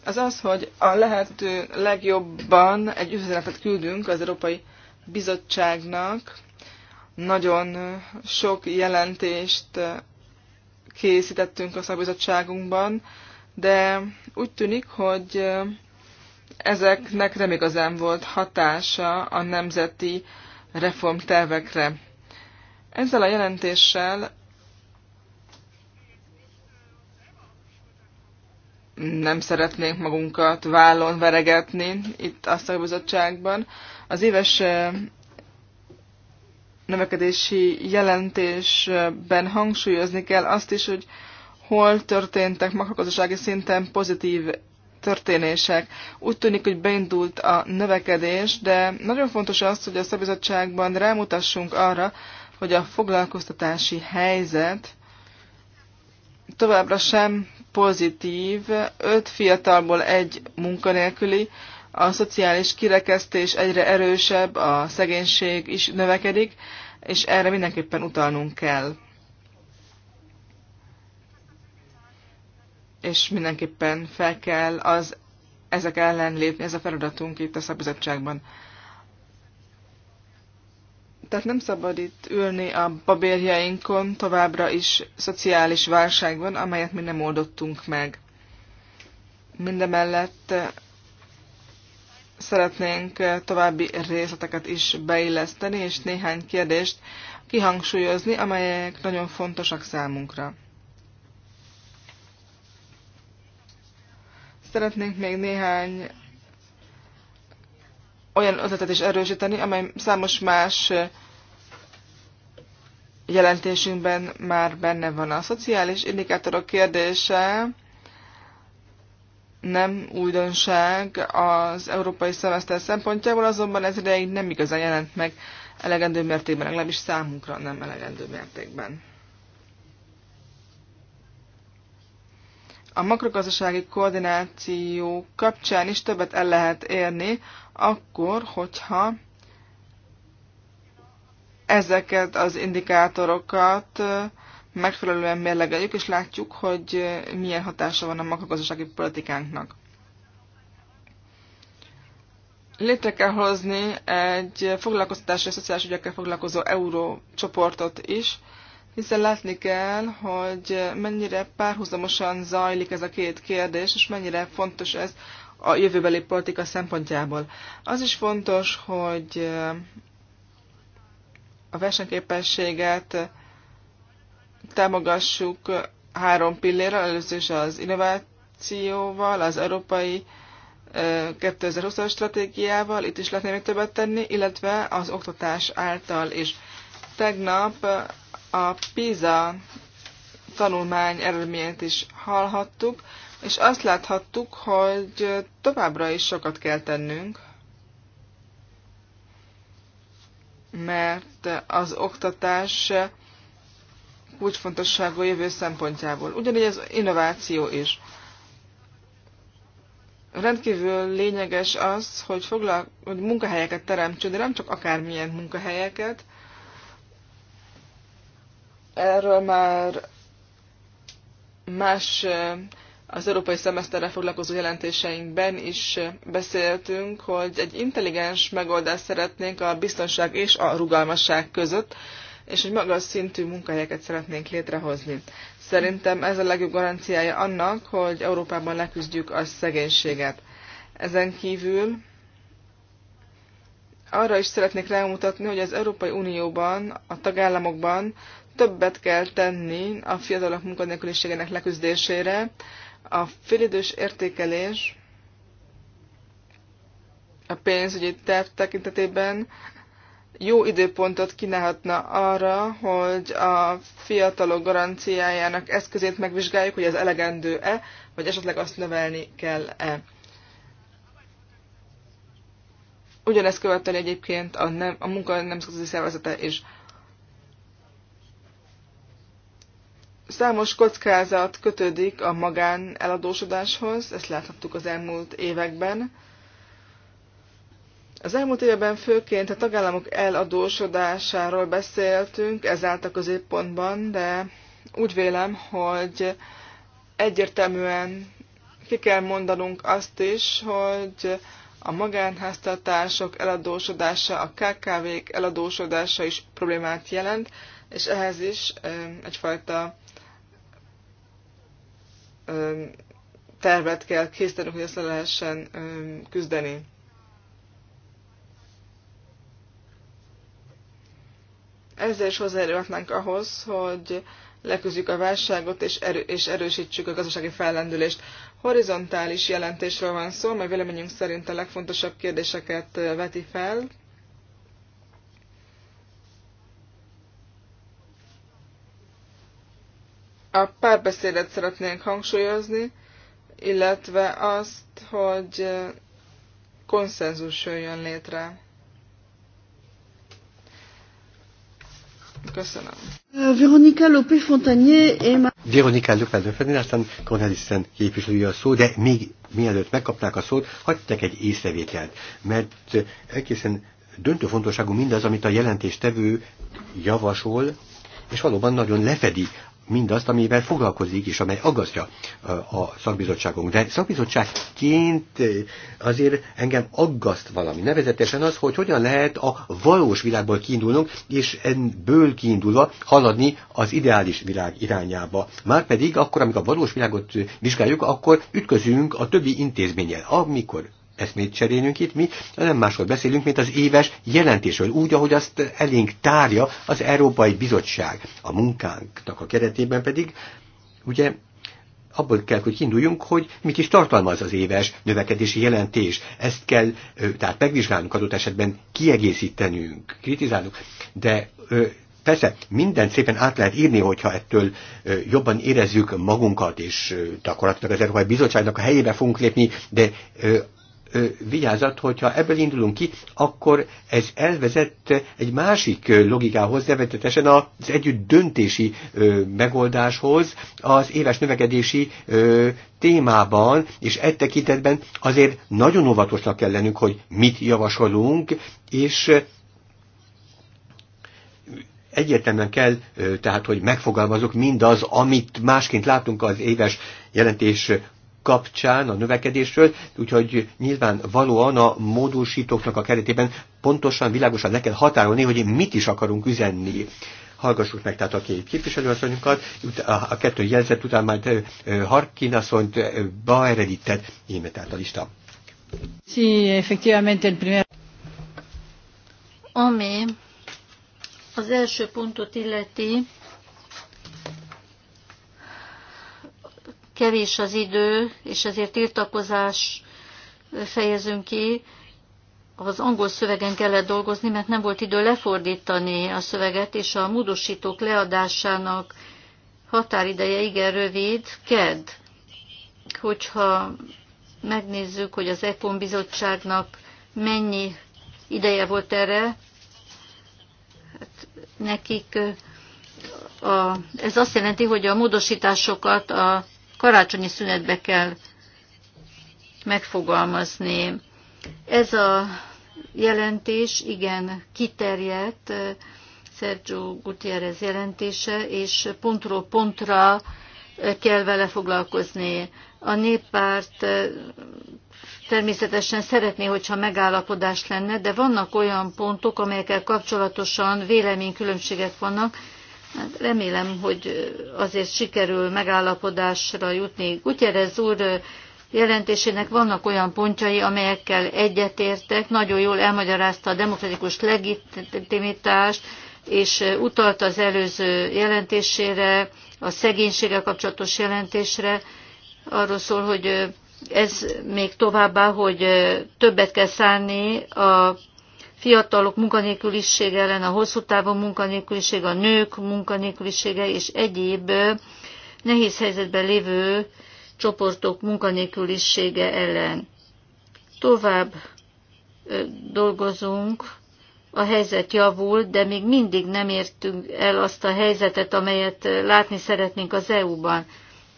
az az, hogy a lehető legjobban egy üzenetet küldünk az európai bizottságnak nagyon sok jelentést készítettünk a szakbizottságunkban, de úgy tűnik, hogy ezeknek nem igazán volt hatása a nemzeti reformtervekre. Ezzel a jelentéssel nem szeretnénk magunkat vállon veregetni itt a szakbizottságban, az éves növekedési jelentésben hangsúlyozni kell azt is, hogy hol történtek makrogazdasági szinten pozitív történések. Úgy tűnik, hogy beindult a növekedés, de nagyon fontos az, hogy a szabizottságban rámutassunk arra, hogy a foglalkoztatási helyzet továbbra sem pozitív. Öt fiatalból egy munkanélküli, a szociális kirekesztés egyre erősebb, a szegénység is növekedik, és erre mindenképpen utalnunk kell. És mindenképpen fel kell az ezek ellen lépni, ez a feladatunk itt a szabizottságban. Tehát nem szabad itt ülni a babérjainkon, továbbra is szociális válság van, amelyet mi nem oldottunk meg. Mindemellett szeretnénk eh, további részleteket is beilleszteni, és néhány kérdést kihangsúlyozni, amelyek nagyon fontosak számunkra. Szeretnénk még néhány olyan ötletet is erősíteni, amely számos más eh, jelentésünkben már benne van a szociális indikátorok kérdése, nem újdonság az európai szemeszter szempontjából, azonban ez ideig nem igazán jelent meg elegendő mértékben, legalábbis számunkra nem elegendő mértékben. A makrogazdasági koordináció kapcsán is többet el lehet érni, akkor, hogyha ezeket az indikátorokat megfelelően mérlegeljük, és látjuk, hogy milyen hatása van a makrogazdasági politikánknak. Létre kell hozni egy foglalkoztatási és szociális ügyekkel foglalkozó eurócsoportot is, hiszen látni kell, hogy mennyire párhuzamosan zajlik ez a két kérdés, és mennyire fontos ez a jövőbeli politika szempontjából. Az is fontos, hogy a versenyképességet támogassuk három pillérrel, először is az innovációval, az európai 2020-as stratégiával, itt is lehetne még többet tenni, illetve az oktatás által is. Tegnap a PISA tanulmány eredményét is hallhattuk, és azt láthattuk, hogy továbbra is sokat kell tennünk, mert az oktatás kulcsfontosságú a jövő szempontjából. Ugyanígy az innováció is. Rendkívül lényeges az, hogy, foglal, hogy munkahelyeket teremtsünk, de nem csak akármilyen munkahelyeket. Erről már más eh, az európai Szemeszterre foglalkozó jelentéseinkben is beszéltünk, hogy egy intelligens megoldást szeretnénk a biztonság és a rugalmasság között, és hogy magas szintű munkahelyeket szeretnénk létrehozni. Szerintem ez a legjobb garanciája annak, hogy Európában leküzdjük a szegénységet. Ezen kívül arra is szeretnék rámutatni, hogy az Európai Unióban, a tagállamokban többet kell tenni a fiatalok munkanélküliségének leküzdésére. A félidős értékelés a pénzügyi terv tekintetében jó időpontot kínálhatna arra, hogy a fiatalok garanciájának eszközét megvizsgáljuk, hogy ez elegendő-e, vagy esetleg azt növelni kell-e. Ugyanezt követeli egyébként a, nem, a munka nemzetközi szervezete is. Számos kockázat kötődik a magán eladósodáshoz, ezt láthattuk az elmúlt években az elmúlt évben főként a tagállamok eladósodásáról beszéltünk, ez állt a középpontban, de úgy vélem, hogy egyértelműen ki kell mondanunk azt is, hogy a magánháztartások eladósodása, a KKV-k eladósodása is problémát jelent, és ehhez is egyfajta tervet kell készítenünk, hogy ezt lehessen küzdeni. Ezzel is hozzájárulhatnánk ahhoz, hogy leküzdjük a válságot és, erő, és erősítsük a gazdasági fellendülést. Horizontális jelentésről van szó, mely véleményünk szerint a legfontosabb kérdéseket veti fel. A párbeszédet szeretnénk hangsúlyozni, illetve azt, hogy konszenzus jön létre. Köszönöm. Euh, Veronika Lopé Fontanier és... Veronika Lopé Fontanier, aztán Cornelissen képviselője a szó, de még mielőtt megkapnák a szót, hagytak egy észrevételt, mert eh, egészen döntő fontosságú mindaz, amit a jelentéstevő javasol, és valóban nagyon lefedi mindazt, amivel foglalkozik, és amely agasztja a szakbizottságunk. De szakbizottságként azért engem aggaszt valami. Nevezetesen az, hogy hogyan lehet a valós világból kiindulnunk, és ebből kiindulva haladni az ideális világ irányába. Márpedig akkor, amikor a valós világot vizsgáljuk, akkor ütközünk a többi intézménnyel. Amikor eszmét cserélünk itt, mi nem másról beszélünk, mint az éves jelentésről, úgy, ahogy azt elénk tárja az Európai Bizottság. A munkánknak a keretében pedig, ugye, abból kell, hogy induljunk, hogy mit is tartalmaz az éves növekedési jelentés. Ezt kell, tehát megvizsgálnunk adott esetben, kiegészítenünk, kritizálnunk, de Persze, minden szépen át lehet írni, hogyha ettől jobban érezzük magunkat, és gyakorlatilag az Európai Bizottságnak a helyébe fogunk lépni, de vigyázat, hogyha ebből indulunk ki, akkor ez elvezett egy másik logikához, nevetetesen az együtt döntési megoldáshoz az éves növekedési témában, és egy tekintetben azért nagyon óvatosnak kell lennünk, hogy mit javasolunk, és egyértelműen kell, tehát, hogy megfogalmazok mindaz, amit másként látunk az éves jelentés kapcsán, a növekedésről, úgyhogy nyilván valóan a módosítóknak a keretében pontosan, világosan le kell határolni, hogy mit is akarunk üzenni hallgassuk meg tehát a két képviselőasszonyunkat, a kettő jelzett után már Harkin asszonyt beeredített, íme tehát a lista. Sí, effectivamente el primer... Ami az első pontot illeti, kevés az idő, és ezért tiltakozás fejezünk ki. Az angol szövegen kellett dolgozni, mert nem volt idő lefordítani a szöveget, és a módosítók leadásának határideje igen rövid, KED. Hogyha megnézzük, hogy az Epon bizottságnak mennyi ideje volt erre, hát nekik a, ez azt jelenti, hogy a módosításokat a karácsonyi szünetbe kell megfogalmazni. Ez a jelentés igen kiterjedt, eh, Sergio Gutierrez jelentése, és pontról pontra eh, kell vele foglalkozni. A néppárt eh, természetesen szeretné, hogyha megállapodás lenne, de vannak olyan pontok, amelyekkel kapcsolatosan véleménykülönbségek vannak, Hát remélem, hogy azért sikerül megállapodásra jutni. Gutierrez úr jelentésének vannak olyan pontjai, amelyekkel egyetértek. Nagyon jól elmagyarázta a demokratikus legitimitást, és utalt az előző jelentésére, a szegénységgel kapcsolatos jelentésre. Arról szól, hogy ez még továbbá, hogy többet kell szállni a fiatalok munkanélküliség ellen, a hosszú távú munkanélküliség, a nők munkanélkülisége és egyéb nehéz helyzetben lévő csoportok munkanélkülisége ellen. Tovább dolgozunk, a helyzet javul, de még mindig nem értünk el azt a helyzetet, amelyet látni szeretnénk az EU-ban.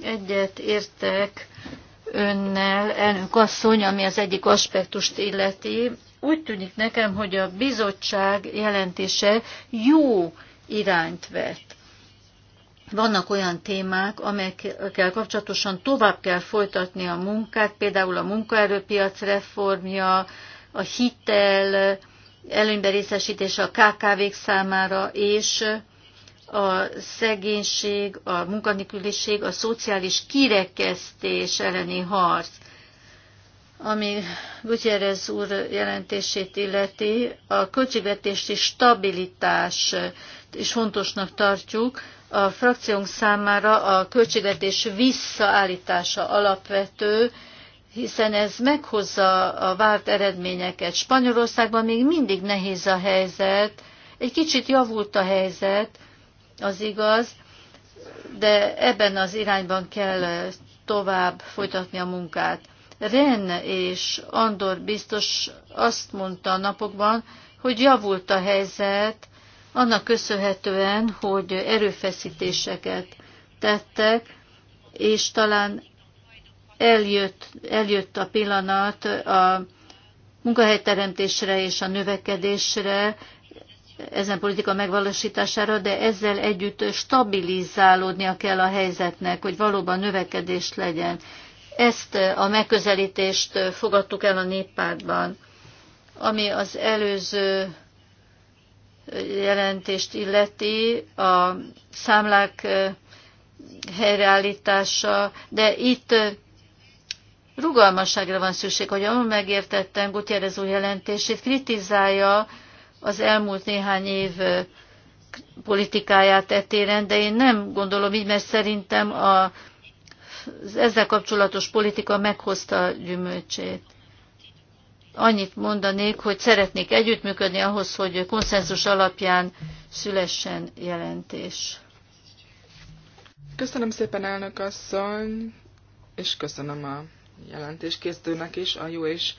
Egyet értek önnel, elnök asszony, ami az egyik aspektust illeti, úgy tűnik nekem, hogy a bizottság jelentése jó irányt vett. Vannak olyan témák, amelyekkel kapcsolatosan tovább kell folytatni a munkát, például a munkaerőpiac reformja, a hitel, előnybe részesítése a KKV-k számára, és a szegénység, a munkanélküliség, a szociális kirekesztés elleni harc ami Gutierrez úr jelentését illeti, a költségvetési stabilitás is fontosnak tartjuk. A frakciónk számára a költségvetés visszaállítása alapvető, hiszen ez meghozza a várt eredményeket. Spanyolországban még mindig nehéz a helyzet, egy kicsit javult a helyzet, az igaz, de ebben az irányban kell tovább folytatni a munkát. Ren és Andor biztos azt mondta a napokban, hogy javult a helyzet, annak köszönhetően, hogy erőfeszítéseket tettek, és talán eljött, eljött a pillanat a munkahelyteremtésre és a növekedésre, ezen politika megvalósítására, de ezzel együtt stabilizálódnia kell a helyzetnek, hogy valóban növekedés legyen. Ezt a megközelítést fogadtuk el a néppártban, ami az előző jelentést illeti, a számlák helyreállítása, de itt rugalmasságra van szükség, hogy ahol megértettem Gutierrez új jelentését, kritizálja az elmúlt néhány év politikáját etéren, de én nem gondolom így, mert szerintem a az ezzel kapcsolatos politika meghozta gyümölcsét. Annyit mondanék, hogy szeretnék együttműködni ahhoz, hogy konszenzus alapján szülessen jelentés. Köszönöm szépen, elnök asszony, és köszönöm a jelentéskészítőnek is a jó és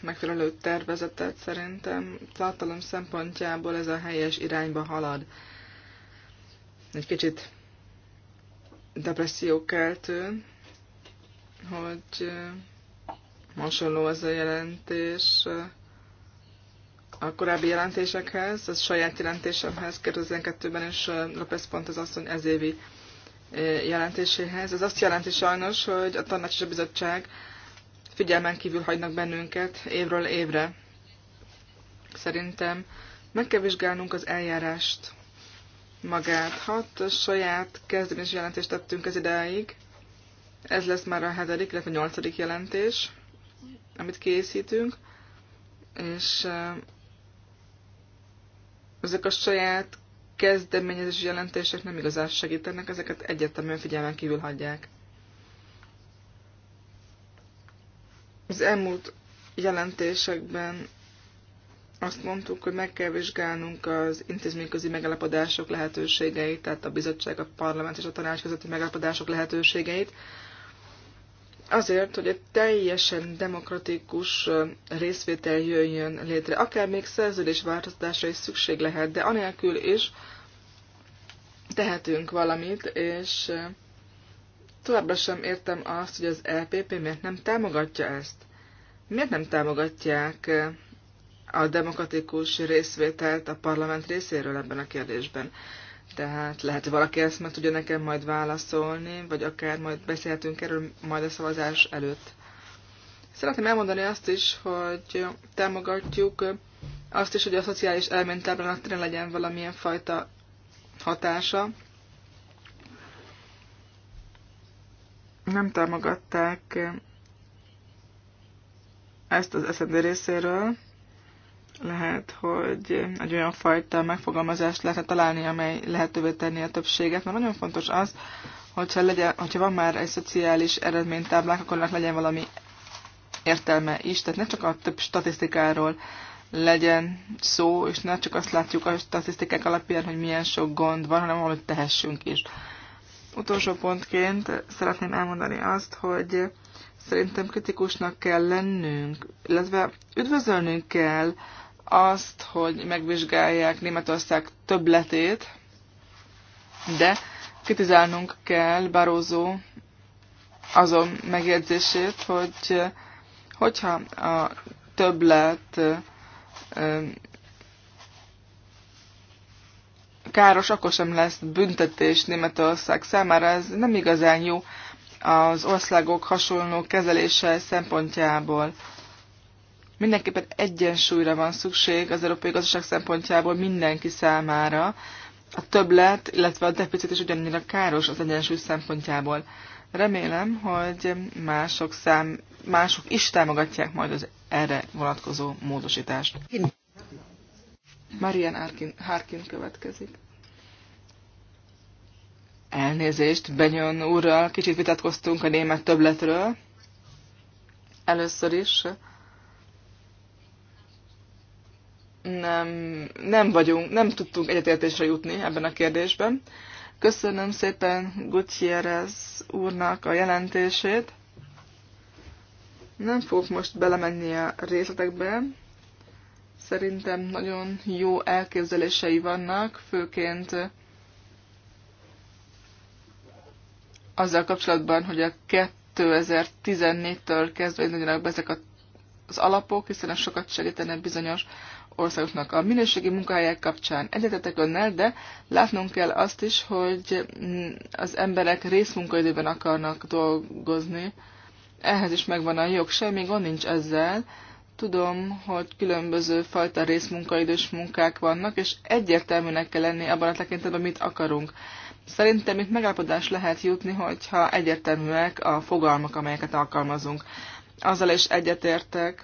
megfelelő tervezetet szerintem tartalom szempontjából ez a helyes irányba halad. Egy kicsit depressziókeltő, hogy hasonló az a jelentés a korábbi jelentésekhez, az saját jelentésemhez 2012-ben, és López pont az asszony ezévi jelentéséhez. Ez azt jelenti sajnos, hogy a tanács és a bizottság figyelmen kívül hagynak bennünket évről évre. Szerintem meg kell vizsgálnunk az eljárást, magát. Hat saját kezdeményes jelentést tettünk ez ideig. Ez lesz már a hetedik, illetve a nyolcadik jelentés, amit készítünk. És eh, ezek a saját kezdeményezés jelentések nem igazán segítenek, ezeket egyértelműen figyelmen kívül hagyják. Az elmúlt jelentésekben azt mondtuk, hogy meg kell vizsgálnunk az intézményközi megállapodások lehetőségeit, tehát a bizottság, a parlament és a tanács közötti megállapodások lehetőségeit, azért, hogy egy teljesen demokratikus részvétel jöjjön létre. Akár még változtatásra is szükség lehet, de anélkül is tehetünk valamit, és továbbra sem értem azt, hogy az LPP miért nem támogatja ezt. Miért nem támogatják a demokratikus részvételt a parlament részéről ebben a kérdésben. Tehát lehet, hogy valaki ezt meg tudja nekem majd válaszolni, vagy akár majd beszélhetünk erről majd a szavazás előtt. Szeretném elmondani azt is, hogy támogatjuk azt is, hogy a szociális elménytáblának tényleg legyen valamilyen fajta hatása. Nem támogatták ezt az SZD részéről, lehet, hogy egy olyan fajta megfogalmazást lehetne találni, amely lehetővé tenni a többséget, mert nagyon fontos az, hogyha, legyen, hogyha van már egy szociális eredménytáblák, akkor legyen valami értelme is, tehát ne csak a több statisztikáról legyen szó, és ne csak azt látjuk a statisztikák alapján, hogy milyen sok gond van, hanem valamit tehessünk is. Utolsó pontként szeretném elmondani azt, hogy szerintem kritikusnak kell lennünk, illetve üdvözölnünk kell azt, hogy megvizsgálják Németország többletét, de kritizálnunk kell Barózó azon megjegyzését, hogy hogyha a többlet káros, akkor sem lesz büntetés Németország számára. Ez nem igazán jó az országok hasonló kezelése szempontjából. Mindenképpen egyensúlyra van szükség az európai gazdaság szempontjából mindenki számára. A többlet, illetve a deficit is ugyanannyira káros az egyensúly szempontjából. Remélem, hogy mások, szám, mások is támogatják majd az erre vonatkozó módosítást. Marian Harkin, Harkin következik. Elnézést, Benyon úrral kicsit vitatkoztunk a német többletről. Először is nem, nem vagyunk, nem tudtunk egyetértésre jutni ebben a kérdésben. Köszönöm szépen Gutierrez úrnak a jelentését. Nem fogok most belemenni a részletekbe. Szerintem nagyon jó elképzelései vannak, főként azzal kapcsolatban, hogy a 2014-től kezdve ezek az alapok, hiszen ez sokat segítene bizonyos országoknak a minőségi munkahelyek kapcsán. Egyetetek önnel, de látnunk kell azt is, hogy mm, az emberek részmunkaidőben akarnak dolgozni. Ehhez is megvan a jog, semmi gond nincs ezzel. Tudom, hogy különböző fajta részmunkaidős munkák vannak, és egyértelműnek kell lenni abban a tekintetben, mit akarunk. Szerintem itt megállapodás lehet jutni, hogyha egyértelműek a fogalmak, amelyeket alkalmazunk. Azzal is egyetértek,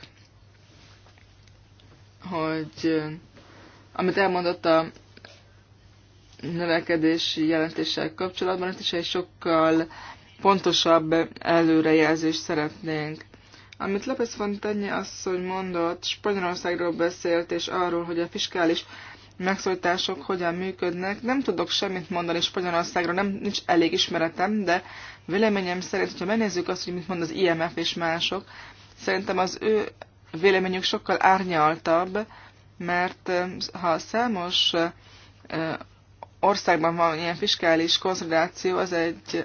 hogy amit elmondott a növekedési jelentéssel kapcsolatban, itt is egy sokkal pontosabb előrejelzést szeretnénk. Amit López Fontanye asszony mondott, Spanyolországról beszélt, és arról, hogy a fiskális megszólítások hogyan működnek. Nem tudok semmit mondani Spanyolországról, nem, nincs elég ismeretem, de véleményem szerint, hogyha megnézzük azt, hogy mit mond az IMF és mások, szerintem az ő véleményük sokkal árnyaltabb, mert ha számos országban van ilyen fiskális konszolidáció, az egy,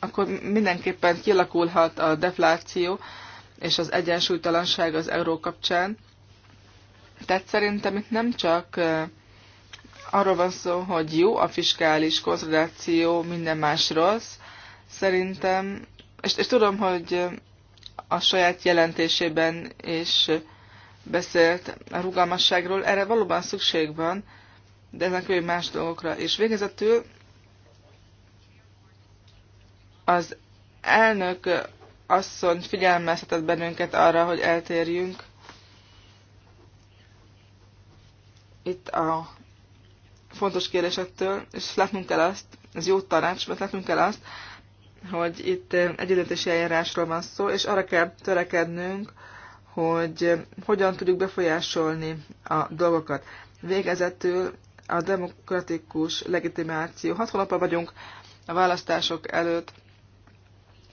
akkor mindenképpen kialakulhat a defláció és az egyensúlytalanság az euró kapcsán. Tehát szerintem itt nem csak arról van szó, hogy jó a fiskális konszolidáció, minden más rossz. Szerintem, és, és tudom, hogy a saját jelentésében is beszélt a rugalmasságról. Erre valóban szükség van, de ezek kívül más dolgokra. És végezetül az elnök asszony figyelmeztetett bennünket arra, hogy eltérjünk itt a fontos kérdésektől, és látnunk kell azt, ez jó tanács, mert látnunk kell azt, hogy itt eh, egyedöntési eljárásról van szó, és arra kell törekednünk, hogy hogyan tudjuk befolyásolni a dolgokat. Végezetül a demokratikus legitimáció. Hat hónapban vagyunk a választások előtt,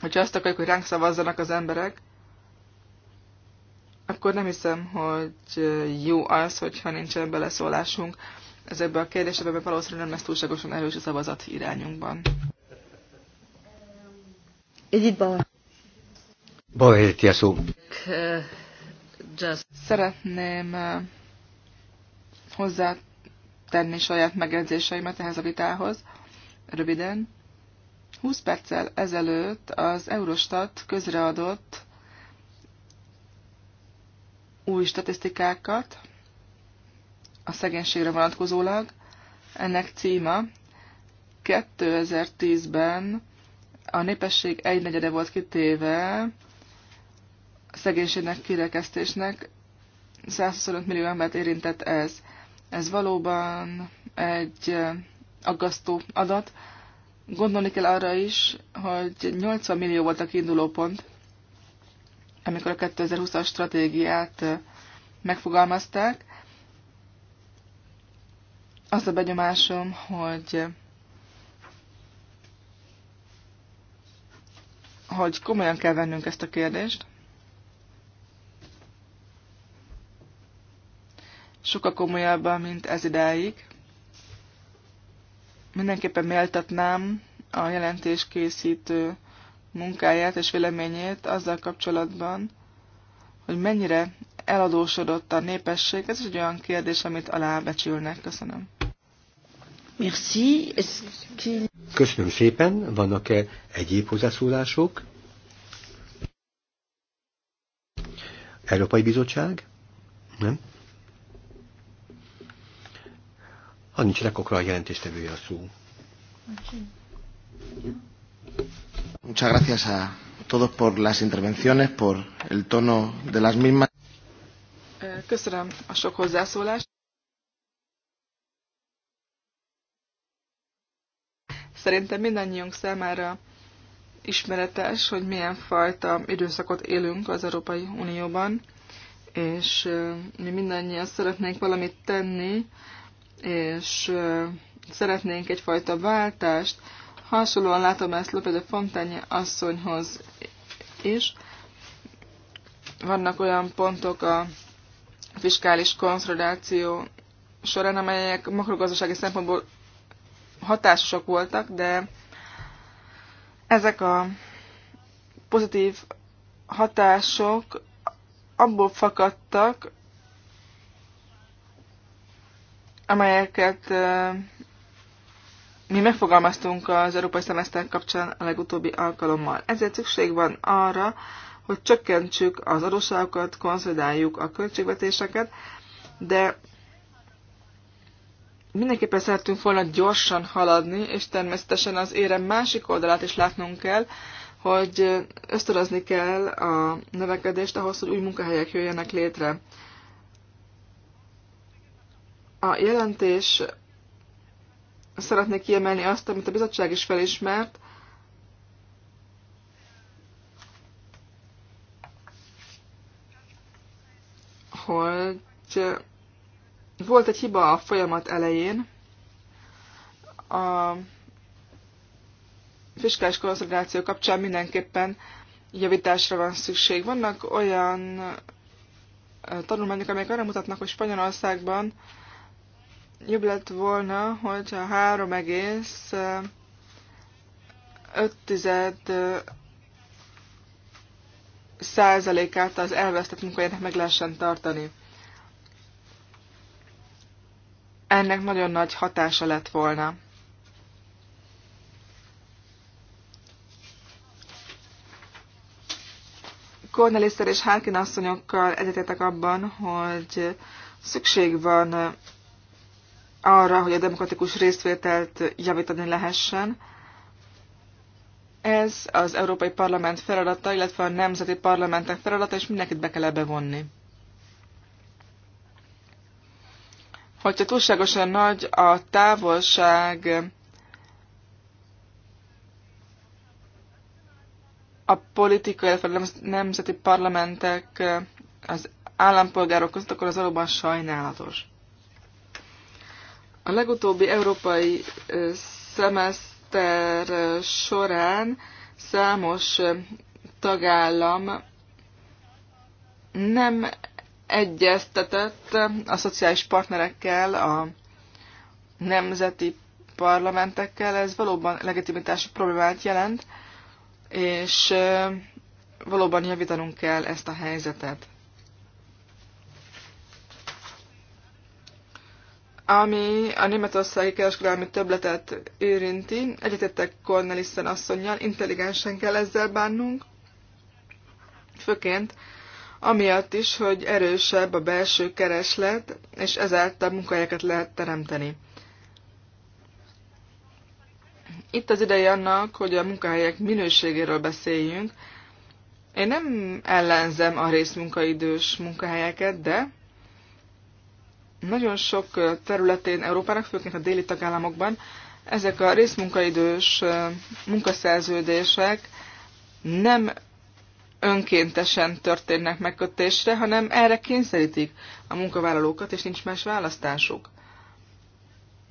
hogyha azt akarjuk, hogy ránk szavazzanak az emberek, akkor nem hiszem, hogy jó az, hogyha nincsen beleszólásunk ezekbe a kérdésekbe, mert valószínűleg nem lesz túlságosan erős a szavazat irányunkban. Edith Bauer. Bauer, a szó. Szeretném hozzátenni saját megjegyzéseimet ehhez a vitához. Röviden. 20 perccel ezelőtt az Eurostat közreadott új statisztikákat a szegénységre vonatkozólag. Ennek címa 2010-ben a népesség egynegyede volt kitéve szegénységnek, kirekesztésnek, 125 millió embert érintett ez. Ez valóban egy aggasztó adat. Gondolni kell arra is, hogy 80 millió volt a kiinduló pont, amikor a 2020-as stratégiát megfogalmazták. Az a benyomásom, hogy hogy komolyan kell vennünk ezt a kérdést. Sokkal komolyabban, mint ez idáig. Mindenképpen méltatnám a jelentés készítő munkáját és véleményét azzal kapcsolatban, hogy mennyire eladósodott a népesség. Ez is egy olyan kérdés, amit alábecsülnek. Köszönöm. Merci. Köszönöm szépen. Vannak-e egyéb hozzászólások? Európai Bizottság? Nem? Ha nincs lekokra a jelentéstevője a szó. Muchas gracias a todos por las intervenciones, por el tono de las mismas. Köszönöm a sok hozzászólást. Szerintem mindannyiunk számára ismeretes, hogy milyen fajta időszakot élünk az Európai Unióban, és mi mindannyian szeretnénk valamit tenni, és szeretnénk egyfajta váltást. Hasonlóan látom ezt López de Fontány asszonyhoz is. Vannak olyan pontok a fiskális konszolidáció során, amelyek makrogazdasági szempontból hatásosak voltak, de ezek a pozitív hatások abból fakadtak, amelyeket mi megfogalmaztunk az európai szemeszter kapcsán a legutóbbi alkalommal. Ezért szükség van arra, hogy csökkentsük az adósságokat, konszolidáljuk a költségvetéseket, de mindenképpen szerettünk volna gyorsan haladni, és természetesen az érem másik oldalát is látnunk kell, hogy ösztönözni kell a növekedést ahhoz, hogy új munkahelyek jöjjenek létre. A jelentés szeretnék kiemelni azt, amit a bizottság is felismert, hogy volt egy hiba a folyamat elején. A fiskális konszolidáció kapcsán mindenképpen javításra van szükség. Vannak olyan tanulmányok, amelyek arra mutatnak, hogy Spanyolországban jobb lett volna, hogy a 3,5 százalékát az elvesztett munkahelynek meg lehessen tartani. ennek nagyon nagy hatása lett volna. Cornelisszel és Harkin asszonyokkal egyetetek abban, hogy szükség van arra, hogy a demokratikus részvételt javítani lehessen. Ez az Európai Parlament feladata, illetve a nemzeti parlamentek feladata, és mindenkit be kell ebbe vonni. Hogyha túlságosan nagy a távolság a politikai illetve a nemzeti parlamentek az állampolgárok között, akkor az valóban sajnálatos. A legutóbbi európai szemeszter során számos tagállam nem egyeztetett a szociális partnerekkel, a nemzeti parlamentekkel, ez valóban legitimitási problémát jelent, és valóban javítanunk kell ezt a helyzetet. Ami a németországi kereskedelmi töbletet érinti, egyetettek Cornelissen asszonynal, intelligensen kell ezzel bánnunk, főként amiatt is, hogy erősebb a belső kereslet, és ezáltal munkahelyeket lehet teremteni. Itt az ideje annak, hogy a munkahelyek minőségéről beszéljünk. Én nem ellenzem a részmunkaidős munkahelyeket, de nagyon sok területén Európának, főként a déli tagállamokban, ezek a részmunkaidős munkaszerződések nem önkéntesen történnek megkötésre, hanem erre kényszerítik a munkavállalókat, és nincs más választásuk.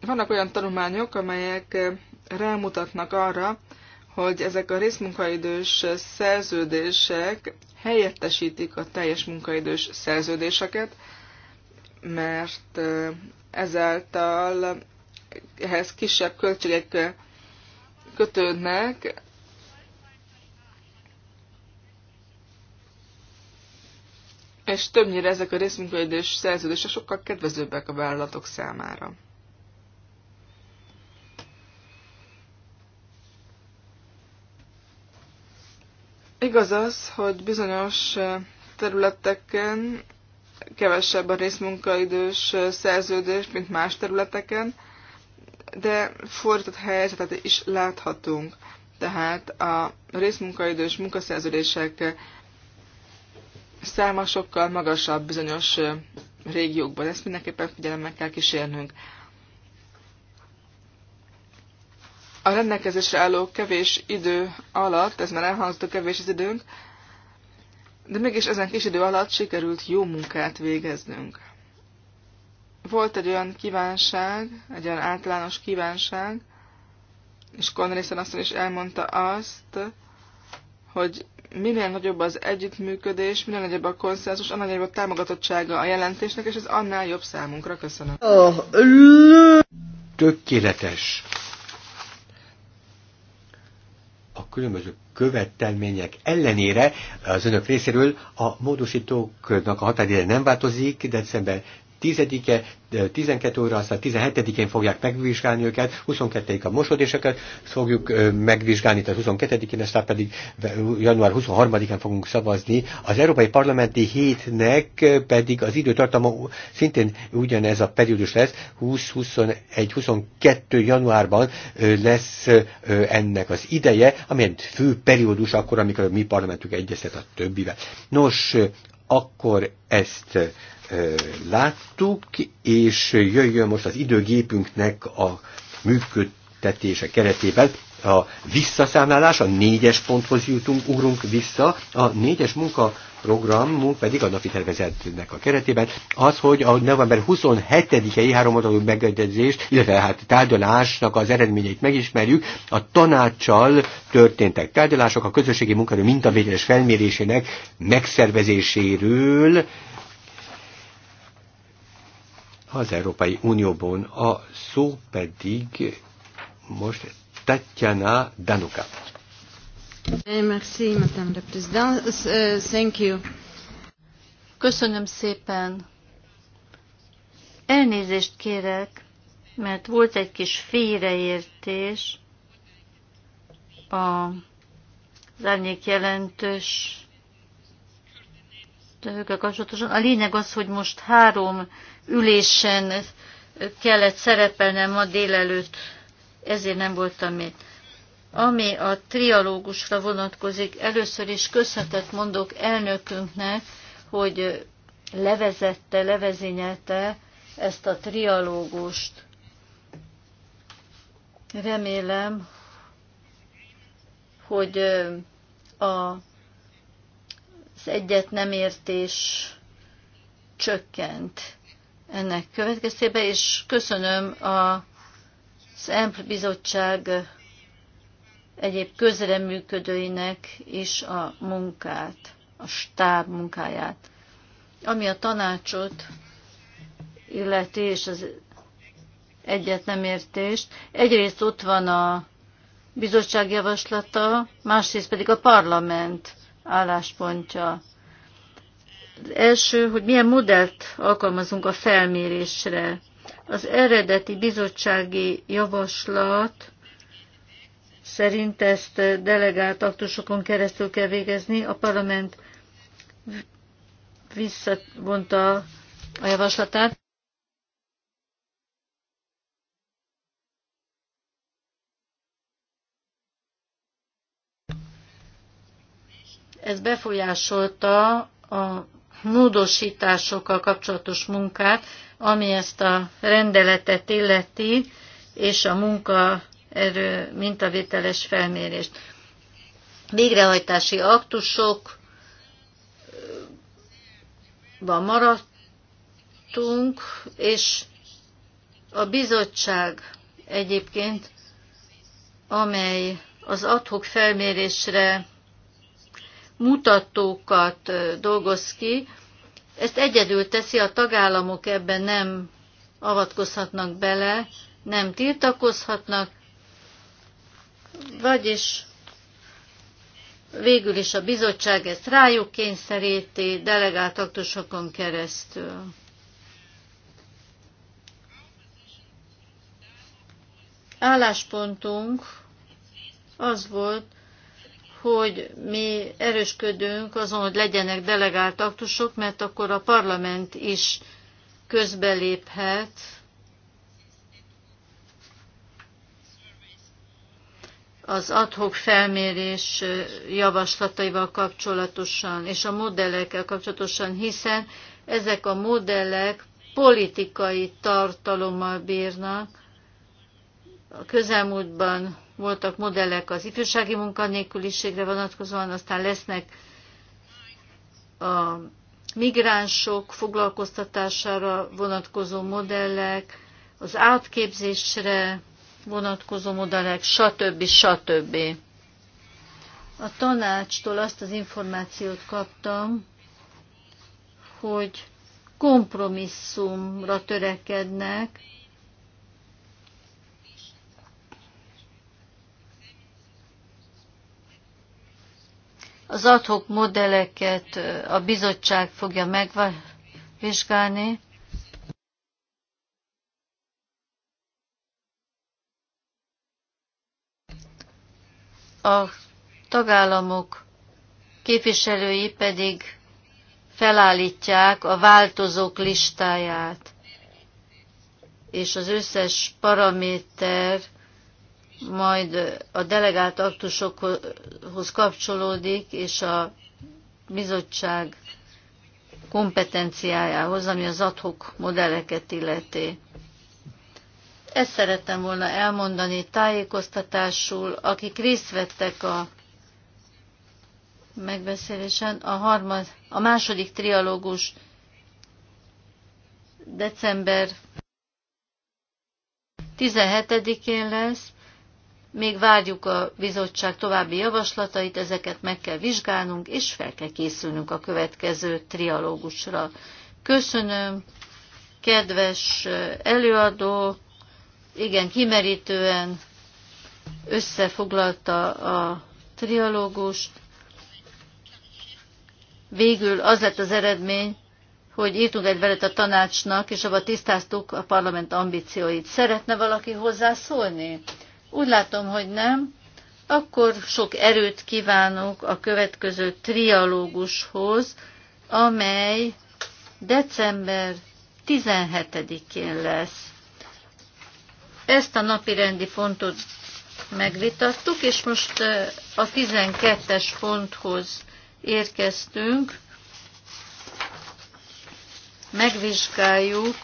Vannak olyan tanulmányok, amelyek eh, rámutatnak arra, hogy ezek a részmunkaidős szerződések helyettesítik a teljes munkaidős szerződéseket, mert eh, ezáltal ehhez kisebb költségek eh, kötődnek, és többnyire ezek a részmunkaidős szerződések sokkal kedvezőbbek a vállalatok számára. Igaz az, hogy bizonyos eh, területeken kevesebb a részmunkaidős eh, szerződés, mint más területeken, de fordított helyzetet is láthatunk. Tehát a részmunkaidős munkaszerződések száma sokkal magasabb bizonyos régiókban. Ezt mindenképpen figyelemmel kell kísérnünk. A rendelkezésre álló kevés idő alatt, ez már elhangzott, kevés az időnk, de mégis ezen kis idő alatt sikerült jó munkát végeznünk. Volt egy olyan kívánság, egy olyan általános kívánság, és Conrayson azt is elmondta azt, hogy minél nagyobb az együttműködés, minél nagyobb a konszenzus, annál nagyobb a támogatottsága a jelentésnek, és ez annál jobb számunkra. Köszönöm. Ah, tökéletes. A különböző követelmények ellenére az önök részéről a módosítóknak a határideje nem változik, december 10-e, 12 óra, aztán 17-én fogják megvizsgálni őket, 22-ig a mosodéseket fogjuk megvizsgálni, tehát 22-én, aztán pedig január 23-án fogunk szavazni. Az Európai Parlamenti hétnek pedig az időtartama szintén ugyanez a periódus lesz, 20-21-22 januárban lesz ennek az ideje, amilyen fő periódus akkor, amikor a mi parlamentünk egyeztet a többivel. Nos, akkor ezt láttuk, és jöjjön most az időgépünknek a működtetése keretében a visszaszámlálás, a négyes ponthoz jutunk, ugrunk vissza, a négyes munka programunk pedig a napi tervezetnek a keretében az, hogy a november 27-i háromadalú megegyezést, illetve hát tárgyalásnak az eredményeit megismerjük, a tanácssal történtek tárgyalások a közösségi munkaerő mintavégyes felmérésének megszervezéséről, az Európai Unióban. A szó pedig most Tatjana Danuka. Eh, merci, Madame la Présidente. Eh, thank you. Köszönöm szépen. Elnézést kérek, mert volt egy kis félreértés a, az árnyék jelentős tevőkkel kapcsolatosan. A lényeg az, hogy most három ülésen kellett szerepelnem ma délelőtt, ezért nem voltam itt. Ami a trialógusra vonatkozik, először is köszönetet mondok elnökünknek, hogy levezette, levezényelte ezt a trialógust. Remélem, hogy a, az egyet nem értés csökkent ennek következtében, és köszönöm az EMP bizottság egyéb közreműködőinek is a munkát, a stáb munkáját. Ami a tanácsot illeti, és az egyet nem értést. Egyrészt ott van a bizottság javaslata, másrészt pedig a parlament álláspontja első, hogy milyen modellt alkalmazunk a felmérésre. Az eredeti bizottsági javaslat szerint ezt delegált aktusokon keresztül kell végezni. A parlament visszavonta a javaslatát. Ez befolyásolta a módosításokkal kapcsolatos munkát, ami ezt a rendeletet illeti, és a munkaerő mintavételes felmérést. Végrehajtási aktusok maradtunk, és a bizottság egyébként, amely az adhok felmérésre mutatókat dolgoz ki. Ezt egyedül teszi, a tagállamok ebben nem avatkozhatnak bele, nem tiltakozhatnak, vagyis végül is a bizottság ezt rájuk kényszeríti delegált aktusokon keresztül. Álláspontunk az volt, hogy mi erősködünk azon, hogy legyenek delegált aktusok, mert akkor a parlament is közbeléphet, az adhok felmérés javaslataival kapcsolatosan és a modellekkel kapcsolatosan, hiszen ezek a modellek politikai tartalommal bírnak. A közelmúltban voltak modellek az ifjúsági munkanélküliségre vonatkozóan, aztán lesznek a migránsok foglalkoztatására vonatkozó modellek, az átképzésre vonatkozó modellek, stb. stb. A tanácstól azt az információt kaptam, hogy kompromisszumra törekednek, Az adhok modelleket a bizottság fogja megvizsgálni. A tagállamok képviselői pedig felállítják a változók listáját, és az összes paraméter majd a delegált aktusokhoz kapcsolódik, és a bizottság kompetenciájához, ami az adhok modelleket illeti. Ezt szerettem volna elmondani tájékoztatásul, akik részt vettek a megbeszélésen. A, harmad, a második trialógus december 17-én lesz, még várjuk a bizottság további javaslatait, ezeket meg kell vizsgálnunk, és fel kell készülnünk a következő trialógusra. Köszönöm, kedves előadó, igen, kimerítően összefoglalta a trialógust. Végül az lett az eredmény, hogy írtunk egy velet a tanácsnak, és abban tisztáztuk a parlament ambícióit. Szeretne valaki hozzászólni? Úgy látom, hogy nem. Akkor sok erőt kívánok a következő trialógushoz, amely december 17-én lesz. Ezt a napi rendi fontot megvitattuk, és most a 12-es fonthoz érkeztünk. Megvizsgáljuk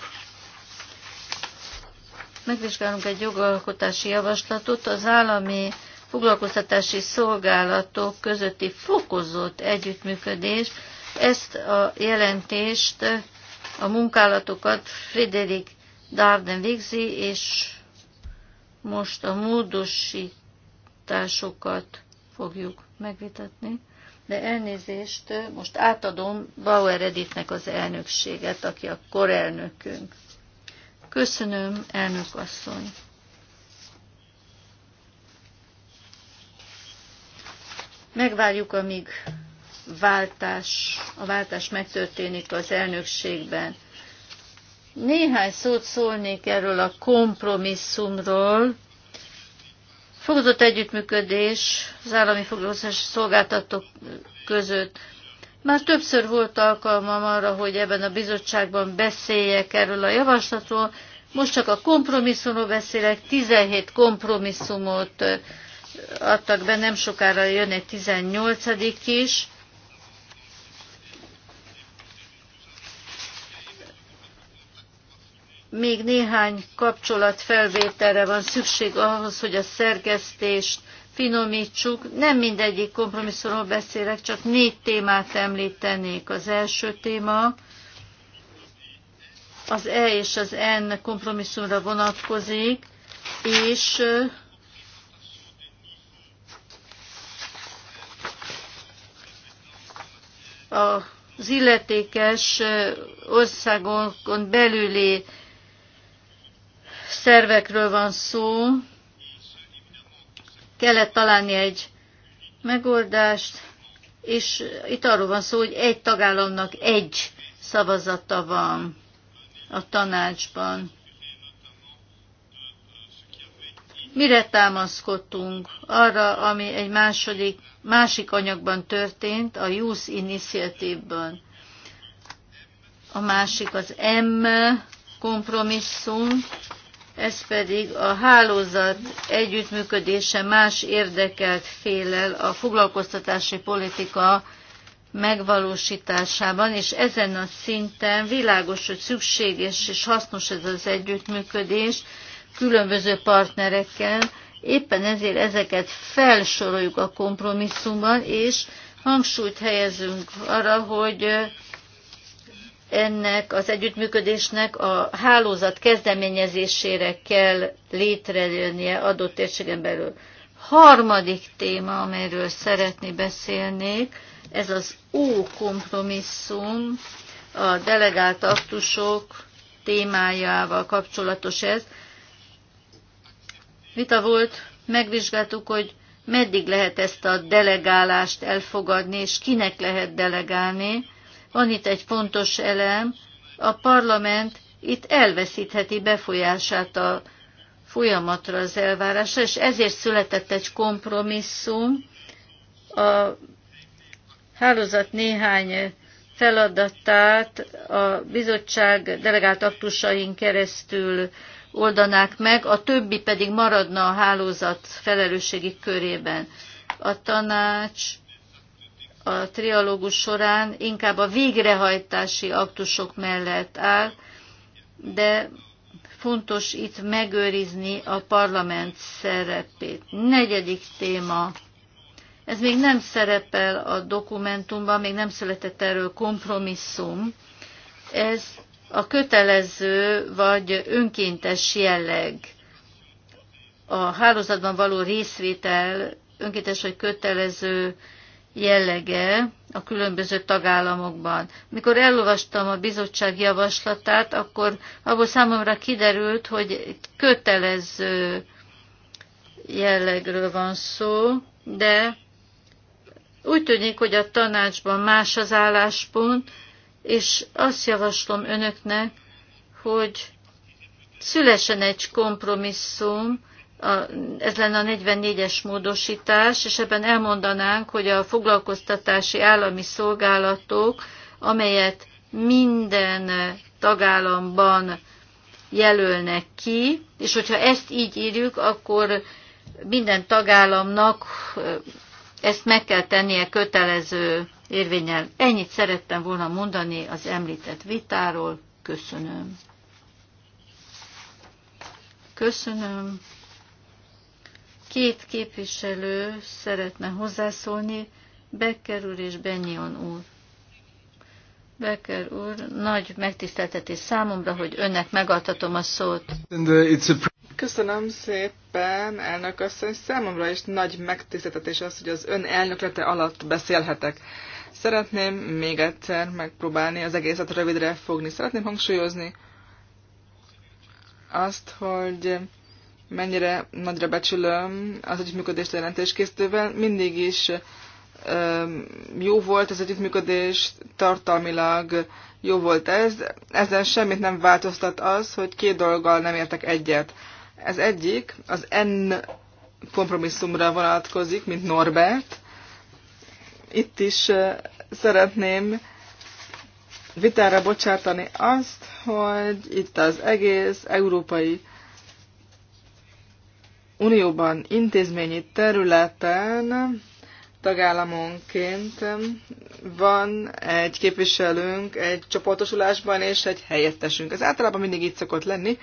megvizsgálunk egy jogalkotási javaslatot az állami foglalkoztatási szolgálatok közötti fokozott együttműködés. Ezt a jelentést, a munkálatokat Frederik Darden végzi, és most a módosításokat fogjuk megvitatni. De elnézést, most átadom Bauer Editnek az elnökséget, aki a korelnökünk. Köszönöm, elnök asszony. Megvárjuk, amíg váltás, a váltás megtörténik az elnökségben. Néhány szót szólnék erről a kompromisszumról. Fogadott együttműködés az állami foglalkozási szolgáltatók között. Már többször volt alkalmam arra, hogy ebben a bizottságban beszéljek erről a javaslatról. Most csak a kompromisszumról beszélek, 17 kompromisszumot adtak be, nem sokára jön egy 18 is. Még néhány kapcsolatfelvételre van szükség ahhoz, hogy a szerkesztést finomítsuk. Nem mindegyik kompromisszumról beszélek, csak négy témát említenék. Az első téma az E és az N kompromisszumra vonatkozik, és az illetékes országokon belüli szervekről van szó, kellett találni egy megoldást, és itt arról van szó, hogy egy tagállamnak egy szavazata van a tanácsban. Mire támaszkodtunk? Arra, ami egy második, másik anyagban történt, a Youth Initiative-ban. A másik az M kompromisszum, ez pedig a hálózat együttműködése más érdekelt félel a foglalkoztatási politika megvalósításában, és ezen a szinten világos, hogy szükséges és hasznos ez az együttműködés különböző partnerekkel, éppen ezért ezeket felsoroljuk a kompromisszumban, és hangsúlyt helyezünk arra, hogy ennek az együttműködésnek a hálózat kezdeményezésére kell létrejönnie adott térségen belül. Harmadik téma, amelyről szeretni beszélnék, ez az ó kompromisszum, a delegált aktusok témájával kapcsolatos ez. Vita volt, megvizsgáltuk, hogy meddig lehet ezt a delegálást elfogadni, és kinek lehet delegálni van itt egy fontos elem, a parlament itt elveszítheti befolyását a folyamatra az elvárásra, és ezért született egy kompromisszum. A hálózat néhány feladatát a bizottság delegált aktusain keresztül oldanák meg, a többi pedig maradna a hálózat felelősségi körében. A tanács a trialógus során inkább a végrehajtási aktusok mellett áll, de fontos itt megőrizni a parlament szerepét. Negyedik téma. Ez még nem szerepel a dokumentumban, még nem született erről kompromisszum. Ez a kötelező vagy önkéntes jelleg. A hálózatban való részvétel önkéntes vagy kötelező jellege a különböző tagállamokban. Mikor elolvastam a bizottság javaslatát, akkor abból számomra kiderült, hogy kötelező jellegről van szó, de úgy tűnik, hogy a tanácsban más az álláspont, és azt javaslom önöknek, hogy szülessen egy kompromisszum, a, ez lenne a 44-es módosítás, és ebben elmondanánk, hogy a foglalkoztatási állami szolgálatok, amelyet minden tagállamban jelölnek ki, és hogyha ezt így írjuk, akkor minden tagállamnak ezt meg kell tennie kötelező érvényel. Ennyit szerettem volna mondani az említett vitáról. Köszönöm. Köszönöm. Két képviselő szeretne hozzászólni, Becker úr és Benyon úr. Becker úr, nagy megtiszteltetés számomra, hogy önnek megadhatom a szót. Uh, Köszönöm szépen, elnök asszony. Számomra is nagy megtiszteltetés az, hogy az ön elnöklete alatt beszélhetek. Szeretném még egyszer megpróbálni az egészet rövidre fogni. Szeretném hangsúlyozni azt, hogy mennyire nagyra becsülöm az együttműködést a jelentéskészítővel. Mindig is jó volt az együttműködés, tartalmilag jó volt ez. Ezen semmit nem változtat az, hogy két dolggal nem értek egyet. Ez egyik, az N kompromisszumra vonatkozik, mint Norbert. Itt is szeretném vitára bocsátani azt, hogy itt az egész európai Unióban intézményi területen tagállamonként van egy képviselőnk egy csoportosulásban és egy helyettesünk. Ez általában mindig így szokott lenni,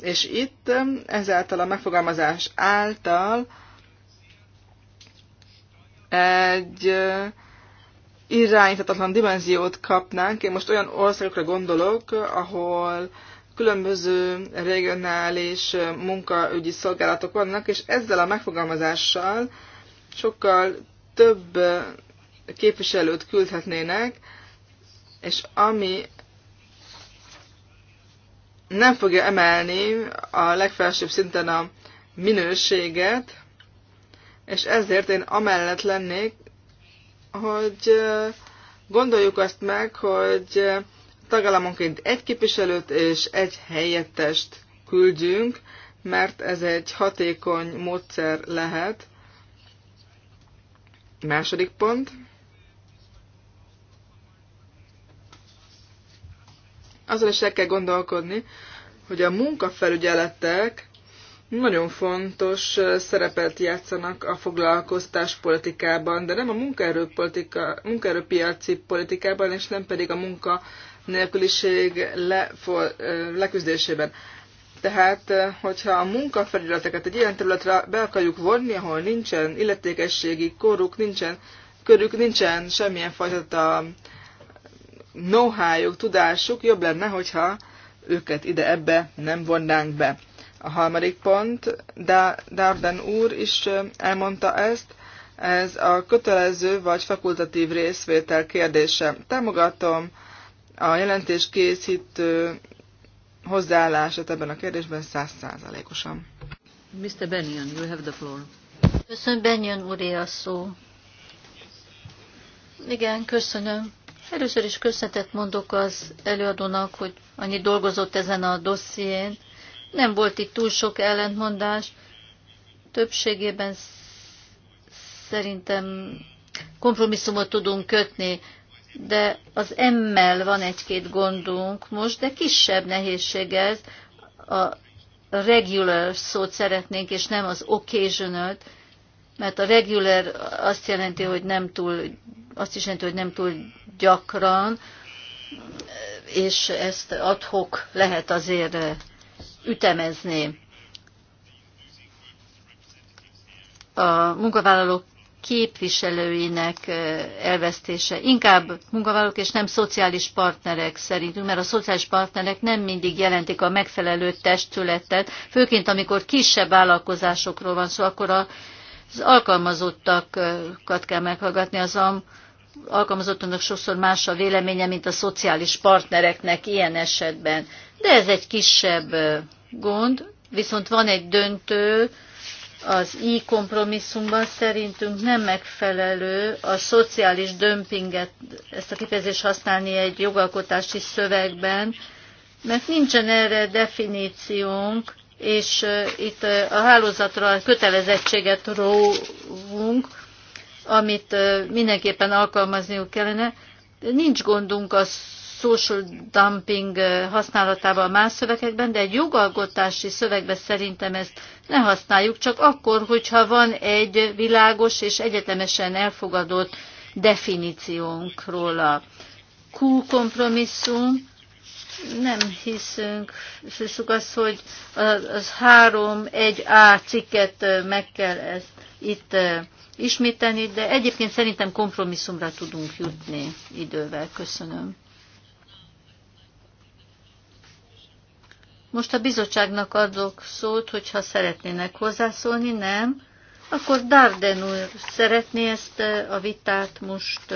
és itt ezáltal a megfogalmazás által egy irányíthatatlan dimenziót kapnánk. Én most olyan országokra gondolok, ahol különböző regionális munkaügyi szolgálatok vannak, és ezzel a megfogalmazással sokkal több képviselőt küldhetnének, és ami nem fogja emelni a legfelsőbb szinten a minőséget, és ezért én amellett lennék, hogy gondoljuk azt meg, hogy tagállamonként egy képviselőt és egy helyettest küldjünk, mert ez egy hatékony módszer lehet. Második pont. Azzal is el kell gondolkodni, hogy a munkafelügyeletek nagyon fontos szerepet játszanak a foglalkoztás politikában, de nem a munkaerőpolitika, munkaerőpiaci politikában, és nem pedig a munka munkanélküliség lefor, leküzdésében. Tehát, hogyha a munkafelületeket egy ilyen területre be akarjuk vonni, ahol nincsen illetékességi koruk, nincsen körük, nincsen semmilyen fajta know how tudásuk, jobb lenne, hogyha őket ide ebbe nem vonnánk be. A harmadik pont, Darden úr is elmondta ezt, ez a kötelező vagy fakultatív részvétel kérdése. Támogatom a jelentés készítő hozzáállását ebben a kérdésben százszázalékosan. Mr. Benyon, you have the floor. Köszönöm, Benyon úré a szó. Igen, köszönöm. Először is köszönetet mondok az előadónak, hogy annyi dolgozott ezen a dosszién. Nem volt itt túl sok ellentmondás. Többségében szerintem kompromisszumot tudunk kötni de az emmel van egy-két gondunk most, de kisebb nehézség ez. A regular szót szeretnénk, és nem az occasional mert a regular azt jelenti, hogy nem túl, azt is jelenti, hogy nem túl gyakran, és ezt adhok lehet azért ütemezni. A munkavállalók képviselőinek elvesztése. Inkább munkavállalók és nem szociális partnerek szerintünk, mert a szociális partnerek nem mindig jelentik a megfelelő testületet, főként amikor kisebb vállalkozásokról van szó, akkor az alkalmazottakat kell meghallgatni, az alkalmazottunknak sokszor más a véleménye, mint a szociális partnereknek ilyen esetben. De ez egy kisebb gond, viszont van egy döntő, az i kompromisszumban szerintünk nem megfelelő a szociális dömpinget, ezt a kifejezést használni egy jogalkotási szövegben, mert nincsen erre definíciónk, és uh, itt uh, a hálózatra kötelezettséget róvunk, amit uh, mindenképpen alkalmazniuk kellene. Nincs gondunk az social dumping használatával más szövegekben, de egy jogalkotási szövegben szerintem ezt ne használjuk, csak akkor, hogyha van egy világos és egyetemesen elfogadott definíciónk róla. Cool kompromisszum, nem hiszünk, hiszük azt, hogy az 3-1A cikket meg kell ezt itt ismételni, de egyébként szerintem kompromisszumra tudunk jutni idővel. Köszönöm. Most a bizottságnak adok szót, hogyha szeretnének hozzászólni, nem? Akkor Darden úr, szeretné ezt a vitát most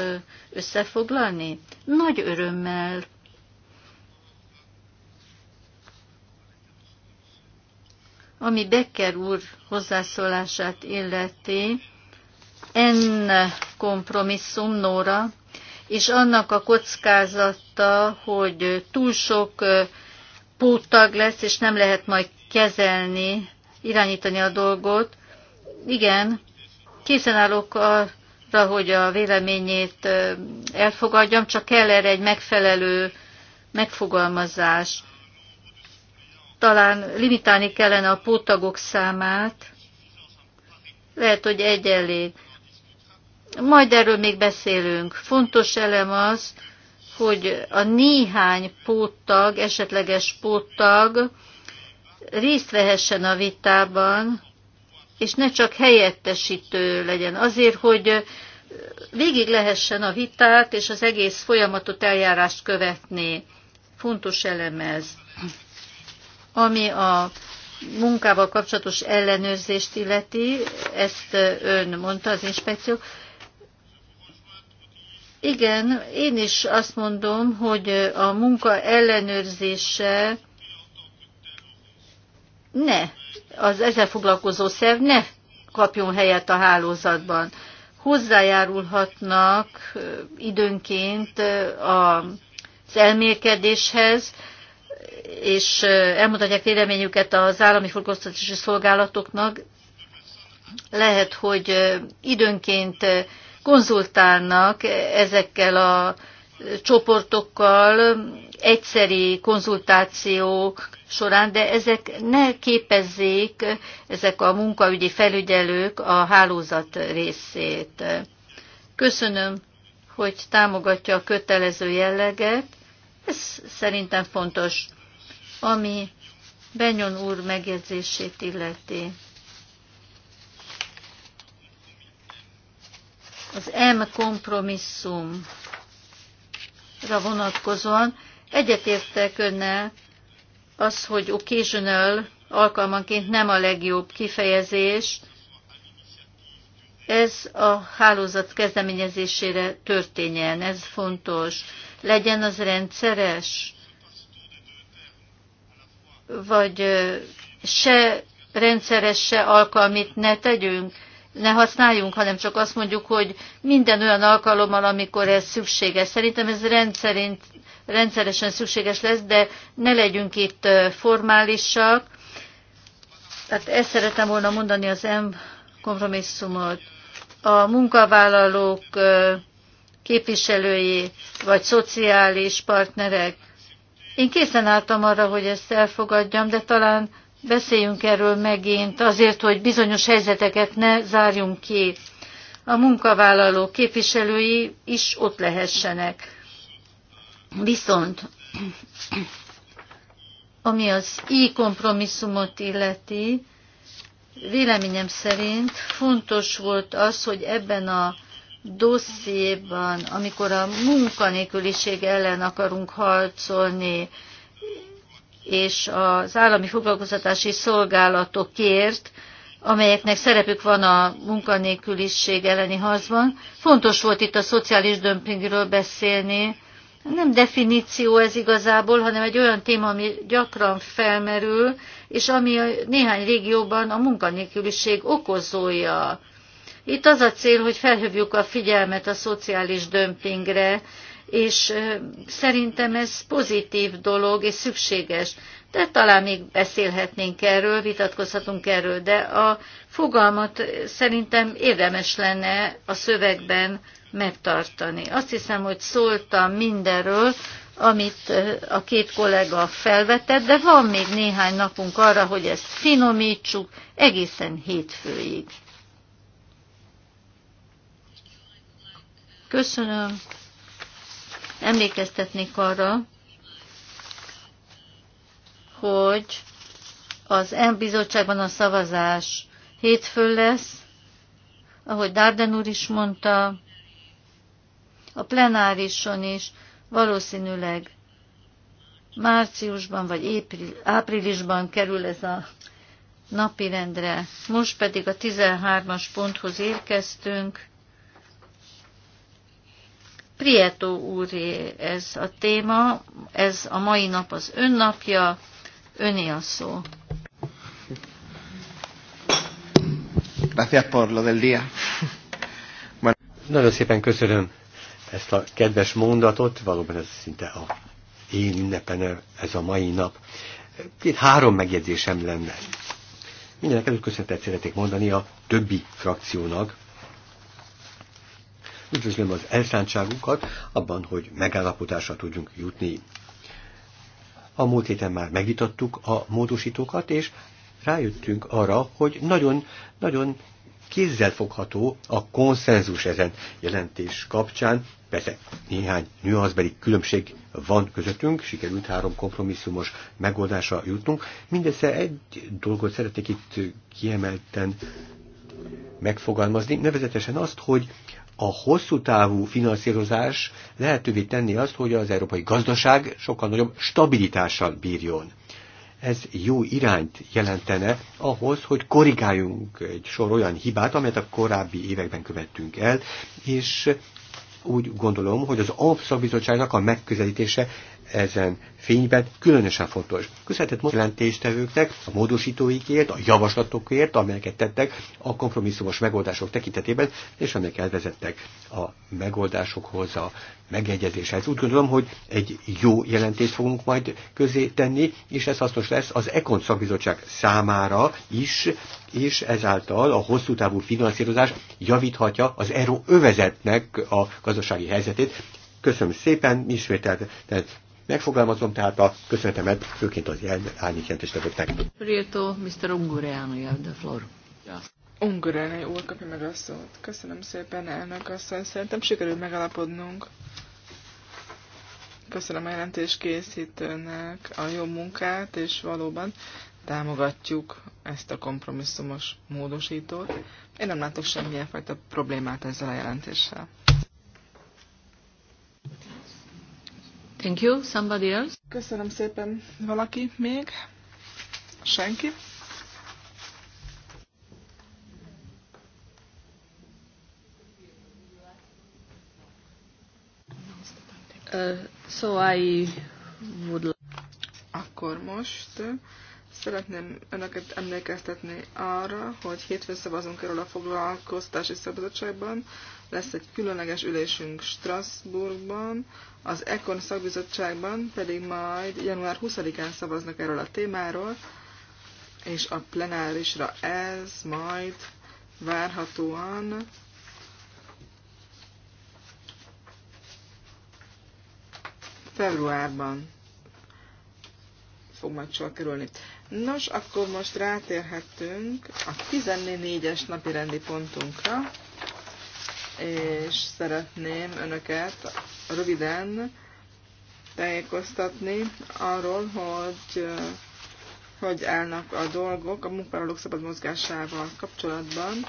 összefoglalni? Nagy örömmel. Ami Becker úr hozzászólását illeti, en kompromisszum, Nora, és annak a kockázata, hogy túl sok póttag lesz, és nem lehet majd kezelni, irányítani a dolgot. Igen, készen állok arra, hogy a véleményét elfogadjam, csak kell erre egy megfelelő megfogalmazás. Talán limitálni kellene a pótagok számát, lehet, hogy egy elég. Majd erről még beszélünk. Fontos elem az, hogy a néhány póttag, esetleges póttag részt vehessen a vitában, és ne csak helyettesítő legyen. Azért, hogy végig lehessen a vitát és az egész folyamatot eljárást követni. Fontos elem ez. Ami a munkával kapcsolatos ellenőrzést illeti, ezt ön mondta az inspekció, igen, én is azt mondom, hogy a munka ellenőrzése ne, az ezzel foglalkozó szerv ne kapjon helyet a hálózatban. Hozzájárulhatnak időnként az elmélkedéshez, és elmutatják véleményüket az állami foglalkoztatási szolgálatoknak. Lehet, hogy időnként konzultálnak ezekkel a csoportokkal egyszeri konzultáció során, de ezek ne képezzék ezek a munkaügyi felügyelők a hálózat részét. Köszönöm, hogy támogatja a kötelező jelleget. Ez szerintem fontos, ami Benyon úr megjegyzését illeti. az M kompromisszumra vonatkozóan egyetértek önnel az, hogy occasional alkalmanként nem a legjobb kifejezés, ez a hálózat kezdeményezésére történjen, ez fontos. Legyen az rendszeres, vagy se rendszeres, se alkalmit ne tegyünk, ne használjunk, hanem csak azt mondjuk, hogy minden olyan alkalommal, amikor ez szükséges. Szerintem ez rendszerint, rendszeresen szükséges lesz, de ne legyünk itt formálisak. Tehát ezt szeretem volna mondani az M kompromisszumot. A munkavállalók képviselői vagy szociális partnerek. Én készen álltam arra, hogy ezt elfogadjam, de talán beszéljünk erről megint, azért, hogy bizonyos helyzeteket ne zárjunk ki. A munkavállaló képviselői is ott lehessenek. Viszont, ami az i kompromisszumot illeti, véleményem szerint fontos volt az, hogy ebben a dossziéban, amikor a munkanélküliség ellen akarunk harcolni, és az állami foglalkoztatási szolgálatokért, amelyeknek szerepük van a munkanélküliség elleni harcban. Fontos volt itt a szociális dömpingről beszélni. Nem definíció ez igazából, hanem egy olyan téma, ami gyakran felmerül, és ami a néhány régióban a munkanélküliség okozója. Itt az a cél, hogy felhívjuk a figyelmet a szociális dömpingre, és szerintem ez pozitív dolog és szükséges. De talán még beszélhetnénk erről, vitatkozhatunk erről, de a fogalmat szerintem érdemes lenne a szövegben megtartani. Azt hiszem, hogy szóltam mindenről, amit a két kollega felvetett, de van még néhány napunk arra, hogy ezt finomítsuk egészen hétfőig. Köszönöm. Emlékeztetnék arra, hogy az M bizottságban a szavazás hétfő lesz, ahogy Darden úr is mondta, a plenárison is valószínűleg márciusban vagy áprilisban kerül ez a napirendre. Most pedig a 13-as ponthoz érkeztünk. Prieto úré ez a téma, ez a mai nap az önnapja, öné a szó. Gracias por lo del día. Nagyon szépen köszönöm ezt a kedves mondatot, valóban ez szinte a én ünnepen ez a mai nap. Két-három megjegyzésem lenne. Mindenek előtt köszönetet szeretnék mondani a többi frakciónak, Üdvözlöm az elszántságukat abban, hogy megállapotásra tudjunk jutni. A múlt héten már megvitattuk a módosítókat, és rájöttünk arra, hogy nagyon-nagyon kézzelfogható a konszenzus ezen jelentés kapcsán. Persze néhány nüanszbeli különbség van közöttünk, sikerült három kompromisszumos megoldásra jutnunk. Mindössze egy dolgot szeretnék itt kiemelten megfogalmazni, nevezetesen azt, hogy a hosszú távú finanszírozás lehetővé tenni azt, hogy az európai gazdaság sokkal nagyobb stabilitással bírjon. Ez jó irányt jelentene ahhoz, hogy korrigáljunk egy sor olyan hibát, amelyet a korábbi években követtünk el, és úgy gondolom, hogy az APSZA bizottságnak a megközelítése ezen fényben különösen fontos. Köszönetet most jelentéstevőknek, a módosítóikért, a javaslatokért, amelyeket tettek a kompromisszumos megoldások tekintetében, és amelyek elvezettek a megoldásokhoz, a megegyezéshez. Úgy gondolom, hogy egy jó jelentést fogunk majd közé tenni, és ez hasznos lesz az Ekon szakbizottság számára is, és ezáltal a hosszú távú finanszírozás javíthatja az ERO övezetnek a gazdasági helyzetét. Köszönöm szépen, ismételten Megfogalmazom tehát a köszönetemet főként az árnyék jelentéstevőknek. Prieto, Mr. Ungureanu, you have the floor. Yeah. Ungureanu úr kapja meg a szót. Köszönöm szépen, elnök asszony. Szerintem sikerült megalapodnunk. Köszönöm a jelentés készítőnek a jó munkát, és valóban támogatjuk ezt a kompromisszumos módosítót. Én nem látok semmilyen fajta problémát ezzel a jelentéssel. Thank you. Somebody else? Köszönöm szépen. Valaki még? Senki? Uh, so I would Akkor most Uh, Szeretném önöket emlékeztetni arra, hogy hétfőn szavazunk erről a foglalkoztási szabadságban. Lesz egy különleges ülésünk Strasbourgban, az Econ szakbizottságban pedig majd január 20-án szavaznak erről a témáról, és a plenárisra ez majd várhatóan februárban fog majd sor kerülni. Nos, akkor most rátérhetünk a 14-es napi rendi pontunkra, és szeretném önöket röviden tájékoztatni arról, hogy hogy állnak a dolgok a munkavállalók szabad mozgásával kapcsolatban.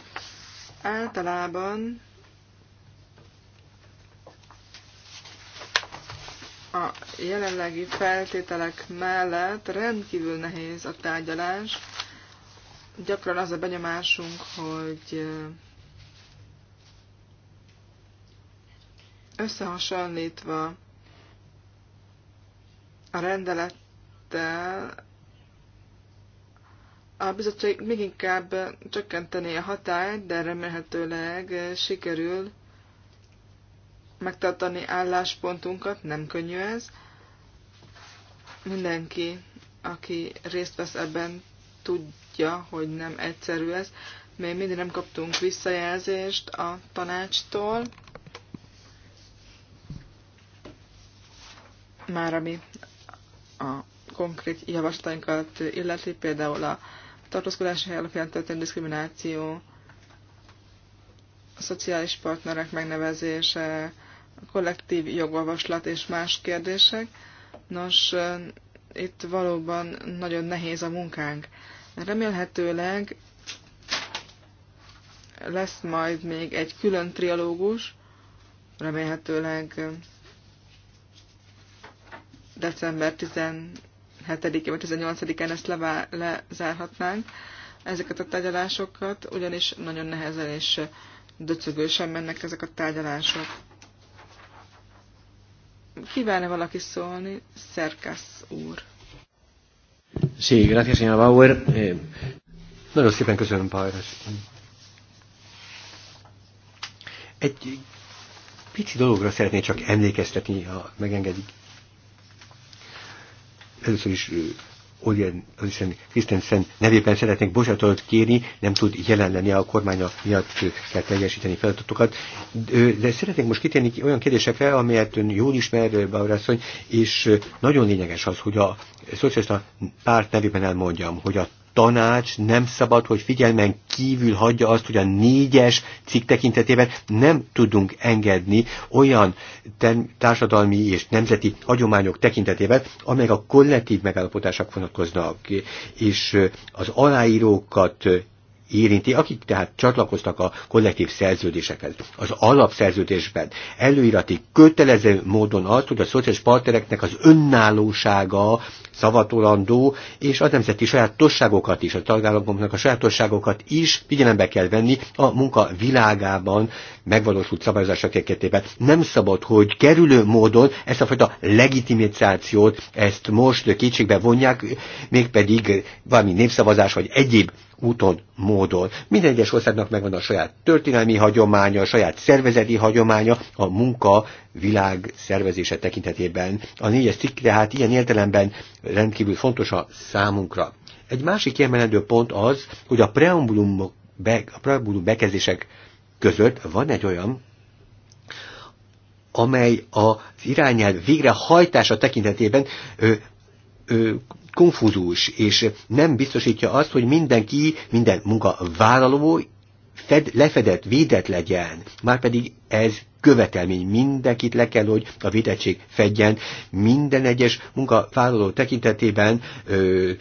Általában a jelenlegi feltételek mellett rendkívül nehéz a tárgyalás. Gyakran az a benyomásunk, hogy összehasonlítva a rendelettel a bizottság még inkább csökkenteni a hatályt, de remélhetőleg sikerül megtartani álláspontunkat, nem könnyű ez. Mindenki, aki részt vesz ebben, tudja, hogy nem egyszerű ez. Még mindig nem kaptunk visszajelzést a tanácstól. Már ami a konkrét javaslatainkat illeti, például a tartózkodási alapján történő diszkrimináció, a szociális partnerek megnevezése, kollektív jogolvaslat és más kérdések. Nos, itt valóban nagyon nehéz a munkánk. Remélhetőleg lesz majd még egy külön trialógus, remélhetőleg december 17-én vagy 18 én ezt levá- lezárhatnánk ezeket a tárgyalásokat, ugyanis nagyon nehezen és döcögősen mennek ezek a tárgyalások. Kívánne valaki szólni? Szerkesz úr. Sí, gracias, señora Bauer. Eh, nagyon szépen köszönöm, Pajras. Egy pici dologra szeretnék csak emlékeztetni, ha megengedik. Először is olyan Krisztensen nevében szeretnék bocsánatot kérni, nem tud jelen lenni a kormánya miatt kell teljesíteni feladatokat. De szeretnék most kitérni olyan kérdésekre, amelyet ön jól ismer, Bárászony, és nagyon lényeges az, hogy a szocialista párt nevében elmondjam, hogy a tanács nem szabad, hogy figyelmen kívül hagyja azt, hogy a négyes cikk tekintetében nem tudunk engedni olyan társadalmi és nemzeti hagyományok tekintetében, amelyek a kollektív megállapodások vonatkoznak, és az aláírókat érinti, akik tehát csatlakoztak a kollektív szerződésekhez. Az alapszerződésben előírati kötelező módon az, hogy a szociális partnereknek az önállósága szavatolandó, és a nemzeti sajátosságokat is, a tagállamoknak a sajátosságokat is figyelembe kell venni a munka világában megvalósult szabályozások eketében. Nem szabad, hogy kerülő módon ezt a fajta legitimizációt, ezt most kétségbe vonják, mégpedig valami népszavazás vagy egyéb úton, módon. Minden egyes országnak megvan a saját történelmi hagyománya, a saját szervezeti hagyománya, a munka világ szervezése tekintetében. A négyes cikk tehát ilyen értelemben rendkívül fontos a számunkra. Egy másik kiemelendő pont az, hogy a preambulum, be, a preambulum bekezdések között van egy olyan, amely az irányelv végrehajtása tekintetében ö, ö, konfúzus, és nem biztosítja azt, hogy mindenki, minden munkavállaló fed, lefedett, védett legyen. Márpedig ez követelmény. Mindenkit le kell, hogy a védettség fedjen. Minden egyes munkavállaló tekintetében ö,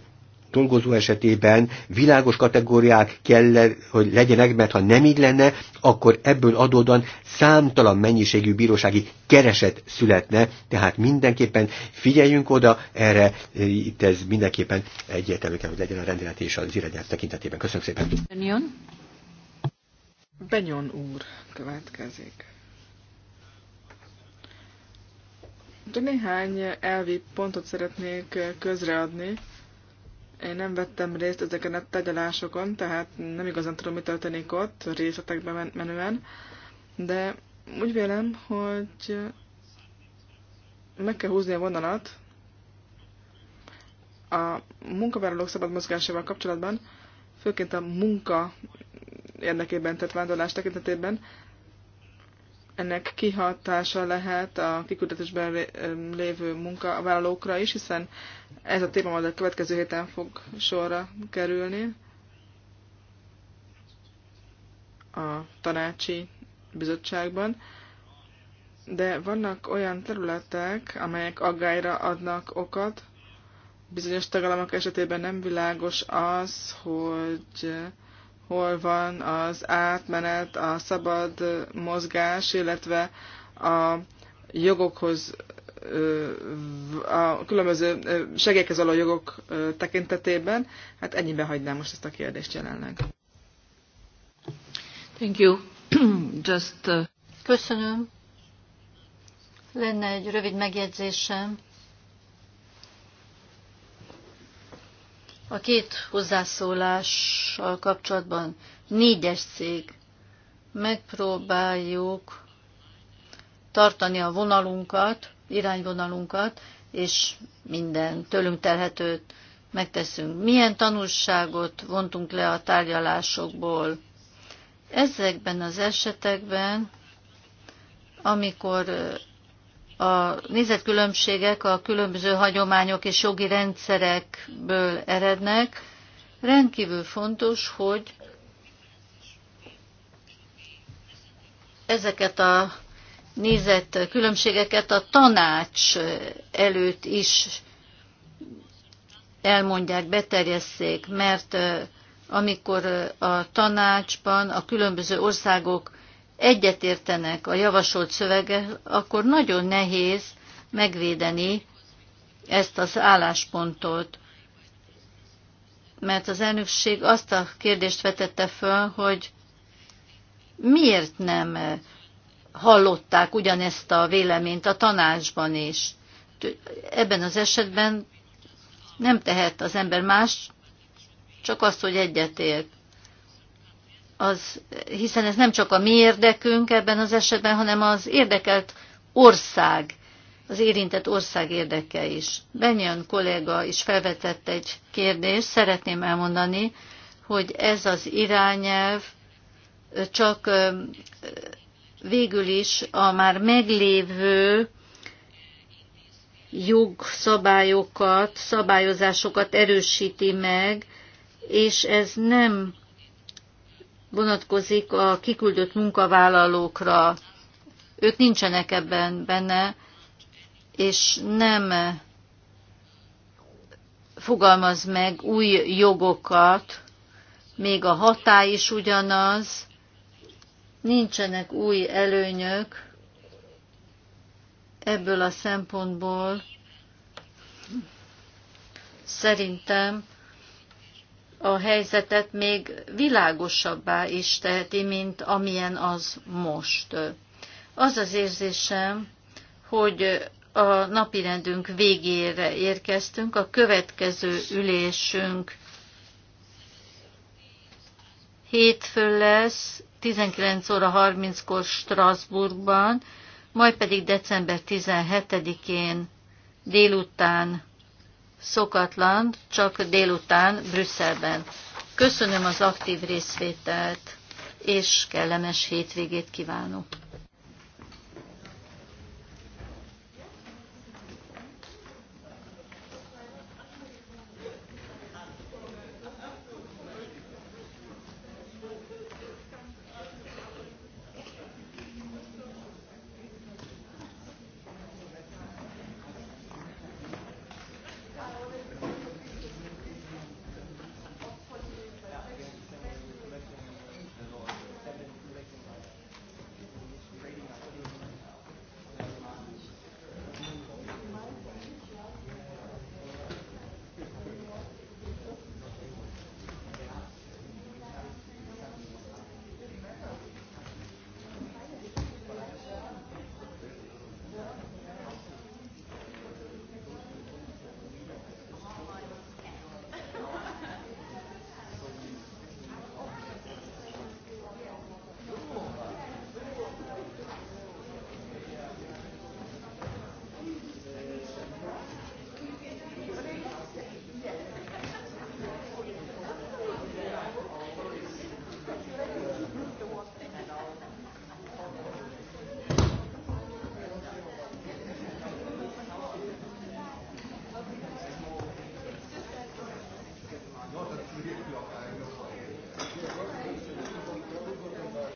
dolgozó esetében világos kategóriák kell, hogy legyenek, mert ha nem így lenne, akkor ebből adódan számtalan mennyiségű bírósági kereset születne, tehát mindenképpen figyeljünk oda erre, itt ez mindenképpen egyértelmű kell, hogy legyen a rendelet és az irányát tekintetében. Köszönöm szépen. Benyon úr következik. De néhány elvi pontot szeretnék közreadni. Én nem vettem részt ezeken a tegyelásokon, tehát nem igazán tudom, mi történik ott, részletekben men menően, de úgy vélem, hogy meg kell húzni a vonalat a munkavállalók szabad mozgásával kapcsolatban, főként a munka érdekében tett vándorlás tekintetében. Ennek kihatása lehet a kiküldetésben lévő munkavállalókra is, hiszen ez a téma majd a következő héten fog sorra kerülni a tanácsi bizottságban. De vannak olyan területek, amelyek aggályra adnak okat, bizonyos tagállamok esetében nem világos az, hogy hol van az átmenet, a szabad mozgás, illetve a jogokhoz, a különböző segélyekhez való jogok tekintetében. Hát ennyibe hagynám most ezt a kérdést jelenleg. Thank you. Just, uh... Köszönöm. Lenne egy rövid megjegyzésem A két hozzászólással kapcsolatban négyes cég. Megpróbáljuk tartani a vonalunkat, irányvonalunkat, és minden tőlünk telhetőt megteszünk. Milyen tanulságot vontunk le a tárgyalásokból? Ezekben az esetekben, amikor a nézetkülönbségek a különböző hagyományok és jogi rendszerekből erednek. Rendkívül fontos, hogy ezeket a nézett különbségeket a tanács előtt is elmondják, beterjesszék, mert amikor a tanácsban a különböző országok egyetértenek a javasolt szöveggel, akkor nagyon nehéz megvédeni ezt az álláspontot. Mert az elnökség azt a kérdést vetette föl, hogy miért nem hallották ugyanezt a véleményt a tanácsban is. Ebben az esetben nem tehet az ember más, csak azt, hogy egyetért az, hiszen ez nem csak a mi érdekünk ebben az esetben, hanem az érdekelt ország, az érintett ország érdeke is. Benyon kolléga is felvetett egy kérdést, szeretném elmondani, hogy ez az irányelv csak végül is a már meglévő jogszabályokat, szabályozásokat erősíti meg, és ez nem vonatkozik a kiküldött munkavállalókra. Ők nincsenek ebben benne, és nem fogalmaz meg új jogokat, még a hatály is ugyanaz, nincsenek új előnyök ebből a szempontból. Szerintem a helyzetet még világosabbá is teheti, mint amilyen az most. Az az érzésem, hogy a napirendünk végére érkeztünk, a következő ülésünk hétfő lesz, 19 óra 30-kor Strasbourgban, majd pedig december 17-én délután szokatlan, csak délután Brüsszelben. Köszönöm az aktív részvételt, és kellemes hétvégét kívánok!